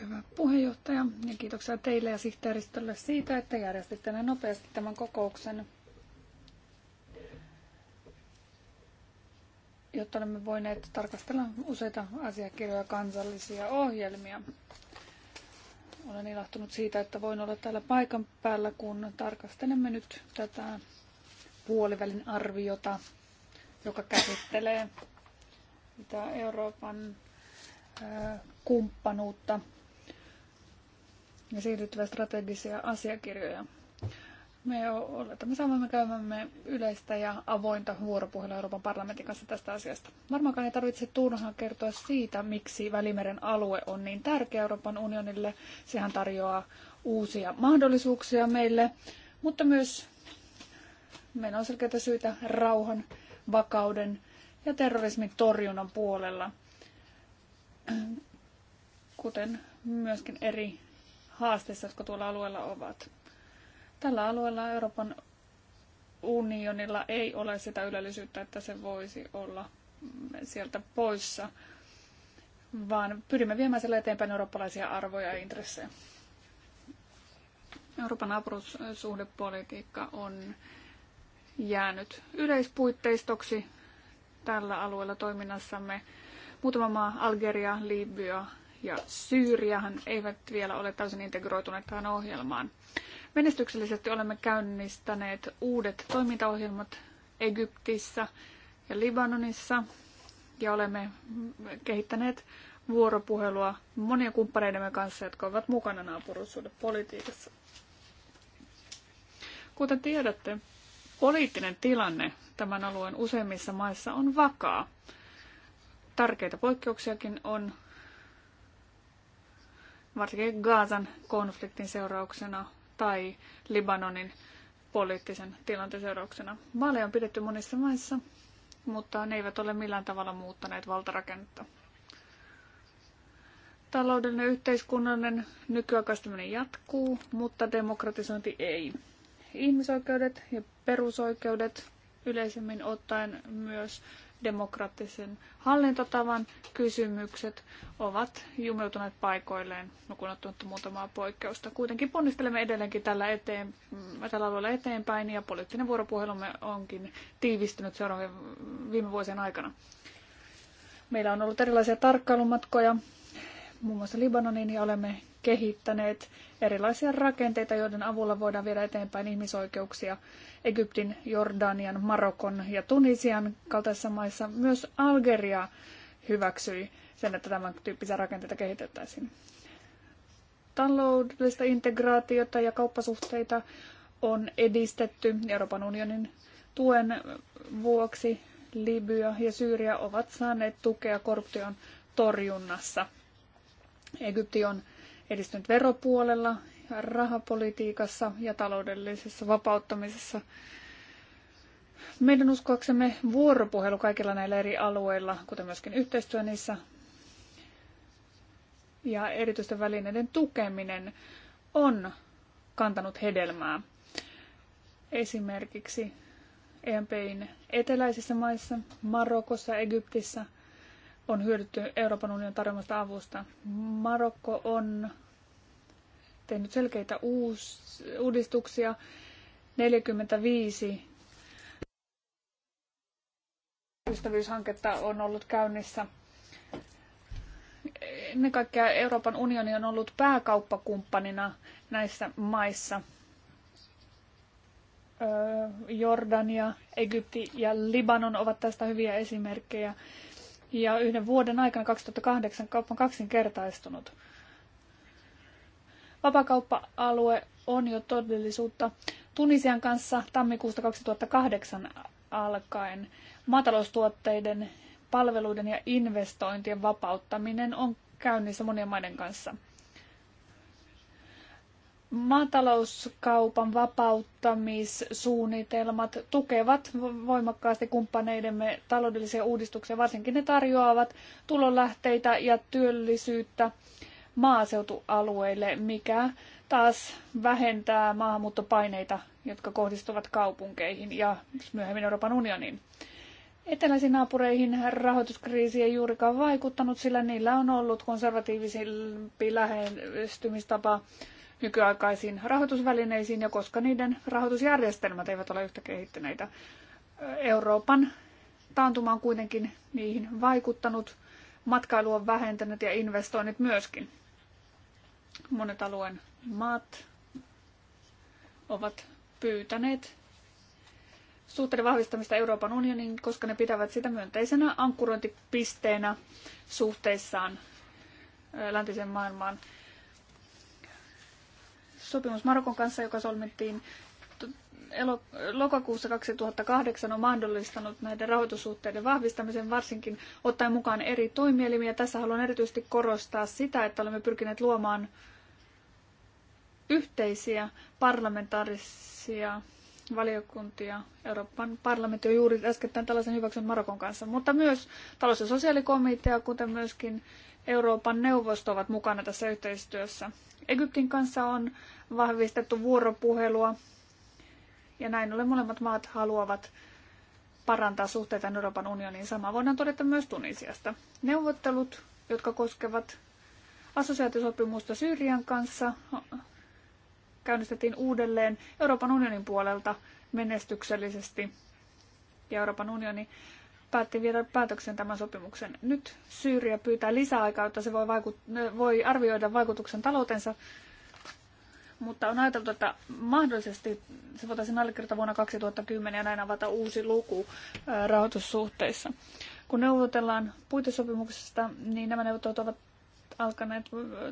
hyvä puheenjohtaja, ja kiitoksia teille ja sihteeristölle siitä, että järjestitte näin nopeasti tämän kokouksen. jotta olemme voineet tarkastella useita asiakirjoja kansallisia ohjelmia. Olen ilahtunut siitä, että voin olla täällä paikan päällä, kun tarkastelemme nyt tätä puolivälin arviota, joka käsittelee Itä-Euroopan kumppanuutta ja siirtyviä strategisia asiakirjoja. Me oletamme saamamme käymämme yleistä ja avointa vuoropuhelua Euroopan parlamentin kanssa tästä asiasta. Varmaankaan ei tarvitse turhaan kertoa siitä, miksi Välimeren alue on niin tärkeä Euroopan unionille. Sehän tarjoaa uusia mahdollisuuksia meille, mutta myös Meillä on selkeitä syitä rauhan, vakauden ja terrorismin torjunnan puolella, kuten myöskin eri haasteissa, jotka tuolla alueella ovat. Tällä alueella Euroopan unionilla ei ole sitä ylellisyyttä, että se voisi olla sieltä poissa, vaan pyrimme viemään siellä eteenpäin eurooppalaisia arvoja ja intressejä. Euroopan naapuruussuhdepolitiikka on jäänyt yleispuitteistoksi tällä alueella toiminnassamme. Muutama maa, Algeria, Libya ja Syyriahan eivät vielä ole täysin integroituneet tähän ohjelmaan. Menestyksellisesti olemme käynnistäneet uudet toimintaohjelmat Egyptissä ja Libanonissa ja olemme kehittäneet vuoropuhelua monien kumppaneidemme kanssa, jotka ovat mukana politiikassa. Kuten tiedätte, Poliittinen tilanne tämän alueen useimmissa maissa on vakaa. Tärkeitä poikkeuksiakin on, varsinkin Gaasan konfliktin seurauksena tai Libanonin poliittisen tilanteen seurauksena. Vaaleja on pidetty monissa maissa, mutta ne eivät ole millään tavalla muuttaneet valtarakennetta. Taloudellinen yhteiskunnallinen nykyaikaistaminen jatkuu, mutta demokratisointi ei ihmisoikeudet ja perusoikeudet yleisemmin ottaen myös demokraattisen hallintotavan kysymykset ovat jumeutuneet paikoilleen, lukuun ottamatta muutamaa poikkeusta. Kuitenkin ponnistelemme edelleenkin tällä, eteen, tällä alueella eteenpäin ja poliittinen vuoropuhelumme onkin tiivistynyt seuraavien viime vuosien aikana. Meillä on ollut erilaisia tarkkailumatkoja muun muassa Libanonin ja olemme kehittäneet erilaisia rakenteita, joiden avulla voidaan viedä eteenpäin ihmisoikeuksia Egyptin, Jordanian, Marokon ja Tunisian kaltaisissa maissa. Myös Algeria hyväksyi sen, että tämän tyyppisiä rakenteita kehitettäisiin. Taloudellista integraatiota ja kauppasuhteita on edistetty Euroopan unionin tuen vuoksi. Libya ja Syyria ovat saaneet tukea korruption torjunnassa. Egypti on edistynyt veropuolella, rahapolitiikassa ja taloudellisessa vapauttamisessa. Meidän uskoaksemme vuoropuhelu kaikilla näillä eri alueilla, kuten myöskin yhteistyö niissä ja erityisten välineiden tukeminen on kantanut hedelmää. Esimerkiksi EMPin eteläisissä maissa, Marokossa, Egyptissä – on hyödytty Euroopan unionin tarjoamasta avusta. Marokko on tehnyt selkeitä uus, uudistuksia. 45 ystävyyshanketta on ollut käynnissä. Ennen kaikkea Euroopan unioni on ollut pääkauppakumppanina näissä maissa. Jordania, Egypti ja Libanon ovat tästä hyviä esimerkkejä ja yhden vuoden aikana 2008 kauppa on kaksinkertaistunut. Vapakauppa-alue on jo todellisuutta Tunisian kanssa tammikuusta 2008 alkaen. Maataloustuotteiden, palveluiden ja investointien vapauttaminen on käynnissä monien maiden kanssa – Maatalouskaupan vapauttamissuunnitelmat tukevat voimakkaasti kumppaneidemme taloudellisia uudistuksia, varsinkin ne tarjoavat tulonlähteitä ja työllisyyttä maaseutualueille, mikä taas vähentää maahanmuuttopaineita, jotka kohdistuvat kaupunkeihin ja myöhemmin Euroopan unioniin. Eteläisiin naapureihin rahoituskriisi ei juurikaan vaikuttanut, sillä niillä on ollut konservatiivisempi lähestymistapa nykyaikaisiin rahoitusvälineisiin ja koska niiden rahoitusjärjestelmät eivät ole yhtä kehittyneitä. Euroopan taantuma on kuitenkin niihin vaikuttanut, matkailu on vähentänyt ja investoinnit myöskin. Monet alueen maat ovat pyytäneet suhteiden vahvistamista Euroopan unionin, koska ne pitävät sitä myönteisenä ankkurointipisteenä suhteissaan läntisen maailmaan sopimus Marokon kanssa, joka solmittiin lokakuussa 2008 on mahdollistanut näiden rahoitussuhteiden vahvistamisen, varsinkin ottaen mukaan eri toimielimiä. Tässä haluan erityisesti korostaa sitä, että olemme pyrkineet luomaan yhteisiä parlamentaarisia valiokuntia. Euroopan parlamentti on juuri äskettäin tällaisen hyväksynyt Marokon kanssa, mutta myös talous- ja sosiaalikomitea, kuten myöskin Euroopan neuvosto ovat mukana tässä yhteistyössä. Egyptin kanssa on vahvistettu vuoropuhelua ja näin ollen molemmat maat haluavat parantaa suhteita Euroopan unioniin. Sama voidaan todeta myös Tunisiasta. Neuvottelut, jotka koskevat assosiaatiosopimusta Syyrian kanssa, käynnistettiin uudelleen Euroopan unionin puolelta menestyksellisesti. Ja Euroopan unioni päätti viedä päätöksen tämän sopimuksen. Nyt Syyria pyytää lisäaikaa, jotta se voi, vaikut- voi arvioida vaikutuksen taloutensa, mutta on ajateltu, että mahdollisesti se voitaisiin allekirjoittaa vuonna 2010 ja näin avata uusi luku rahoitussuhteissa. Kun neuvotellaan puitesopimuksesta, niin nämä neuvottelut ovat alkaneet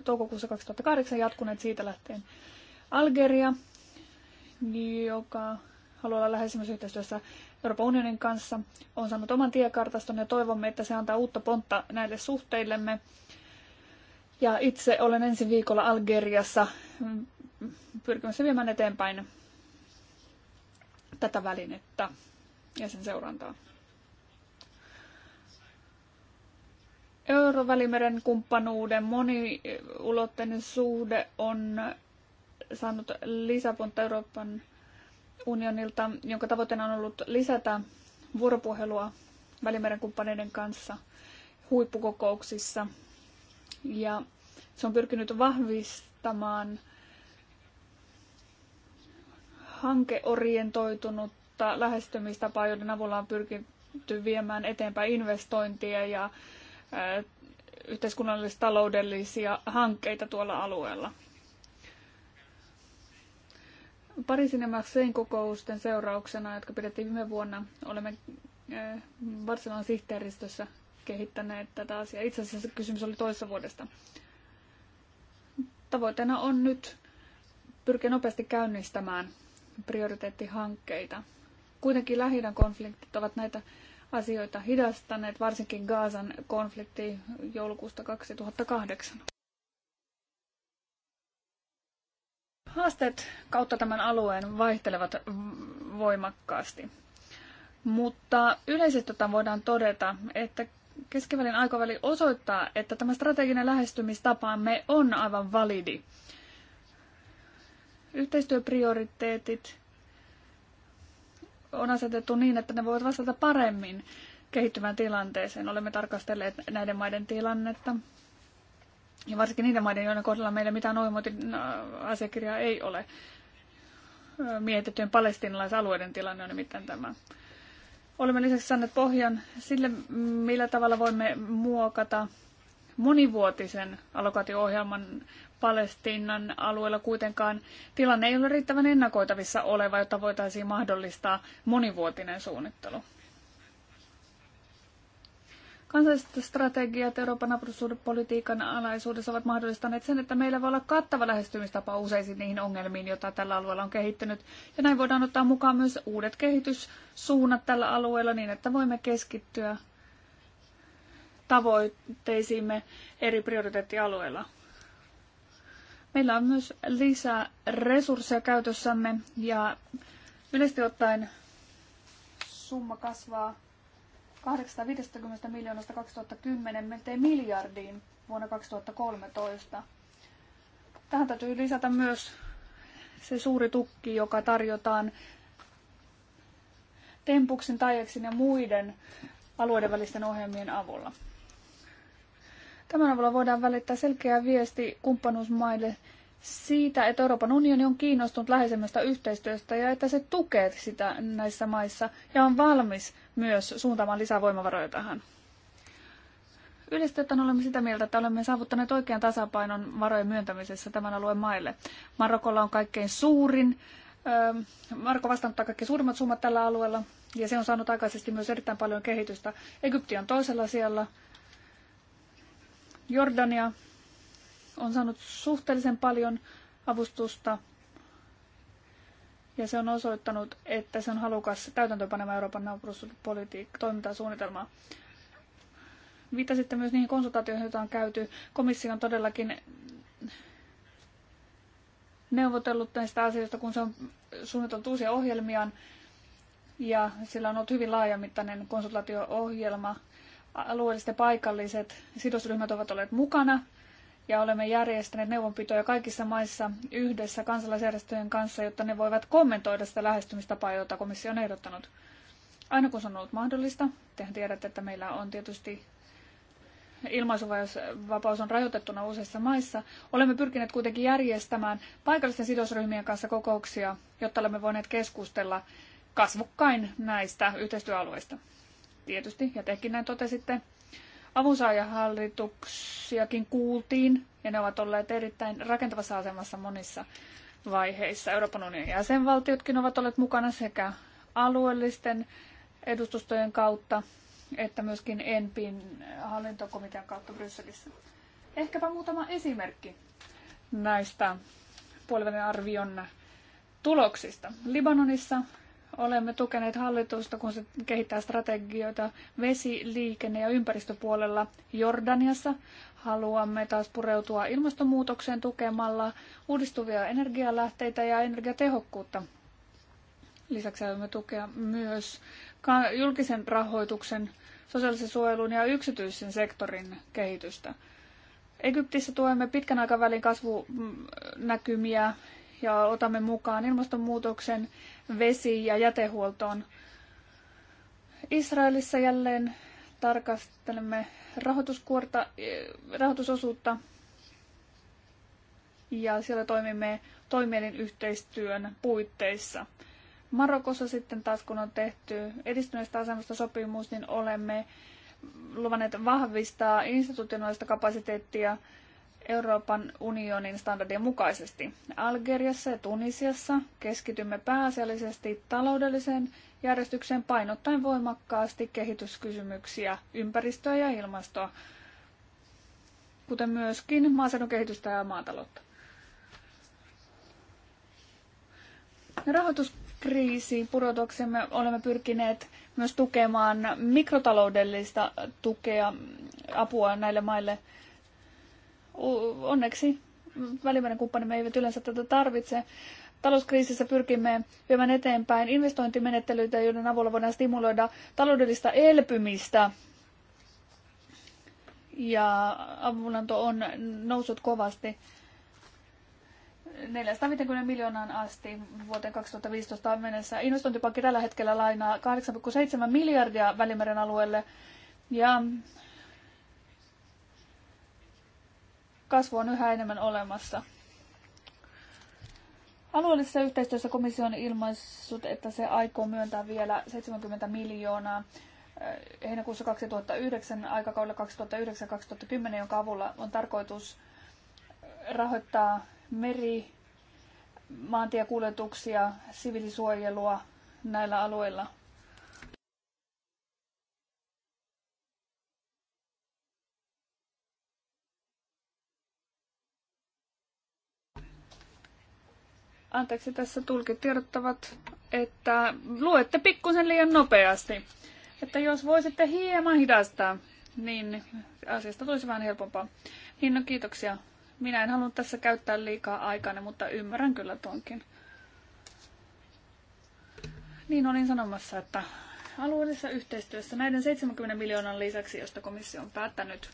toukokuussa 2008 jatkuneet siitä lähtien. Algeria, joka haluaa olla läheisemmässä yhteistyössä Euroopan unionin kanssa, on saanut oman tiekartaston ja toivomme, että se antaa uutta pontta näille suhteillemme. Ja itse olen ensi viikolla Algeriassa pyrkimässä viemään eteenpäin tätä välinettä ja sen seurantaa. Eurovälimeren kumppanuuden moniulotteinen suhde on saanut lisäpontta Euroopan unionilta, jonka tavoitteena on ollut lisätä vuoropuhelua Välimeren kumppaneiden kanssa huippukokouksissa. Ja se on pyrkinyt vahvistamaan hankeorientoitunutta lähestymistapaa, joiden avulla on pyrkitty viemään eteenpäin investointia ja yhteiskunnallis-taloudellisia hankkeita tuolla alueella. Pariisin ja Marseille kokousten seurauksena, jotka pidettiin viime vuonna, olemme äh, Barcelonan sihteeristössä kehittäneet tätä asiaa. Itse asiassa kysymys oli toisessa vuodesta. Tavoitteena on nyt pyrkiä nopeasti käynnistämään prioriteettihankkeita. Kuitenkin lähi konfliktit ovat näitä asioita hidastaneet, varsinkin Gaasan konflikti joulukuusta 2008. Haasteet kautta tämän alueen vaihtelevat voimakkaasti. Mutta yleisesti voidaan todeta, että keskivälin aikaväli osoittaa, että tämä strateginen lähestymistapaamme on aivan validi. Yhteistyöprioriteetit on asetettu niin, että ne voivat vastata paremmin kehittyvään tilanteeseen. Olemme tarkastelleet näiden maiden tilannetta, ja varsinkin niiden maiden, joiden kohdalla meillä mitään oimotin äh, asiakirjaa ei ole. Mietittyjen palestinalaisalueiden tilanne on nimittäin tämä. Olemme lisäksi saaneet pohjan sille, millä tavalla voimme muokata monivuotisen allokaatio-ohjelman Palestiinan alueella kuitenkaan tilanne ei ole riittävän ennakoitavissa oleva, jotta voitaisiin mahdollistaa monivuotinen suunnittelu. Kansalliset strategiat Euroopan naapurisuuspolitiikan alaisuudessa ovat mahdollistaneet sen, että meillä voi olla kattava lähestymistapa useisiin niihin ongelmiin, joita tällä alueella on kehittynyt. Ja näin voidaan ottaa mukaan myös uudet kehityssuunnat tällä alueella niin, että voimme keskittyä tavoitteisiimme eri prioriteettialueilla. Meillä on myös lisää resursseja käytössämme ja yleisesti ottaen summa kasvaa 850 miljoonasta 2010 miltei miljardiin vuonna 2013. Tähän täytyy lisätä myös se suuri tukki, joka tarjotaan Tempuksen, Tajeksin ja muiden alueiden välisten ohjelmien avulla. Tämän avulla voidaan välittää selkeä viesti kumppanuusmaille siitä, että Euroopan unioni on kiinnostunut läheisemmästä yhteistyöstä ja että se tukee sitä näissä maissa ja on valmis myös suuntaamaan lisää voimavaroja tähän. Yleisesti olemme sitä mieltä, että olemme saavuttaneet oikean tasapainon varojen myöntämisessä tämän alueen maille. Marokolla on kaikkein suurin, Marko vastaanottaa kaikki suurimmat summat tällä alueella, ja se on saanut aikaisesti myös erittäin paljon kehitystä. Egypti on toisella siellä. Jordania on saanut suhteellisen paljon avustusta ja se on osoittanut, että se on halukas täytäntöönpanema Euroopan naapuruspolitiikkaa toimintasuunnitelmaa. Viittasitte myös niihin konsultaatioihin, joita on käyty. Komissio on todellakin neuvotellut näistä asioista, kun se on suunniteltu uusia ohjelmiaan. Ja sillä on ollut hyvin laajamittainen konsultaatio-ohjelma. Alueelliset ja paikalliset sidosryhmät ovat olleet mukana ja olemme järjestäneet neuvonpitoja kaikissa maissa yhdessä kansalaisjärjestöjen kanssa, jotta ne voivat kommentoida sitä lähestymistapaa, jota komissio on ehdottanut. Aina kun se on ollut mahdollista, tehän tiedätte, että meillä on tietysti ilmaisuvapaus on rajoitettuna useissa maissa, olemme pyrkineet kuitenkin järjestämään paikallisten sidosryhmien kanssa kokouksia, jotta olemme voineet keskustella kasvokkain näistä yhteistyöalueista. Tietysti, ja tekin näin totesitte, Avunsaajahallituksiakin kuultiin ja ne ovat olleet erittäin rakentavassa asemassa monissa vaiheissa. Euroopan unionin jäsenvaltiotkin ovat olleet mukana sekä alueellisten edustustojen kautta että myöskin ENPin hallintokomitean kautta Brysselissä. Ehkäpä muutama esimerkki näistä puolivälin arvion tuloksista. Libanonissa Olemme tukeneet hallitusta, kun se kehittää strategioita vesi-, liikenne- ja ympäristöpuolella Jordaniassa. Haluamme taas pureutua ilmastonmuutokseen tukemalla uudistuvia energialähteitä ja energiatehokkuutta. Lisäksi haluamme tukea myös julkisen rahoituksen, sosiaalisen suojelun ja yksityisen sektorin kehitystä. Egyptissä tuemme pitkän aikavälin kasvunäkymiä ja otamme mukaan ilmastonmuutoksen vesi- ja jätehuoltoon. Israelissa jälleen tarkastelemme rahoituskuorta, eh, rahoitusosuutta ja siellä toimimme toimielin yhteistyön puitteissa. Marokossa sitten taas kun on tehty edistyneestä asemasta sopimus, niin olemme luvanneet vahvistaa institutionaalista kapasiteettia Euroopan unionin standardien mukaisesti. Algeriassa ja Tunisiassa keskitymme pääasiallisesti taloudelliseen järjestykseen painottaen voimakkaasti kehityskysymyksiä, ympäristöä ja ilmastoa, kuten myöskin maaseudun kehitystä ja maataloutta. Rahoituskriisiin pudotuksemme olemme pyrkineet myös tukemaan mikrotaloudellista tukea, apua näille maille – onneksi välimeren kumppanimme eivät yleensä tätä tarvitse. Talouskriisissä pyrkimme viemään eteenpäin investointimenettelyitä, joiden avulla voidaan stimuloida taloudellista elpymistä. Ja avunanto on noussut kovasti 450 miljoonaan asti vuoteen 2015 mennessä. Investointipankki tällä hetkellä lainaa 8,7 miljardia Välimeren alueelle ja kasvu on yhä enemmän olemassa. Alueellisessa yhteistyössä komissio on ilmaissut, että se aikoo myöntää vielä 70 miljoonaa eh, heinäkuussa 2009 aikakaudella 2009-2010, jonka avulla on tarkoitus eh, rahoittaa meri, maantiekuljetuksia, siviilisuojelua näillä alueilla. Anteeksi, tässä tulki tiedottavat, että luette pikkusen liian nopeasti. Että jos voisitte hieman hidastaa, niin asiasta tulisi vähän helpompaa. Niin no kiitoksia. Minä en halunnut tässä käyttää liikaa aikaa, mutta ymmärrän kyllä tuonkin. Niin olin sanomassa, että alueellisessa yhteistyössä näiden 70 miljoonan lisäksi, josta komissio on päättänyt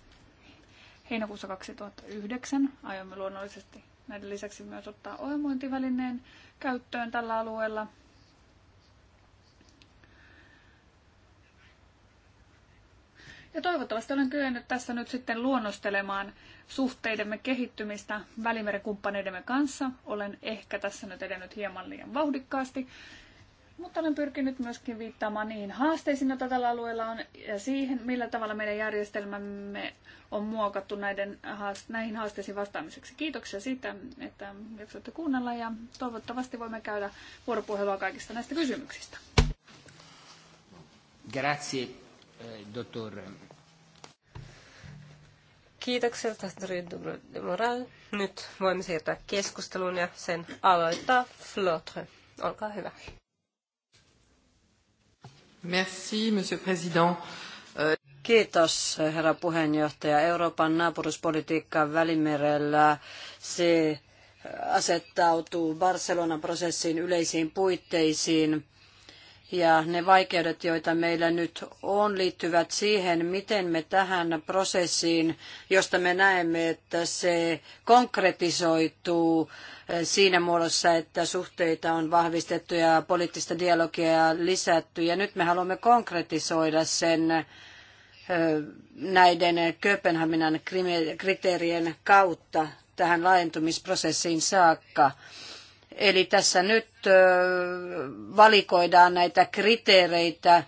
heinäkuussa 2009, aiomme luonnollisesti Näiden lisäksi myös ottaa ohjelmointivälineen käyttöön tällä alueella. Ja toivottavasti olen kyennyt tässä nyt sitten luonnostelemaan suhteidemme kehittymistä välimeren kanssa. Olen ehkä tässä nyt edennyt hieman liian vauhdikkaasti. Mutta olen pyrkinyt myöskin viittaamaan niihin haasteisiin, joita tällä alueella on, ja siihen, millä tavalla meidän järjestelmämme on muokattu näiden, näihin haasteisiin vastaamiseksi. Kiitoksia siitä, että jaksoitte kuunnella, ja toivottavasti voimme käydä vuoropuhelua kaikista näistä kysymyksistä. Grazie, eh, dottor. Kiitoksia, tohtori de Moral. Nyt voimme siirtää keskusteluun ja sen aloittaa Flotre. Olkaa hyvä. Kiitos, herra puheenjohtaja. Euroopan naapuruspolitiikka välimerellä se asettautuu Barcelonan prosessin yleisiin puitteisiin ja ne vaikeudet, joita meillä nyt on, liittyvät siihen, miten me tähän prosessiin, josta me näemme, että se konkretisoituu eh, siinä muodossa, että suhteita on vahvistettu ja poliittista dialogia lisätty. Ja nyt me haluamme konkretisoida sen eh, näiden Kööpenhaminan kriteerien kautta tähän laajentumisprosessiin saakka. Eli tässä nyt valikoidaan näitä kriteereitä,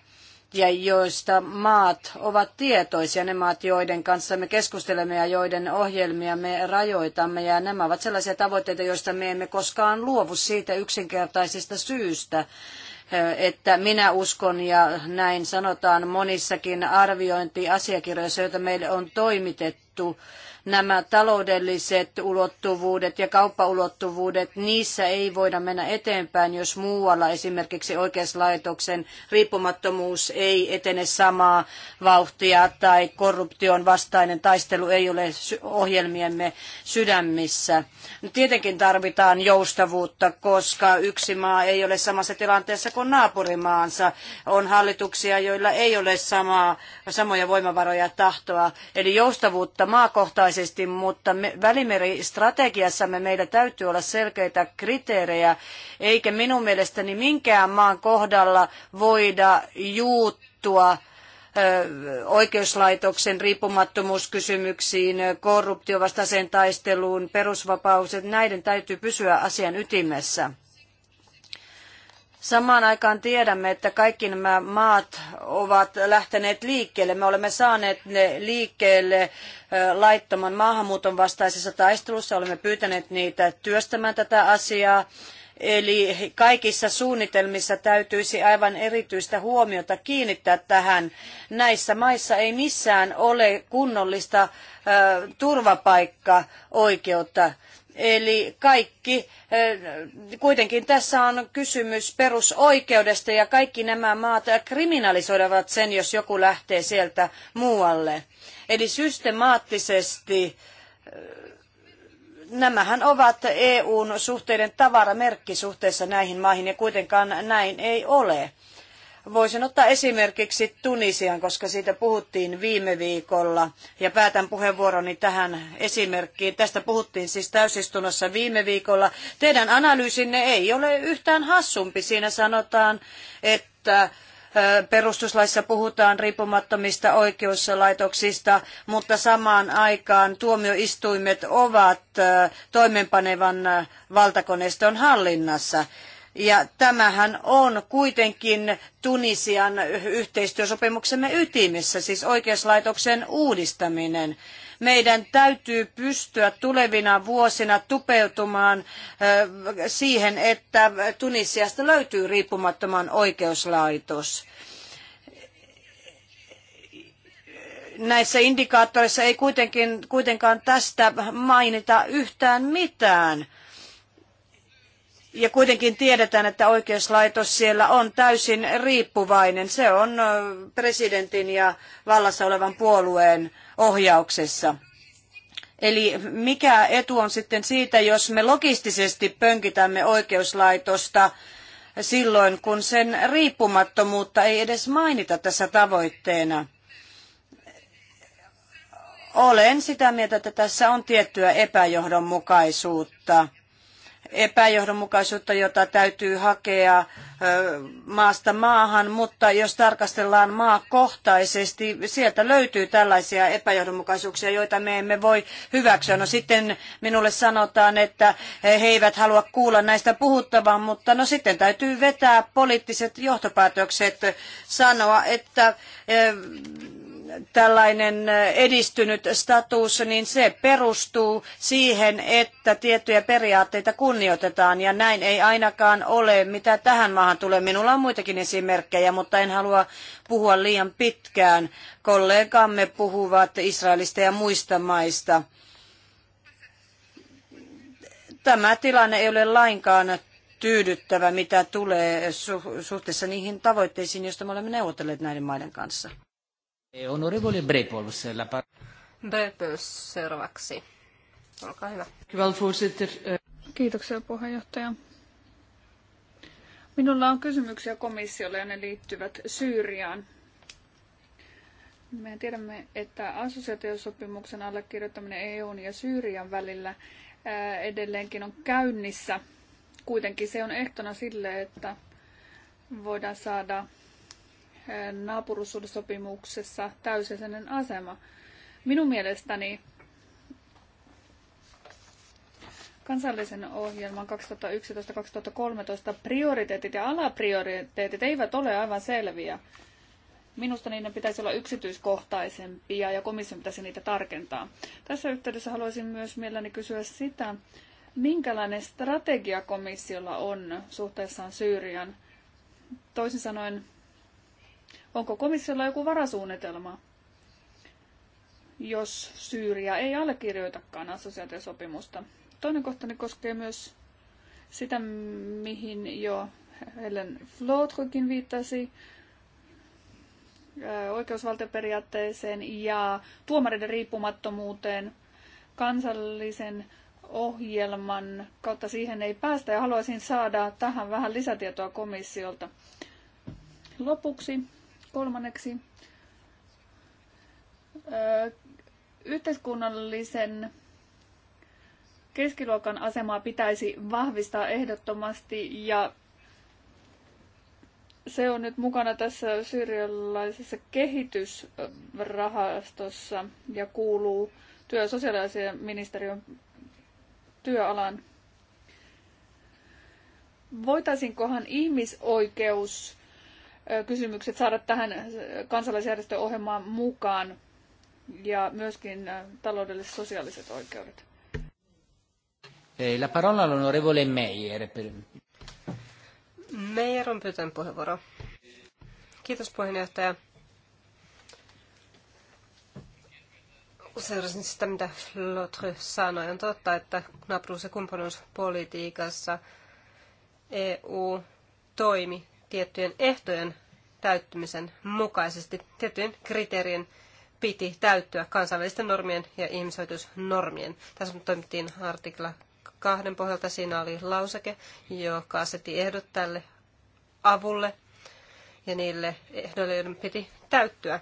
ja joista maat ovat tietoisia, ne maat, joiden kanssa me keskustelemme ja joiden ohjelmia me rajoitamme. Ja nämä ovat sellaisia tavoitteita, joista me emme koskaan luovu siitä yksinkertaisesta syystä, että minä uskon ja näin sanotaan monissakin arviointiasiakirjoissa, joita meille on toimitettu, nämä taloudelliset ulottuvuudet ja kauppaulottuvuudet, niissä ei voida mennä eteenpäin, jos muualla esimerkiksi oikeuslaitoksen riippumattomuus ei etene samaa vauhtia tai korruption vastainen taistelu ei ole ohjelmiemme sydämissä. Tietenkin tarvitaan joustavuutta, koska yksi maa ei ole samassa tilanteessa kuin naapurimaansa. On hallituksia, joilla ei ole samaa, samoja voimavaroja ja tahtoa. Eli joustavuutta maakohtaisesti vastaisesti, mutta me, välimeristrategiassamme meillä täytyy olla selkeitä kriteerejä, eikä minun mielestäni minkään maan kohdalla voida juuttua oikeuslaitoksen riippumattomuuskysymyksiin, korruptiovastaiseen taisteluun, perusvapaudet, näiden täytyy pysyä asian ytimessä. Samaan aikaan tiedämme, että kaikki nämä maat ovat lähteneet liikkeelle. Me olemme saaneet ne liikkeelle laittoman maahanmuuton vastaisessa taistelussa. Olemme pyytäneet niitä työstämään tätä asiaa. Eli kaikissa suunnitelmissa täytyisi aivan erityistä huomiota kiinnittää tähän. Näissä maissa ei missään ole kunnollista turvapaikkaoikeutta. Eli kaikki, kuitenkin tässä on kysymys perusoikeudesta ja kaikki nämä maat kriminalisoivat sen, jos joku lähtee sieltä muualle. Eli systemaattisesti nämähän ovat EUn suhteiden tavaramerkki suhteessa näihin maihin ja kuitenkaan näin ei ole. Voisin ottaa esimerkiksi Tunisian, koska siitä puhuttiin viime viikolla. Ja päätän puheenvuoroni tähän esimerkkiin. Tästä puhuttiin siis täysistunnossa viime viikolla. Teidän analyysinne ei ole yhtään hassumpi. Siinä sanotaan, että perustuslaissa puhutaan riippumattomista oikeuslaitoksista, mutta samaan aikaan tuomioistuimet ovat toimenpanevan valtakoneiston hallinnassa. Ja tämähän on kuitenkin Tunisian yhteistyösopimuksemme ytimessä, siis oikeuslaitoksen uudistaminen. Meidän täytyy pystyä tulevina vuosina tupeutumaan siihen, että Tunisiasta löytyy riippumattoman oikeuslaitos. näissä indikaattoreissa ei kuitenkin, kuitenkaan tästä mainita yhtään mitään. Ja kuitenkin tiedetään, että oikeuslaitos siellä on täysin riippuvainen. Se on presidentin ja vallassa olevan puolueen ohjauksessa. Eli mikä etu on sitten siitä, jos me logistisesti pönkitämme oikeuslaitosta silloin, kun sen riippumattomuutta ei edes mainita tässä tavoitteena? Olen sitä mieltä, että tässä on tiettyä epäjohdonmukaisuutta epäjohdonmukaisuutta, jota täytyy hakea maasta maahan, mutta jos tarkastellaan maakohtaisesti, sieltä löytyy tällaisia epäjohdonmukaisuuksia, joita me emme voi hyväksyä. No sitten minulle sanotaan, että he eivät halua kuulla näistä puhuttavan, mutta no sitten täytyy vetää poliittiset johtopäätökset, sanoa, että tällainen edistynyt status, niin se perustuu siihen, että tiettyjä periaatteita kunnioitetaan ja näin ei ainakaan ole, mitä tähän maahan tulee. Minulla on muitakin esimerkkejä, mutta en halua puhua liian pitkään. Kollegamme puhuvat Israelista ja muista maista. Tämä tilanne ei ole lainkaan tyydyttävä, mitä tulee suhteessa niihin tavoitteisiin, joista me olemme neuvotelleet näiden maiden kanssa. Honorevole eh, Brepols, la Brepols seuraavaksi. Olkaa hyvä. Kiitoksia puheenjohtaja. Minulla on kysymyksiä komissiolle ja ne liittyvät Syyriaan. Me tiedämme, että assosiaatiosopimuksen allekirjoittaminen EUn ja Syyrian välillä edelleenkin on käynnissä. Kuitenkin se on ehtona sille, että voidaan saada naapurussuhdesopimuksessa täysjäsenen asema. Minun mielestäni kansallisen ohjelman 2011-2013 prioriteetit ja alaprioriteetit eivät ole aivan selviä. Minusta niiden pitäisi olla yksityiskohtaisempia ja komission pitäisi niitä tarkentaa. Tässä yhteydessä haluaisin myös mielelläni kysyä sitä, minkälainen strategia komissiolla on suhteessaan Syyrian. Toisin sanoen, Onko komissiolla joku varasuunnitelma, jos Syyria ei allekirjoitakaan assosiaatiosopimusta? Toinen kohtani koskee myös sitä, mihin jo Helen Flotrkin viittasi, oikeusvaltioperiaatteeseen ja tuomareiden riippumattomuuteen kansallisen ohjelman kautta siihen ei päästä ja haluaisin saada tähän vähän lisätietoa komissiolta. Lopuksi Kolmanneksi yhteiskunnallisen keskiluokan asemaa pitäisi vahvistaa ehdottomasti ja se on nyt mukana tässä syyrialaisessa kehitysrahastossa ja kuuluu työ- ja sosiaalisen ministeriön työalan. Voitaisinkohan ihmisoikeus kysymykset saada tähän kansalaisjärjestöohjelmaan mukaan ja myöskin taloudelliset sosiaaliset oikeudet. Eh, la parola all'onorevole Meijer. Meijer on pyytänyt puheenvuoro. Kiitos puheenjohtaja. Seurasin sitä, mitä Lotre sanoi. On totta, että napruus- ja kumppanuuspolitiikassa EU toimi tiettyjen ehtojen täyttymisen mukaisesti. Tiettyjen kriteerien piti täyttyä kansainvälisten normien ja ihmisoikeusnormien. Tässä toimittiin artikla kahden pohjalta. Siinä oli lauseke, joka asetti ehdot tälle avulle ja niille ehdoille, joiden piti täyttyä.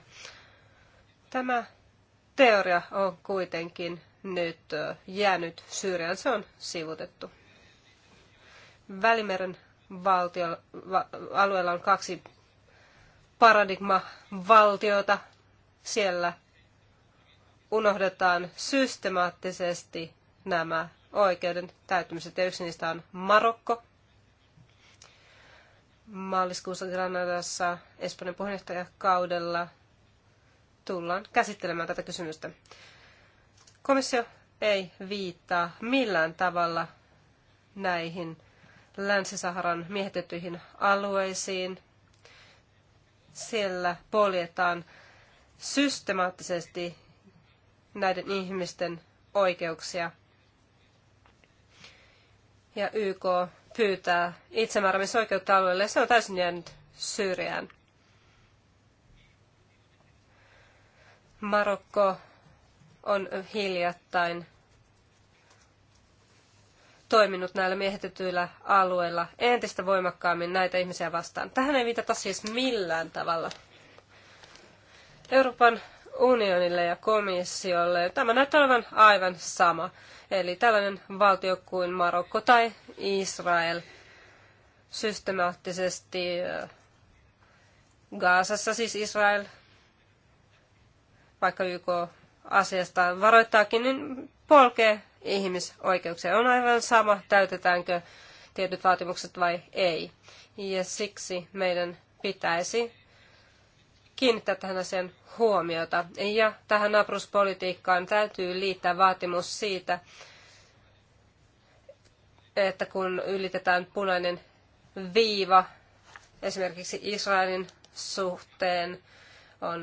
Tämä teoria on kuitenkin nyt jäänyt Syyrian. Se on sivutettu. Välimeren valtiolla, va, alueella on kaksi paradigma-valtiota. Siellä unohdetaan systemaattisesti nämä oikeuden täyttymiset Ja yksi niistä on Marokko. Maaliskuussa Granadassa Espanjan puheenjohtajakaudella tullaan käsittelemään tätä kysymystä. Komissio ei viittaa millään tavalla näihin Länsi-Saharan miehitettyihin alueisiin. Siellä poljetaan systemaattisesti näiden ihmisten oikeuksia. Ja YK pyytää itsemääräämisoikeutta alueelle ja se on täysin jäänyt syrjään. Marokko on hiljattain toiminut näillä miehitetyillä alueilla entistä voimakkaammin näitä ihmisiä vastaan. Tähän ei viitata siis millään tavalla. Euroopan unionille ja komissiolle tämä näyttää olevan aivan sama. Eli tällainen valtio kuin Marokko tai Israel systemaattisesti Gaasassa siis Israel, vaikka YK asiasta varoittaakin, niin polkee ihmisoikeuksia. On aivan sama, täytetäänkö tietyt vaatimukset vai ei. Ja siksi meidän pitäisi kiinnittää tähän asian huomiota. Ja tähän naapuruspolitiikkaan täytyy liittää vaatimus siitä, että kun ylitetään punainen viiva, esimerkiksi Israelin suhteen on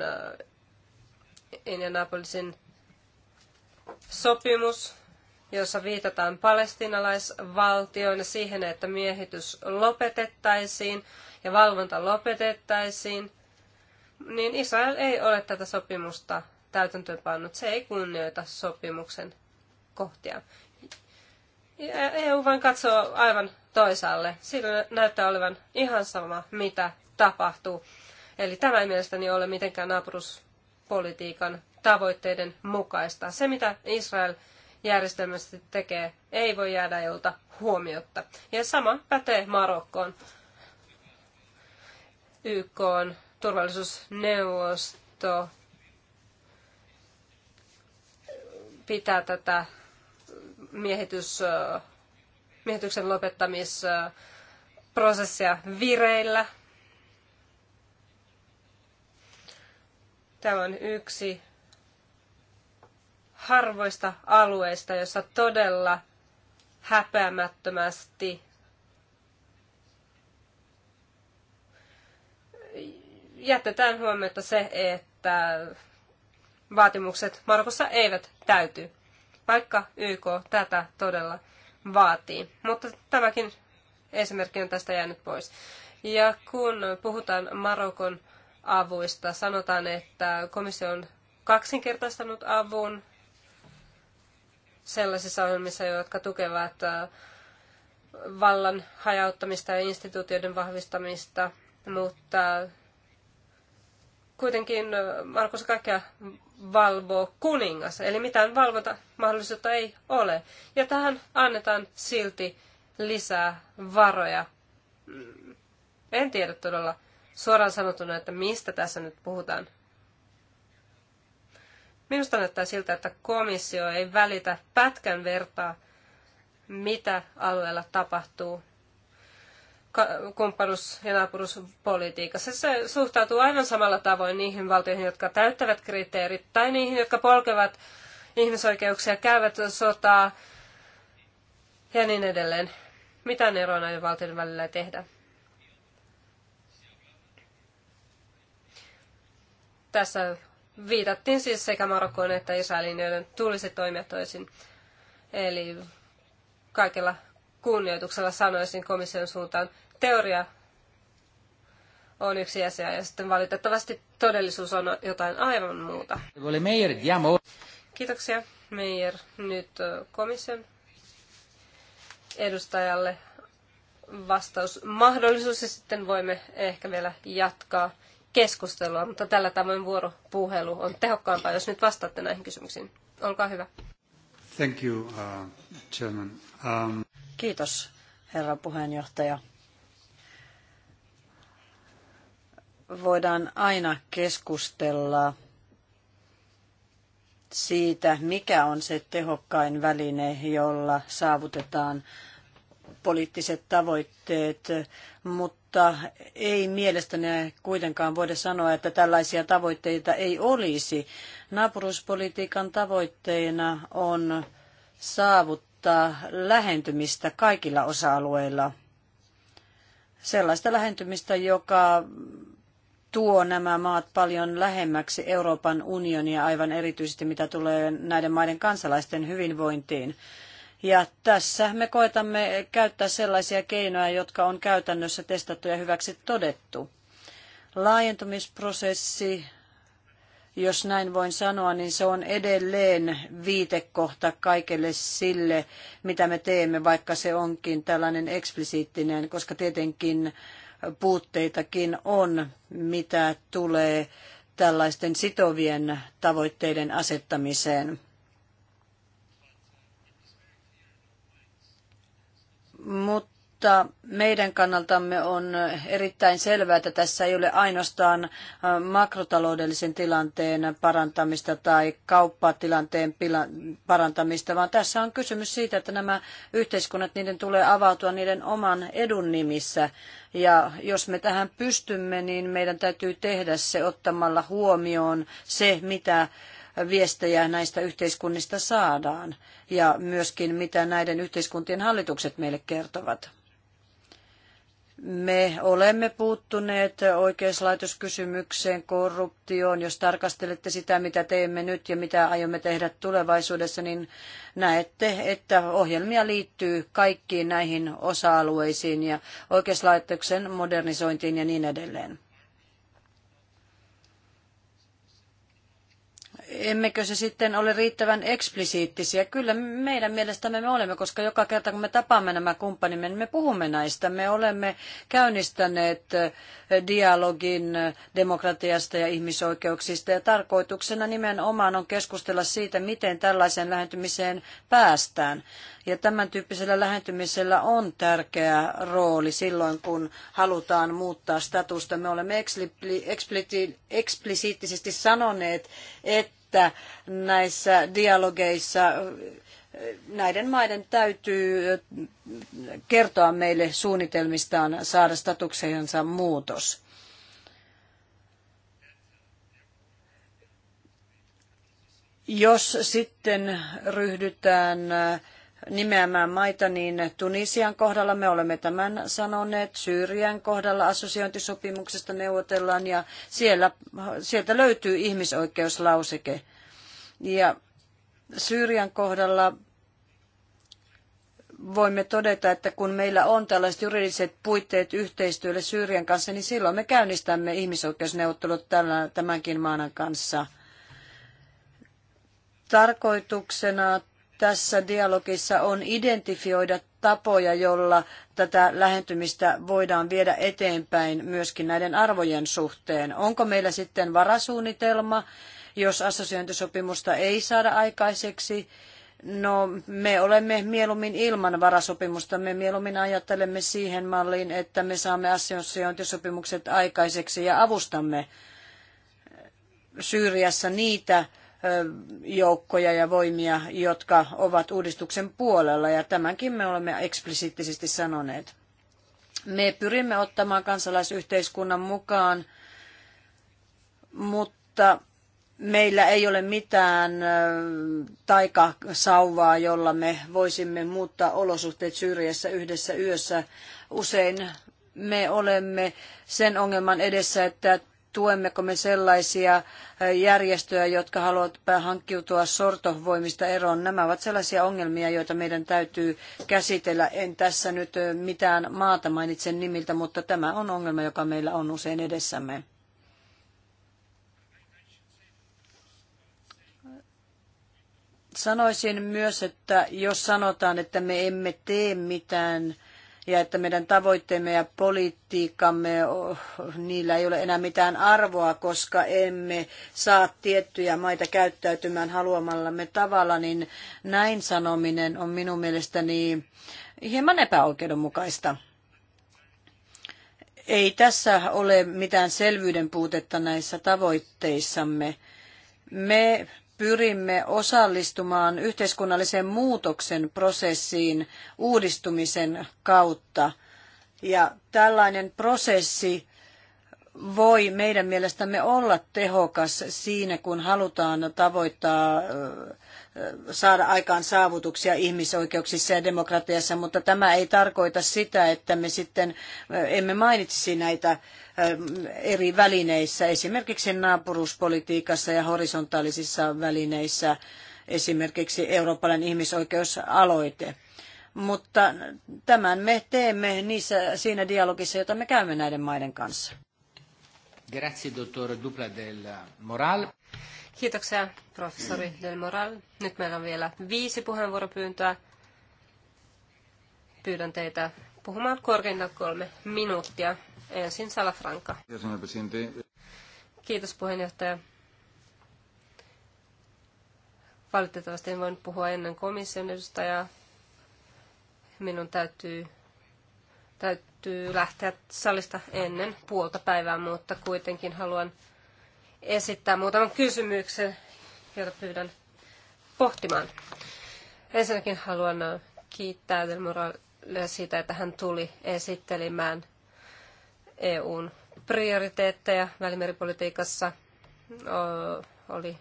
Indianapolisin sopimus, jossa viitataan palestinalaisvaltioon ja siihen, että miehitys lopetettaisiin ja valvonta lopetettaisiin, niin Israel ei ole tätä sopimusta täytäntöönpannut. Se ei kunnioita sopimuksen kohtia. Ja EU vain katsoo aivan toisaalle. Sillä näyttää olevan ihan sama, mitä tapahtuu. Eli tämä ei mielestäni ole mitenkään naapurus politiikan tavoitteiden mukaista. Se, mitä Israel järjestelmästi tekee, ei voi jäädä jolta huomiotta. Ja sama pätee Marokkoon. YK on turvallisuusneuvosto pitää tätä miehitys, miehityksen lopettamisprosessia vireillä – Tämä on yksi harvoista alueista, jossa todella häpeämättömästi jätetään huomiota se, että vaatimukset Marokossa eivät täyty, vaikka YK tätä todella vaatii. Mutta tämäkin esimerkki on tästä jäänyt pois. Ja kun puhutaan Marokon avuista. Sanotaan, että komissio on kaksinkertaistanut avun sellaisissa ohjelmissa, jotka tukevat äh, vallan hajauttamista ja instituutioiden vahvistamista, mutta kuitenkin äh, Markus kaikkea valvoo kuningas, eli mitään valvota mahdollisuutta ei ole. Ja tähän annetaan silti lisää varoja. Mm, en tiedä todella, suoraan sanotuna, että mistä tässä nyt puhutaan. Minusta näyttää siltä, että komissio ei välitä pätkän vertaa, mitä alueella tapahtuu kumppanuus- ja naapuruspolitiikassa. Se suhtautuu aivan samalla tavoin niihin valtioihin, jotka täyttävät kriteerit, tai niihin, jotka polkevat ihmisoikeuksia, käyvät sotaa ja niin edelleen. mitä eroa näiden valtioiden välillä ei tehdä. Tässä viitattiin siis sekä Marokkoon että Israelin, joiden tulisi toimia toisin. Eli kaikella kunnioituksella sanoisin komission suuntaan, teoria on yksi asia ja sitten valitettavasti todellisuus on jotain aivan muuta. Kiitoksia Meijer nyt komission edustajalle vastausmahdollisuus ja sitten voimme ehkä vielä jatkaa keskustelua, mutta tällä tavoin vuoropuhelu on tehokkaampaa, jos nyt vastaatte näihin kysymyksiin. Olkaa hyvä. Thank you, uh, chairman. Um... Kiitos, herra puheenjohtaja. Voidaan aina keskustella siitä, mikä on se tehokkain väline, jolla saavutetaan poliittiset tavoitteet, mutta ei mielestäni kuitenkaan voida sanoa, että tällaisia tavoitteita ei olisi. Naapuruuspolitiikan tavoitteena on saavuttaa lähentymistä kaikilla osa-alueilla. Sellaista lähentymistä, joka tuo nämä maat paljon lähemmäksi Euroopan unionia, aivan erityisesti mitä tulee näiden maiden kansalaisten hyvinvointiin. Ja tässä me koetamme käyttää sellaisia keinoja, jotka on käytännössä testattu ja hyväksi todettu. Laajentumisprosessi, jos näin voin sanoa, niin se on edelleen viitekohta kaikelle sille, mitä me teemme, vaikka se onkin tällainen eksplisiittinen, koska tietenkin puutteitakin on, mitä tulee tällaisten sitovien tavoitteiden asettamiseen. Mutta meidän kannaltamme on erittäin selvää, että tässä ei ole ainoastaan makrotaloudellisen tilanteen parantamista tai kauppatilanteen parantamista, vaan tässä on kysymys siitä, että nämä yhteiskunnat, niiden tulee avautua niiden oman edun nimissä. Ja jos me tähän pystymme, niin meidän täytyy tehdä se ottamalla huomioon se, mitä viestejä näistä yhteiskunnista saadaan ja myöskin mitä näiden yhteiskuntien hallitukset meille kertovat. Me olemme puuttuneet oikeuslaitoskysymykseen, korruptioon. Jos tarkastelette sitä, mitä teemme nyt ja mitä aiomme tehdä tulevaisuudessa, niin näette, että ohjelmia liittyy kaikkiin näihin osa-alueisiin ja oikeuslaitoksen modernisointiin ja niin edelleen. Emmekö se sitten ole riittävän eksplisiittisiä? Kyllä meidän mielestämme me olemme, koska joka kerta kun me tapaamme nämä kumppanimme, niin me puhumme näistä. Me olemme käynnistäneet dialogin demokratiasta ja ihmisoikeuksista ja tarkoituksena nimenomaan on keskustella siitä, miten tällaiseen lähentymiseen päästään. Ja tämän tyyppisellä lähentymisellä on tärkeä rooli silloin, kun halutaan muuttaa statusta. Me olemme eksplisiittisesti sanoneet, että että näissä dialogeissa näiden maiden täytyy kertoa meille suunnitelmistaan saada statuksensa muutos. Jos sitten ryhdytään nimeämään maita, niin Tunisian kohdalla me olemme tämän sanoneet, Syyrian kohdalla assosiointisopimuksesta neuvotellaan ja siellä, sieltä löytyy ihmisoikeuslauseke. Ja Syyrian kohdalla voimme todeta, että kun meillä on tällaiset juridiset puitteet yhteistyölle Syyrian kanssa, niin silloin me käynnistämme ihmisoikeusneuvottelut tämänkin maan kanssa. Tarkoituksena tässä dialogissa on identifioida tapoja, jolla tätä lähentymistä voidaan viedä eteenpäin myöskin näiden arvojen suhteen. Onko meillä sitten varasuunnitelma, jos assosiointisopimusta ei saada aikaiseksi? No, me olemme mieluummin ilman varasopimusta. Me mieluummin ajattelemme siihen malliin, että me saamme assosiointisopimukset aikaiseksi ja avustamme Syyriassa niitä joukkoja ja voimia, jotka ovat uudistuksen puolella, ja tämänkin me olemme eksplisiittisesti sanoneet. Me pyrimme ottamaan kansalaisyhteiskunnan mukaan, mutta meillä ei ole mitään taikasauvaa, jolla me voisimme muuttaa olosuhteet syrjässä yhdessä yössä. Usein me olemme sen ongelman edessä, että tuemmeko me sellaisia äh, järjestöjä, jotka haluavat hankkiutua sortovoimista eroon. Nämä ovat sellaisia ongelmia, joita meidän täytyy käsitellä. En tässä nyt äh, mitään maata mainitse nimiltä, mutta tämä on ongelma, joka meillä on usein edessämme. Sanoisin myös, että jos sanotaan, että me emme tee mitään, ja että meidän tavoitteemme ja politiikkamme, niillä ei ole enää mitään arvoa, koska emme saa tiettyjä maita käyttäytymään haluamallamme tavalla, niin näin sanominen on minun mielestäni hieman epäoikeudenmukaista. Ei tässä ole mitään selvyyden puutetta näissä tavoitteissamme. Me pyrimme osallistumaan yhteiskunnallisen muutoksen prosessiin uudistumisen kautta. Ja tällainen prosessi voi meidän mielestämme olla tehokas siinä, kun halutaan tavoittaa saada aikaan saavutuksia ihmisoikeuksissa ja demokratiassa, mutta tämä ei tarkoita sitä, että me sitten emme mainitsisi näitä eri välineissä, esimerkiksi naapuruuspolitiikassa ja horisontaalisissa välineissä, esimerkiksi Euroopan ihmisoikeusaloite. Mutta tämän me teemme niissä, siinä dialogissa, jota me käymme näiden maiden kanssa. Grazie, dottor Dupla del Moral. Kiitoksia professori Del Moral. Nyt meillä on vielä viisi puheenvuoropyyntöä. Pyydän teitä puhumaan korkeintaan kolme minuuttia. Ensin Salafranca. Kiitos puheenjohtaja. Valitettavasti en voinut puhua ennen komission edustajaa. Minun täytyy, täytyy lähteä salista ennen puolta päivää, mutta kuitenkin haluan esittää muutaman kysymyksen, joita pyydän pohtimaan. Ensinnäkin haluan äh, kiittää Delmoralle siitä, että hän tuli esittelemään EUn prioriteetteja välimeripolitiikassa. Äh, oli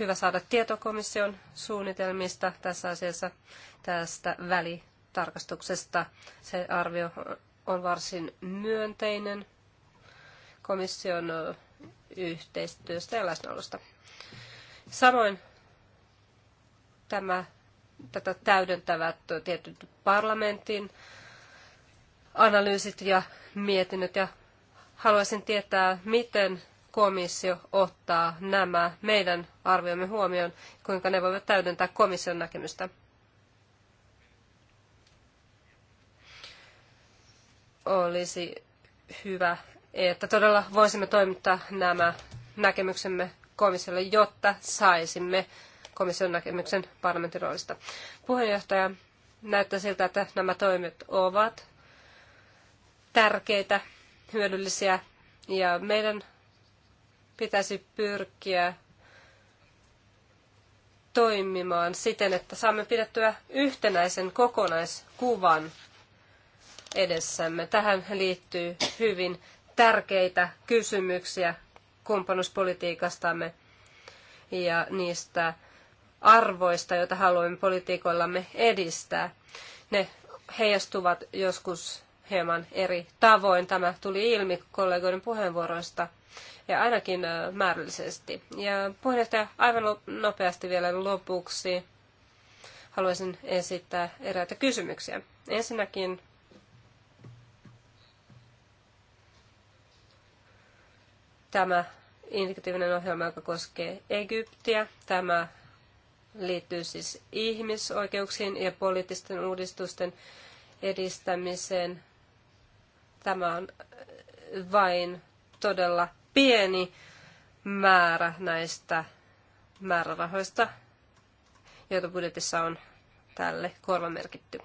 hyvä saada tietokomission suunnitelmista tässä asiassa tästä välitarkastuksesta. Se arvio on varsin myönteinen. Komission äh, yhteistyöstä ja läsnäolosta. Samoin tämä, tätä täydentävät tietyt parlamentin analyysit ja mietinnöt ja haluaisin tietää, miten komissio ottaa nämä meidän arviomme huomioon, kuinka ne voivat täydentää komission näkemystä. Olisi hyvä että todella voisimme toimittaa nämä näkemyksemme komissiolle, jotta saisimme komission näkemyksen parlamentin roolista. Puheenjohtaja, näyttää siltä, että nämä toimet ovat tärkeitä, hyödyllisiä ja meidän pitäisi pyrkiä toimimaan siten, että saamme pidettyä yhtenäisen kokonaiskuvan edessämme. Tähän liittyy hyvin tärkeitä kysymyksiä kumppanuuspolitiikastamme ja niistä arvoista, joita haluamme politiikoillamme edistää. Ne heijastuvat joskus hieman eri tavoin. Tämä tuli ilmi kollegoiden puheenvuoroista ja ainakin määrällisesti. Ja puheenjohtaja, aivan nopeasti vielä lopuksi haluaisin esittää eräitä kysymyksiä. Ensinnäkin Tämä indikatiivinen ohjelma, joka koskee Egyptiä, tämä liittyy siis ihmisoikeuksiin ja poliittisten uudistusten edistämiseen. Tämä on vain todella pieni määrä näistä määrärahoista, joita budjetissa on tälle korvamerkitty.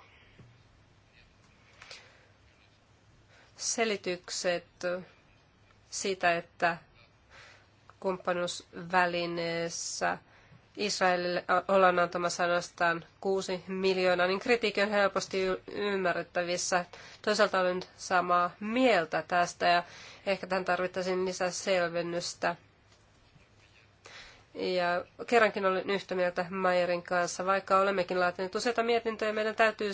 Selitykset siitä, että kumppanuusvälineessä Israelille ollaan antamassa ainoastaan 6 miljoonaa, niin kritiikki on helposti ymmärrettävissä. Toisaalta olen samaa mieltä tästä ja ehkä tähän tarvittaisiin lisää selvennystä. Ja kerrankin olen yhtä mieltä Mayerin kanssa, vaikka olemmekin laatineet useita mietintöjä, meidän täytyy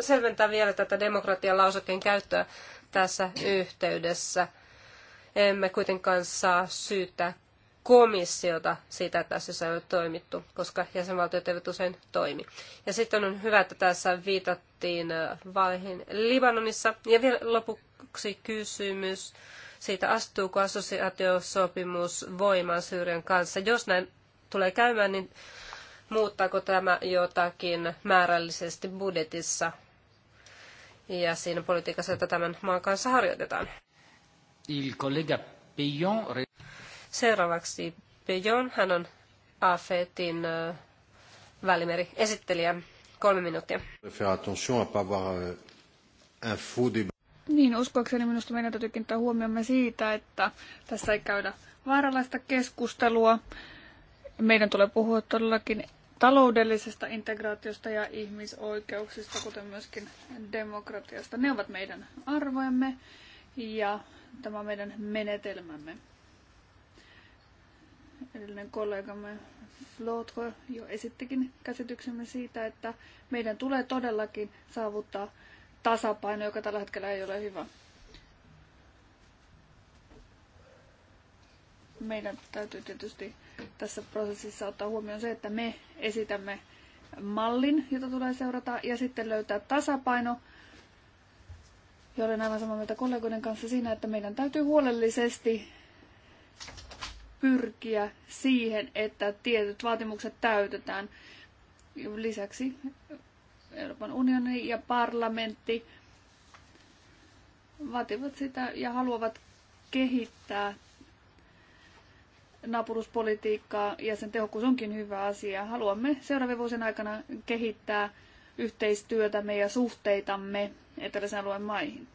selventää vielä tätä demokratian lausukkeen käyttöä tässä yhteydessä. Emme kuitenkaan saa syyttää komissiota siitä, että asioissa ei ole toimittu, koska jäsenvaltiot eivät usein toimi. Ja sitten on hyvä, että tässä viitattiin vaaleihin Libanonissa. Ja vielä lopuksi kysymys siitä, astuuko assosiaatiosopimus voimaan Syyrian kanssa. Jos näin tulee käymään, niin muuttaako tämä jotakin määrällisesti budjetissa ja siinä politiikassa, jota tämän maan kanssa harjoitetaan? Il collega Seuraavaksi Peillon, hän on AFETin välimeri esittelijä. Kolme minuuttia. Euh, niin, uskoakseni minusta meidän täytyy kiinnittää huomiomme siitä, että tässä ei käydä vaarallista keskustelua. Meidän tulee puhua todellakin taloudellisesta integraatiosta ja ihmisoikeuksista, kuten myöskin demokratiasta. Ne ovat meidän arvoimme ja Tämä on meidän menetelmämme. Edellinen kollegamme Flotre jo esittikin käsityksemme siitä, että meidän tulee todellakin saavuttaa tasapaino, joka tällä hetkellä ei ole hyvä. Meidän täytyy tietysti tässä prosessissa ottaa huomioon se, että me esitämme mallin, jota tulee seurata, ja sitten löytää tasapaino ja olen aivan samaa mieltä kollegoiden kanssa siinä, että meidän täytyy huolellisesti pyrkiä siihen, että tietyt vaatimukset täytetään. Lisäksi Euroopan unioni ja parlamentti vaativat sitä ja haluavat kehittää naapuruspolitiikkaa ja sen tehokkuus onkin hyvä asia. Haluamme seuraavien vuosien aikana kehittää yhteistyötämme ja suhteitamme eteläisen alueen maihin.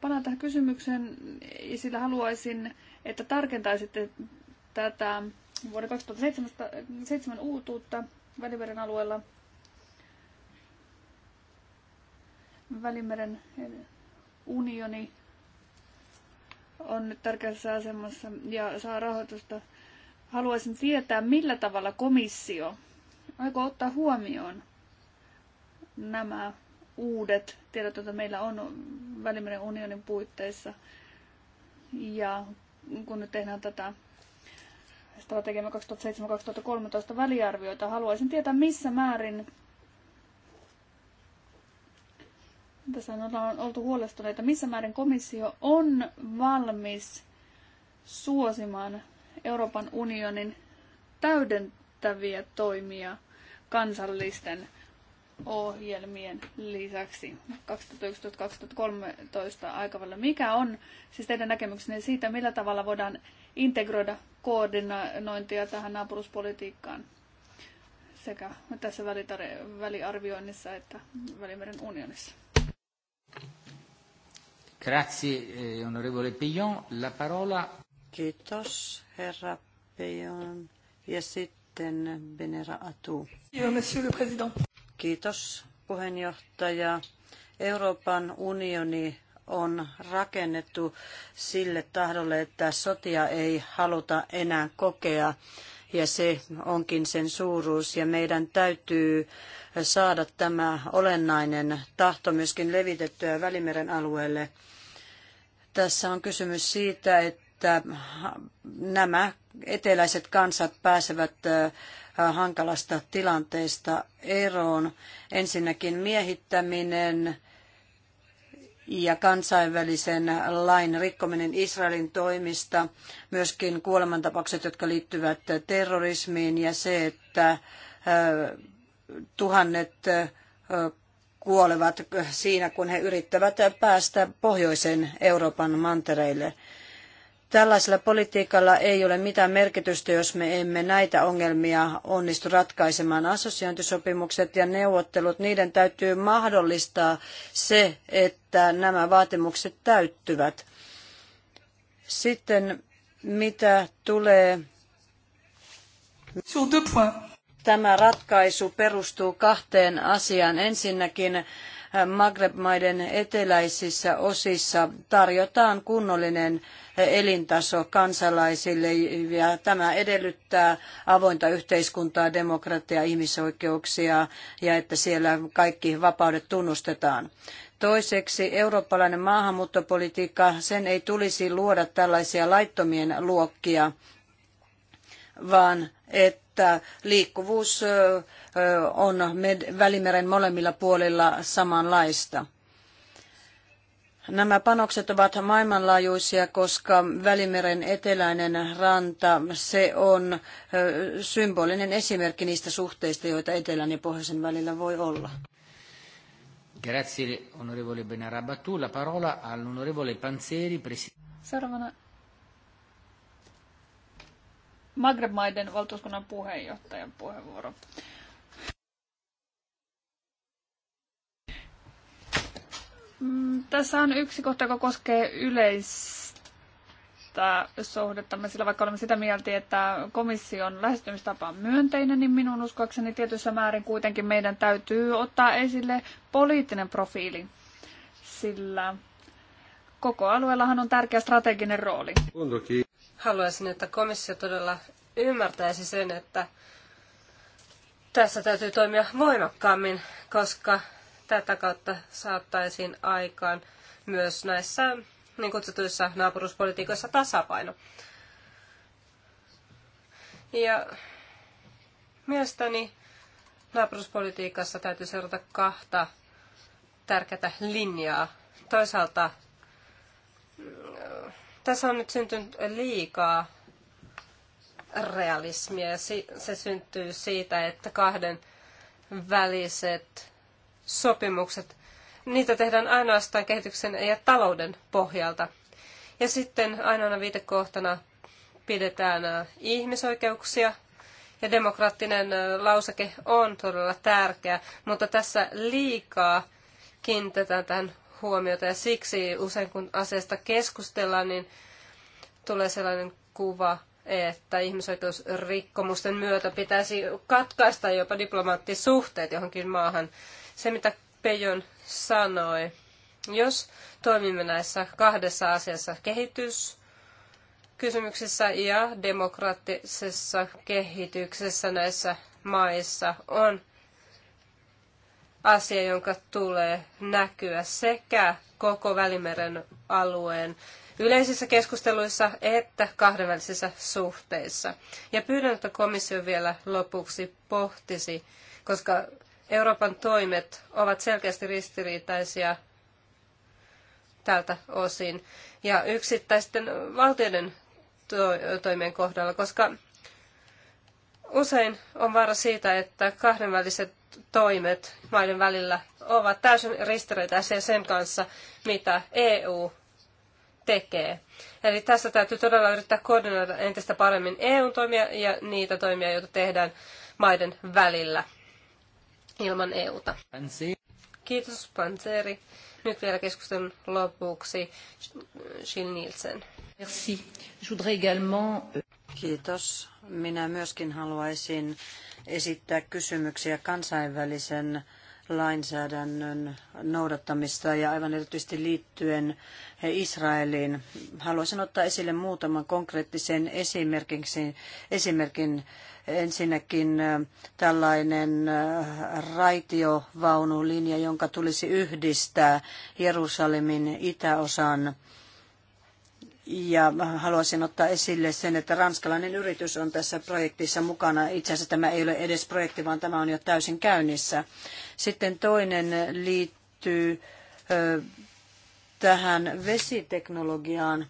Palaan tähän kysymykseen, sillä haluaisin, että tarkentaisitte tätä vuoden 2007 uutuutta Välimeren alueella. Välimeren unioni on nyt tärkeässä asemassa ja saa rahoitusta. Haluaisin tietää, millä tavalla komissio aikoo ottaa huomioon nämä uudet tiedot, joita meillä on Välimeren unionin puitteissa. Ja kun nyt tehdään tätä strategiamme 2007-2013 väliarvioita, haluaisin tietää missä määrin tässä on oltu huolestuneita, missä määrin komissio on valmis suosimaan Euroopan unionin täydentäviä toimia kansallisten ohjelmien lisäksi 2011-2013 aikavälillä. Mikä on siis teidän näkemyksenne siitä, millä tavalla voidaan integroida koordinointia tähän naapuruspolitiikkaan sekä tässä väliarvioinnissa että Välimeren unionissa? Grazie, eh, onorevole Pillon. La parola... Kiitos, herra Pillon. Ja sitten sitten Benera Atu. Kiitos puheenjohtaja. Euroopan unioni on rakennettu sille tahdolle, että sotia ei haluta enää kokea ja se onkin sen suuruus. Ja meidän täytyy saada tämä olennainen tahto myöskin levitettyä Välimeren alueelle. Tässä on kysymys siitä, että nämä eteläiset kansat pääsevät hankalasta tilanteesta eroon. Ensinnäkin miehittäminen ja kansainvälisen lain rikkominen Israelin toimista, myöskin kuolemantapaukset, jotka liittyvät terrorismiin ja se, että tuhannet kuolevat siinä, kun he yrittävät päästä pohjoisen Euroopan mantereille. Tällaisella politiikalla ei ole mitään merkitystä, jos me emme näitä ongelmia onnistu ratkaisemaan. Assosiointisopimukset ja neuvottelut, niiden täytyy mahdollistaa se, että nämä vaatimukset täyttyvät. Sitten mitä tulee... Tämä ratkaisu perustuu kahteen asiaan. Ensinnäkin Maghreb-maiden eteläisissä osissa tarjotaan kunnollinen elintaso kansalaisille ja tämä edellyttää avointa yhteiskuntaa, demokratiaa, ihmisoikeuksia ja että siellä kaikki vapaudet tunnustetaan. Toiseksi eurooppalainen maahanmuuttopolitiikka, sen ei tulisi luoda tällaisia laittomien luokkia, vaan että liikkuvuus on Välimeren molemmilla puolilla samanlaista. Nämä panokset ovat maailmanlaajuisia, koska Välimeren eteläinen ranta, se on symbolinen esimerkki niistä suhteista, joita etelän ja pohjoisen välillä voi olla. Grazie onorevole Benarabattu. La parola all'onorevole Panzeri, presidente. Maghreb-maiden valtuuskunnan puheenjohtajan puheenvuoro. Mm, tässä on yksi kohta, joka koskee yleistä me sillä vaikka olemme sitä mieltä, että komission lähestymistapa on myönteinen, niin minun uskoakseni tietyssä määrin kuitenkin meidän täytyy ottaa esille poliittinen profiili, sillä koko alueellahan on tärkeä strateginen rooli. Haluaisin, että komissio todella ymmärtäisi sen, että tässä täytyy toimia voimakkaammin, koska tätä kautta saattaisiin aikaan myös näissä niin kutsutuissa naapuruspolitiikoissa tasapaino. Ja mielestäni naapuruspolitiikassa täytyy seurata kahta tärkeää linjaa. Toisaalta mm, tässä on nyt syntynyt liikaa realismia. Se syntyy siitä, että kahden väliset sopimukset, niitä tehdään ainoastaan kehityksen ja talouden pohjalta. Ja sitten ainoana viitekohtana pidetään ihmisoikeuksia, ja demokraattinen lauseke on todella tärkeä, mutta tässä liikaa kiinnitetään tähän huomiota ja siksi usein kun asiasta keskustellaan, niin tulee sellainen kuva, että ihmisoikeusrikkomusten myötä pitäisi katkaista jopa diplomaattisuhteet johonkin maahan se, mitä Pejon sanoi, jos toimimme näissä kahdessa asiassa kehitys, kysymyksissä ja demokraattisessa kehityksessä näissä maissa on asia, jonka tulee näkyä sekä koko Välimeren alueen yleisissä keskusteluissa että kahdenvälisissä suhteissa. Ja pyydän, että komissio vielä lopuksi pohtisi, koska Euroopan toimet ovat selkeästi ristiriitaisia tältä osin ja yksittäisten valtioiden toimien kohdalla, koska usein on vaara siitä, että kahdenväliset toimet maiden välillä ovat täysin ristiriitaisia sen kanssa, mitä EU tekee. Eli tässä täytyy todella yrittää koordinoida entistä paremmin eu toimia ja niitä toimia, joita tehdään maiden välillä ilman EUta. Kiitos, Panseri. Nyt vielä keskustelun lopuksi Jill Nielsen. Merci. Je voudrais également... Euh, Kiitos. Minä myöskin haluaisin esittää kysymyksiä kansainvälisen lainsäädännön noudattamista ja aivan erityisesti liittyen eh, Israeliin. Haluaisin ottaa esille muutaman konkreettisen esimerkin, esimerkin ensinnäkin eh, tällainen eh, raitiovaunulinja, jonka tulisi yhdistää Jerusalemin itäosan ja haluaisin ottaa esille sen, että ranskalainen yritys on tässä projektissa mukana. Itse asiassa tämä ei ole edes projekti, vaan tämä on jo täysin käynnissä. Sitten toinen liittyy tähän vesiteknologiaan,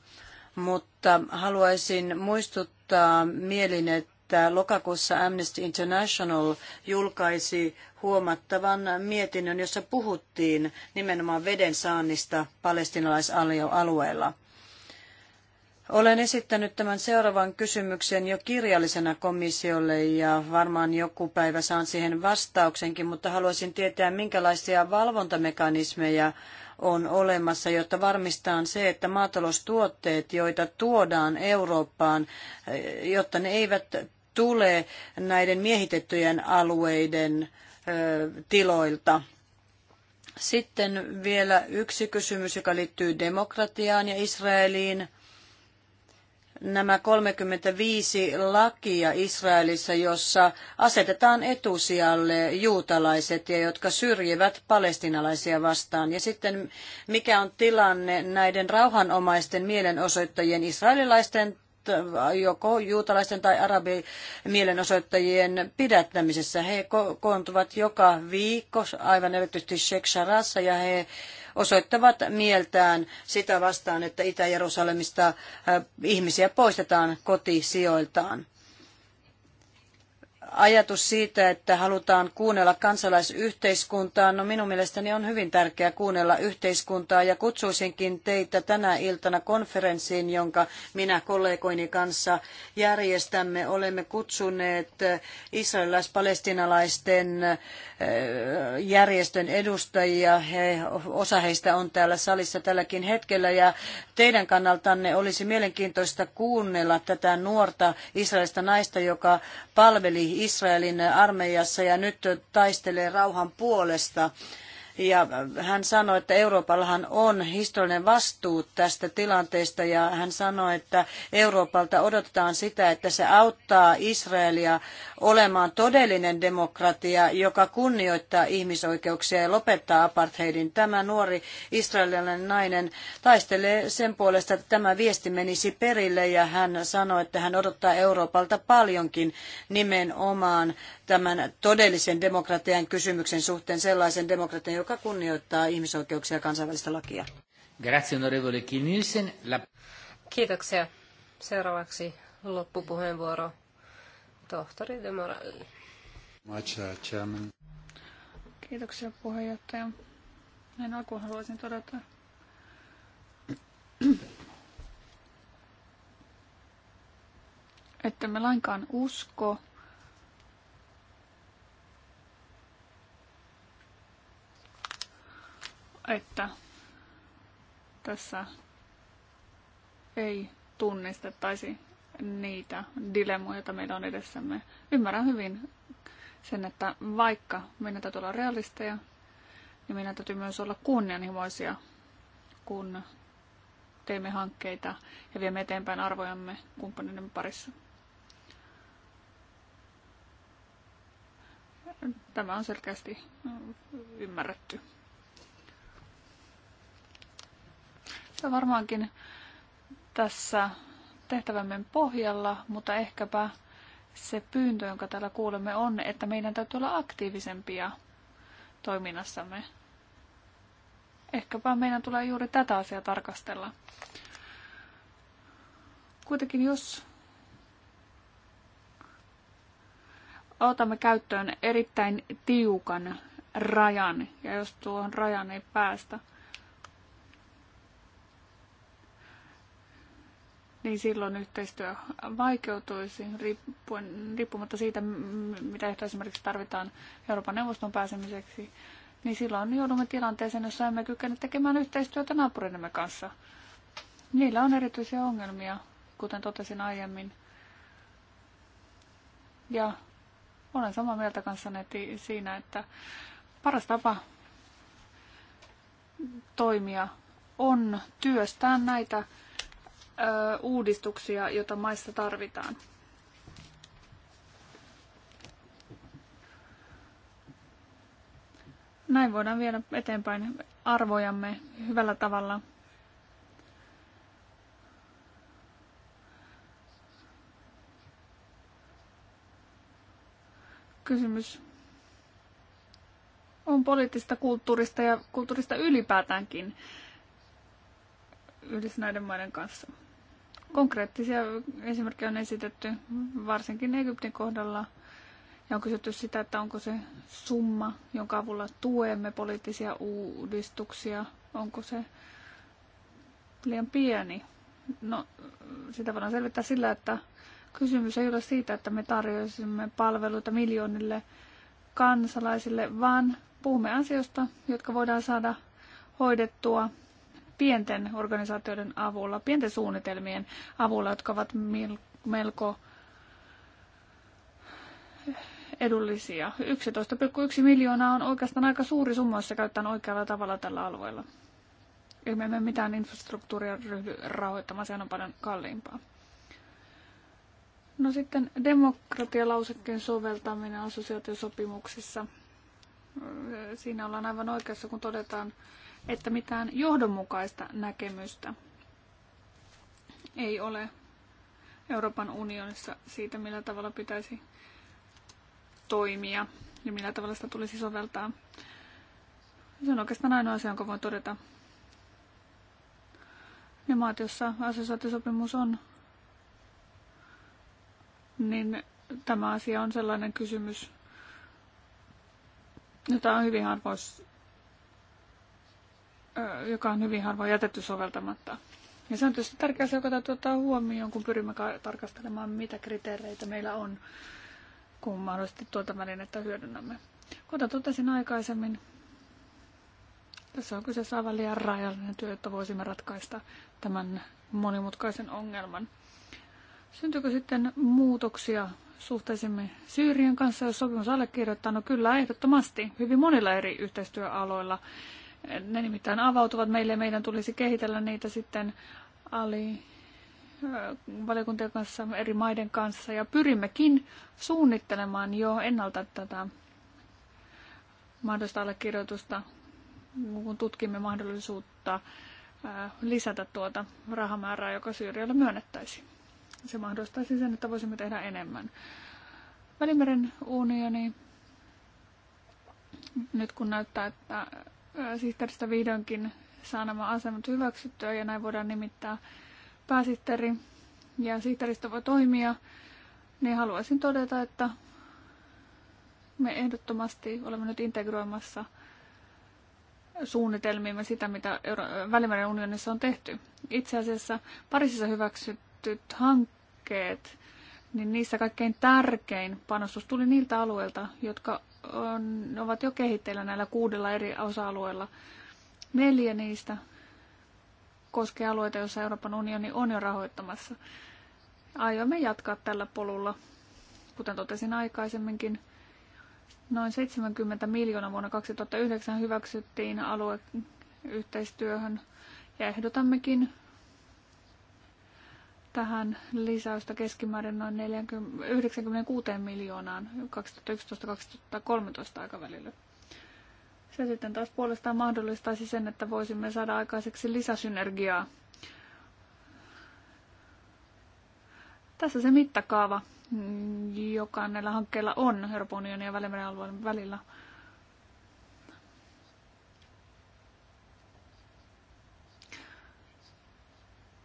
mutta haluaisin muistuttaa mielin, että lokakuussa Amnesty International julkaisi huomattavan mietinnön, jossa puhuttiin nimenomaan veden saannista palestinalaisalueella. Olen esittänyt tämän seuraavan kysymyksen jo kirjallisena komissiolle ja varmaan joku päivä saan siihen vastauksenkin, mutta haluaisin tietää, minkälaisia valvontamekanismeja on olemassa, jotta varmistetaan se, että maataloustuotteet, joita tuodaan Eurooppaan, jotta ne eivät tule näiden miehitettyjen alueiden tiloilta. Sitten vielä yksi kysymys, joka liittyy demokratiaan ja Israeliin nämä 35 lakia Israelissa, jossa asetetaan etusijalle juutalaiset ja jotka syrjivät palestinalaisia vastaan. Ja sitten mikä on tilanne näiden rauhanomaisten mielenosoittajien israelilaisten joko juutalaisten tai arabimielenosoittajien pidättämisessä. He koontuvat joka viikko, aivan erityisesti Sheikh Sharassa, ja he osoittavat mieltään sitä vastaan, että Itä-Jerusalemista äh, ihmisiä poistetaan kotisijoiltaan ajatus siitä, että halutaan kuunnella kansalaisyhteiskuntaa, no minun mielestäni on hyvin tärkeää kuunnella yhteiskuntaa ja kutsuisinkin teitä tänä iltana konferenssiin, jonka minä kollegoini kanssa järjestämme. Olemme kutsuneet israelais-palestinalaisten eh, järjestön edustajia. He, osa heistä on täällä salissa tälläkin hetkellä ja teidän kannaltanne olisi mielenkiintoista kuunnella tätä nuorta israelista naista, joka palveli Israelin armeijassa ja nyt taistelee rauhan puolesta. Ja hän sanoi, että Euroopallahan on historiallinen vastuu tästä tilanteesta ja hän sanoi, että Euroopalta odotetaan sitä, että se auttaa Israelia olemaan todellinen demokratia, joka kunnioittaa ihmisoikeuksia ja lopettaa apartheidin. Tämä nuori israelilainen nainen taistelee sen puolesta, että tämä viesti menisi perille ja hän sanoi, että hän odottaa Euroopalta paljonkin nimenomaan tämän todellisen demokratian kysymyksen suhteen sellaisen demokratian, joka kunnioittaa ihmisoikeuksia ja kansainvälistä lakia. Grazie, onorevole Kinnilsen. La... Kiitoksia. Seuraavaksi loppupuheenvuoro tohtori De Morelli. Uh, Kiitoksia puheenjohtaja. Näin alkuun haluaisin todeta, että me lainkaan usko, että tässä ei tunnistettaisi niitä dilemmoja, joita meillä on edessämme. Ymmärrän hyvin sen, että vaikka meidän täytyy olla realisteja, niin meidän täytyy myös olla kunnianhimoisia, kun teemme hankkeita ja viemme eteenpäin arvojamme kumppaninen parissa. Tämä on selkeästi ymmärretty. Se varmaankin tässä tehtävämme pohjalla, mutta ehkäpä se pyyntö, jonka täällä kuulemme, on, että meidän täytyy olla aktiivisempia toiminnassamme. Ehkäpä meidän tulee juuri tätä asiaa tarkastella. Kuitenkin jos otamme käyttöön erittäin tiukan rajan, ja jos tuohon rajan ei päästä – niin silloin yhteistyö vaikeutuisi riippuen, riippumatta siitä, mitä ehtoja esimerkiksi tarvitaan Euroopan neuvoston pääsemiseksi, niin silloin joudumme tilanteeseen, jossa emme kykene tekemään yhteistyötä naapurinemme kanssa. Niillä on erityisiä ongelmia, kuten totesin aiemmin. Ja olen samaa mieltä kanssanne siinä, että paras tapa toimia on työstää näitä uudistuksia, joita maissa tarvitaan. Näin voidaan viedä eteenpäin arvojamme hyvällä tavalla. Kysymys on poliittisesta kulttuurista ja kulttuurista ylipäätäänkin yhdessä näiden maiden kanssa. Konkreettisia esimerkkejä on esitetty varsinkin Egyptin kohdalla ja on kysytty sitä, että onko se summa, jonka avulla tuemme poliittisia uudistuksia, onko se liian pieni. No, sitä voidaan selvittää sillä, että kysymys ei ole siitä, että me tarjoaisimme palveluita miljoonille kansalaisille, vaan puhumme asioista, jotka voidaan saada hoidettua pienten organisaatioiden avulla, pienten suunnitelmien avulla, jotka ovat melko edullisia. 11,1 miljoonaa on oikeastaan aika suuri summa, jos se käytetään oikealla tavalla tällä alueella. Me emme mitään infrastruktuuria ryhdy rahoittamaan, sehän on paljon kalliimpaa. No sitten demokratialausekkeen soveltaminen assosiaatiosopimuksissa. Siinä ollaan aivan oikeassa, kun todetaan, että mitään johdonmukaista näkemystä ei ole Euroopan unionissa siitä, millä tavalla pitäisi toimia ja millä tavalla sitä tulisi soveltaa. Se on oikeastaan ainoa asia, jonka voin todeta. Ne maat, joissa assosiaatiosopimus on, niin tämä asia on sellainen kysymys, jota on hyvin harvoin joka on hyvin harvoin jätetty soveltamatta. Ja se on tietysti tärkeä se, joka täytyy ottaa huomioon, kun pyrimme tarkastelemaan, mitä kriteereitä meillä on, kun mahdollisesti tuota välinettä hyödynnämme. Kuten totesin aikaisemmin, tässä on kyseessä aivan liian rajallinen työ, jotta voisimme ratkaista tämän monimutkaisen ongelman. Syntyykö sitten muutoksia suhteisimme Syyrian kanssa, jos sopimus allekirjoittaa? No kyllä, ehdottomasti. Hyvin monilla eri yhteistyöaloilla ne nimittäin avautuvat meille ja meidän tulisi kehitellä niitä sitten ali valiokuntien kanssa, eri maiden kanssa ja pyrimmekin suunnittelemaan jo ennalta tätä mahdollista allekirjoitusta, kun tutkimme mahdollisuutta lisätä tuota rahamäärää, joka Syyrialle myönnettäisi, Se mahdollistaisi sen, että voisimme tehdä enemmän. Välimeren unioni, nyt kun näyttää, että sihteeristä vihdoinkin saa nämä asemat hyväksyttyä ja näin voidaan nimittää pääsihteeri ja sihteeristä voi toimia, niin haluaisin todeta, että me ehdottomasti olemme nyt integroimassa suunnitelmiimme sitä, mitä Euro- Välimeren unionissa on tehty. Itse asiassa Pariisissa hyväksytyt hankkeet, niin niissä kaikkein tärkein panostus tuli niiltä alueilta, jotka on, ovat jo kehitteillä näillä kuudella eri osa-alueella. Neljä niistä koskee alueita, joissa Euroopan unioni on jo rahoittamassa. Aiomme jatkaa tällä polulla, kuten totesin aikaisemminkin. Noin 70 miljoonaa vuonna 2009 hyväksyttiin alueyhteistyöhön ja ehdotammekin tähän lisäystä keskimäärin noin 40, 96 miljoonaan 2011-2013 aikavälillä. Se sitten taas puolestaan mahdollistaisi sen, että voisimme saada aikaiseksi lisäsynergiaa. Tässä se mittakaava, mm, joka näillä hankkeilla on Euroopan unionin ja Välimeren alueen välillä.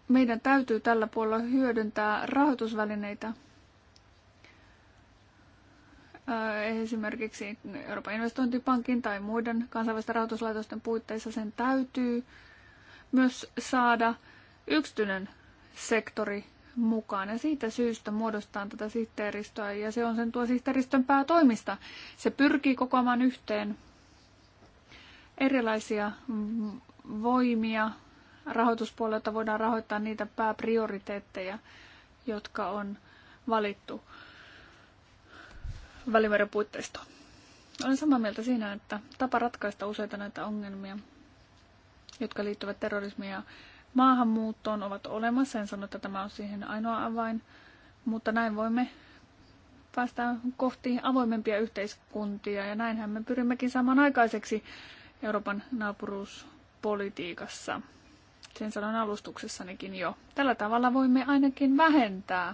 meidän täytyy tällä puolella hyödyntää rahoitusvälineitä, äh, esimerkiksi Euroopan investointipankin tai muiden kansainvälisten rahoituslaitosten puitteissa sen täytyy myös saada yksityinen sektori mukaan. Ja siitä syystä muodostaa tätä sihteeristöä ja se on sen tuo sihteeristön päätoimista. Se pyrkii kokoamaan yhteen erilaisia voimia, rahoituspuolelta voidaan rahoittaa niitä pääprioriteetteja, jotka on valittu Välimeren puitteistoon. Olen samaa mieltä siinä, että tapa ratkaista useita näitä ongelmia, jotka liittyvät terrorismiin ja maahanmuuttoon, ovat olemassa. En sano, että tämä on siihen ainoa avain, mutta näin voimme päästä kohti avoimempia yhteiskuntia ja näinhän me pyrimmekin saamaan aikaiseksi Euroopan naapuruuspolitiikassa. Sen sanon alustuksessanikin jo. Tällä tavalla voimme ainakin vähentää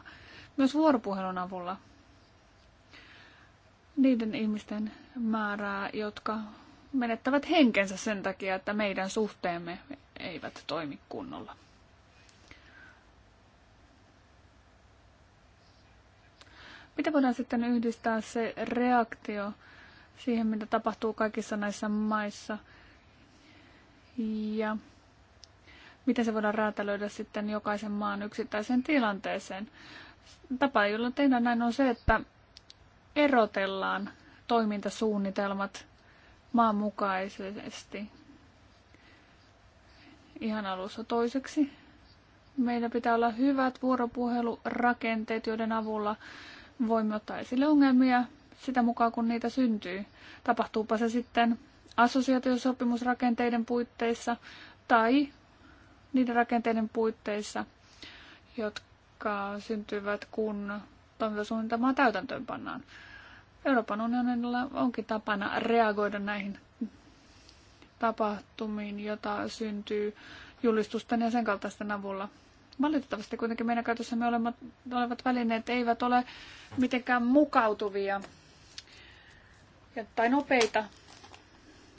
myös vuoropuhelun avulla niiden ihmisten määrää, jotka menettävät henkensä sen takia, että meidän suhteemme eivät toimi kunnolla. Mitä voidaan sitten yhdistää se reaktio siihen, mitä tapahtuu kaikissa näissä maissa? Ja miten se voidaan räätälöidä sitten jokaisen maan yksittäiseen tilanteeseen. Tapa, jolla tehdään näin, on se, että erotellaan toimintasuunnitelmat maanmukaisesti ihan alussa toiseksi. Meillä pitää olla hyvät vuoropuhelurakenteet, joiden avulla voimme ottaa esille ongelmia sitä mukaan, kun niitä syntyy. Tapahtuupa se sitten assosiaatiosopimusrakenteiden puitteissa tai niiden rakenteiden puitteissa, jotka syntyvät, kun toimintasuunnitelmaa täytäntöön pannaan. Euroopan unionilla onkin tapana reagoida näihin tapahtumiin, jota syntyy julistusten ja sen kaltaisten avulla. Valitettavasti kuitenkin meidän käytössämme olevat välineet eivät ole mitenkään mukautuvia tai nopeita.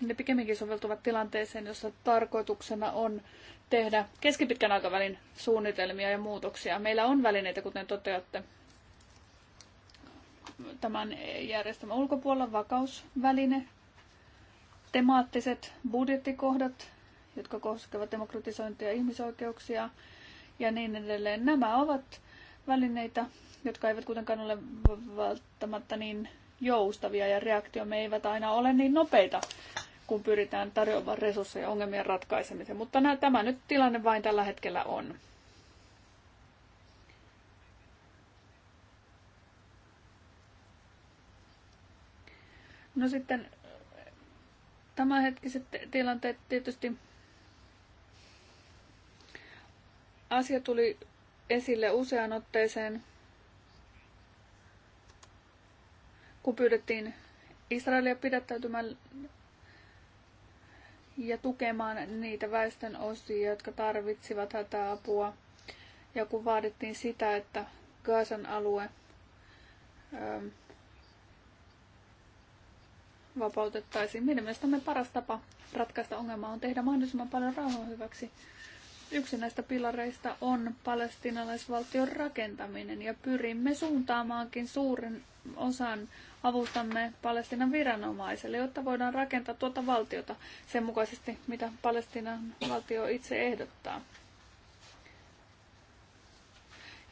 Ne pikemminkin soveltuvat tilanteeseen, jossa tarkoituksena on tehdä keskipitkän aikavälin suunnitelmia ja muutoksia. Meillä on välineitä, kuten toteatte, tämän järjestelmän ulkopuolella vakausväline, temaattiset budjettikohdat, jotka koskevat demokratisointia ja ihmisoikeuksia ja niin edelleen. Nämä ovat välineitä, jotka eivät kuitenkaan ole välttämättä niin joustavia ja reaktiomme eivät aina ole niin nopeita kun pyritään tarjoamaan resursseja ongelmien ratkaisemiseen. Mutta nämä, tämä nyt tilanne vain tällä hetkellä on. No sitten eh, tämänhetkiset tilanteet tietysti asia tuli esille useaan otteeseen, kun pyydettiin Israelia pidättäytymään ja tukemaan niitä väestön osia, jotka tarvitsivat hätäapua. Ja kun vaadittiin sitä, että Gaasan alue ö, ähm, vapautettaisiin, meidän mielestämme paras tapa ratkaista ongelmaa on tehdä mahdollisimman paljon rauhan hyväksi. Yksi näistä pilareista on palestinalaisvaltion rakentaminen ja pyrimme suuntaamaankin suuren osan avustamme Palestinan viranomaiselle, jotta voidaan rakentaa tuota valtiota sen mukaisesti, mitä Palestinan valtio itse ehdottaa.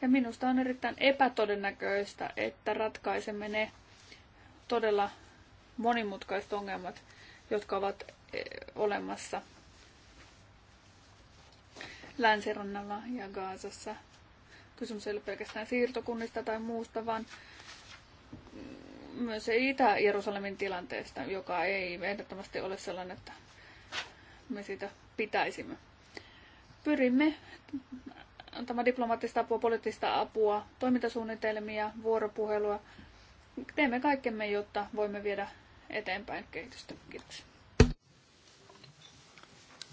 Ja minusta on erittäin epätodennäköistä, että ratkaisemme ne todella monimutkaiset ongelmat, jotka ovat e, olemassa länsirannalla ja Gaasassa. Kysymys ei ole pelkästään siirtokunnista tai muusta, vaan myös Itä-Jerusalemin tilanteesta, joka ei ehdottomasti ole sellainen, että me sitä pitäisimme. Pyrimme antamaan diplomaattista apua, poliittista apua, toimintasuunnitelmia, vuoropuhelua. Teemme kaikkemme, jotta voimme viedä eteenpäin kehitystä. Kiitos.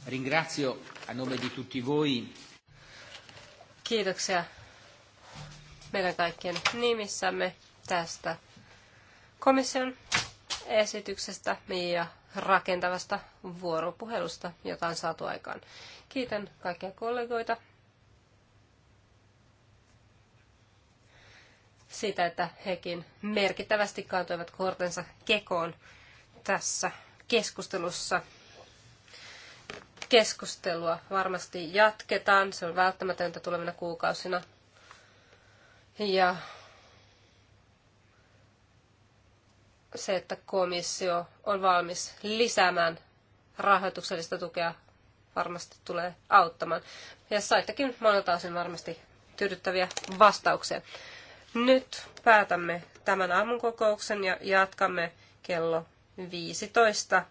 Ringrazio a nome di tutti voi. Kiitoksia meidän kaikkien nimissämme tästä komission esityksestä ja rakentavasta vuoropuhelusta, jota on saatu aikaan. Kiitän kaikkia kollegoita siitä, että hekin merkittävästi kantoivat kortensa kekoon tässä keskustelussa. Keskustelua varmasti jatketaan, se on välttämätöntä tulevina kuukausina. Ja se, että komissio on valmis lisäämään rahoituksellista tukea, varmasti tulee auttamaan. Ja saittekin monelta osin varmasti tyydyttäviä vastauksia. Nyt päätämme tämän aamun kokouksen ja jatkamme kello 15.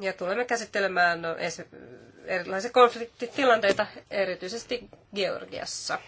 Ja tulemme käsittelemään no, erilaisia konfliktitilanteita, erityisesti Georgiassa.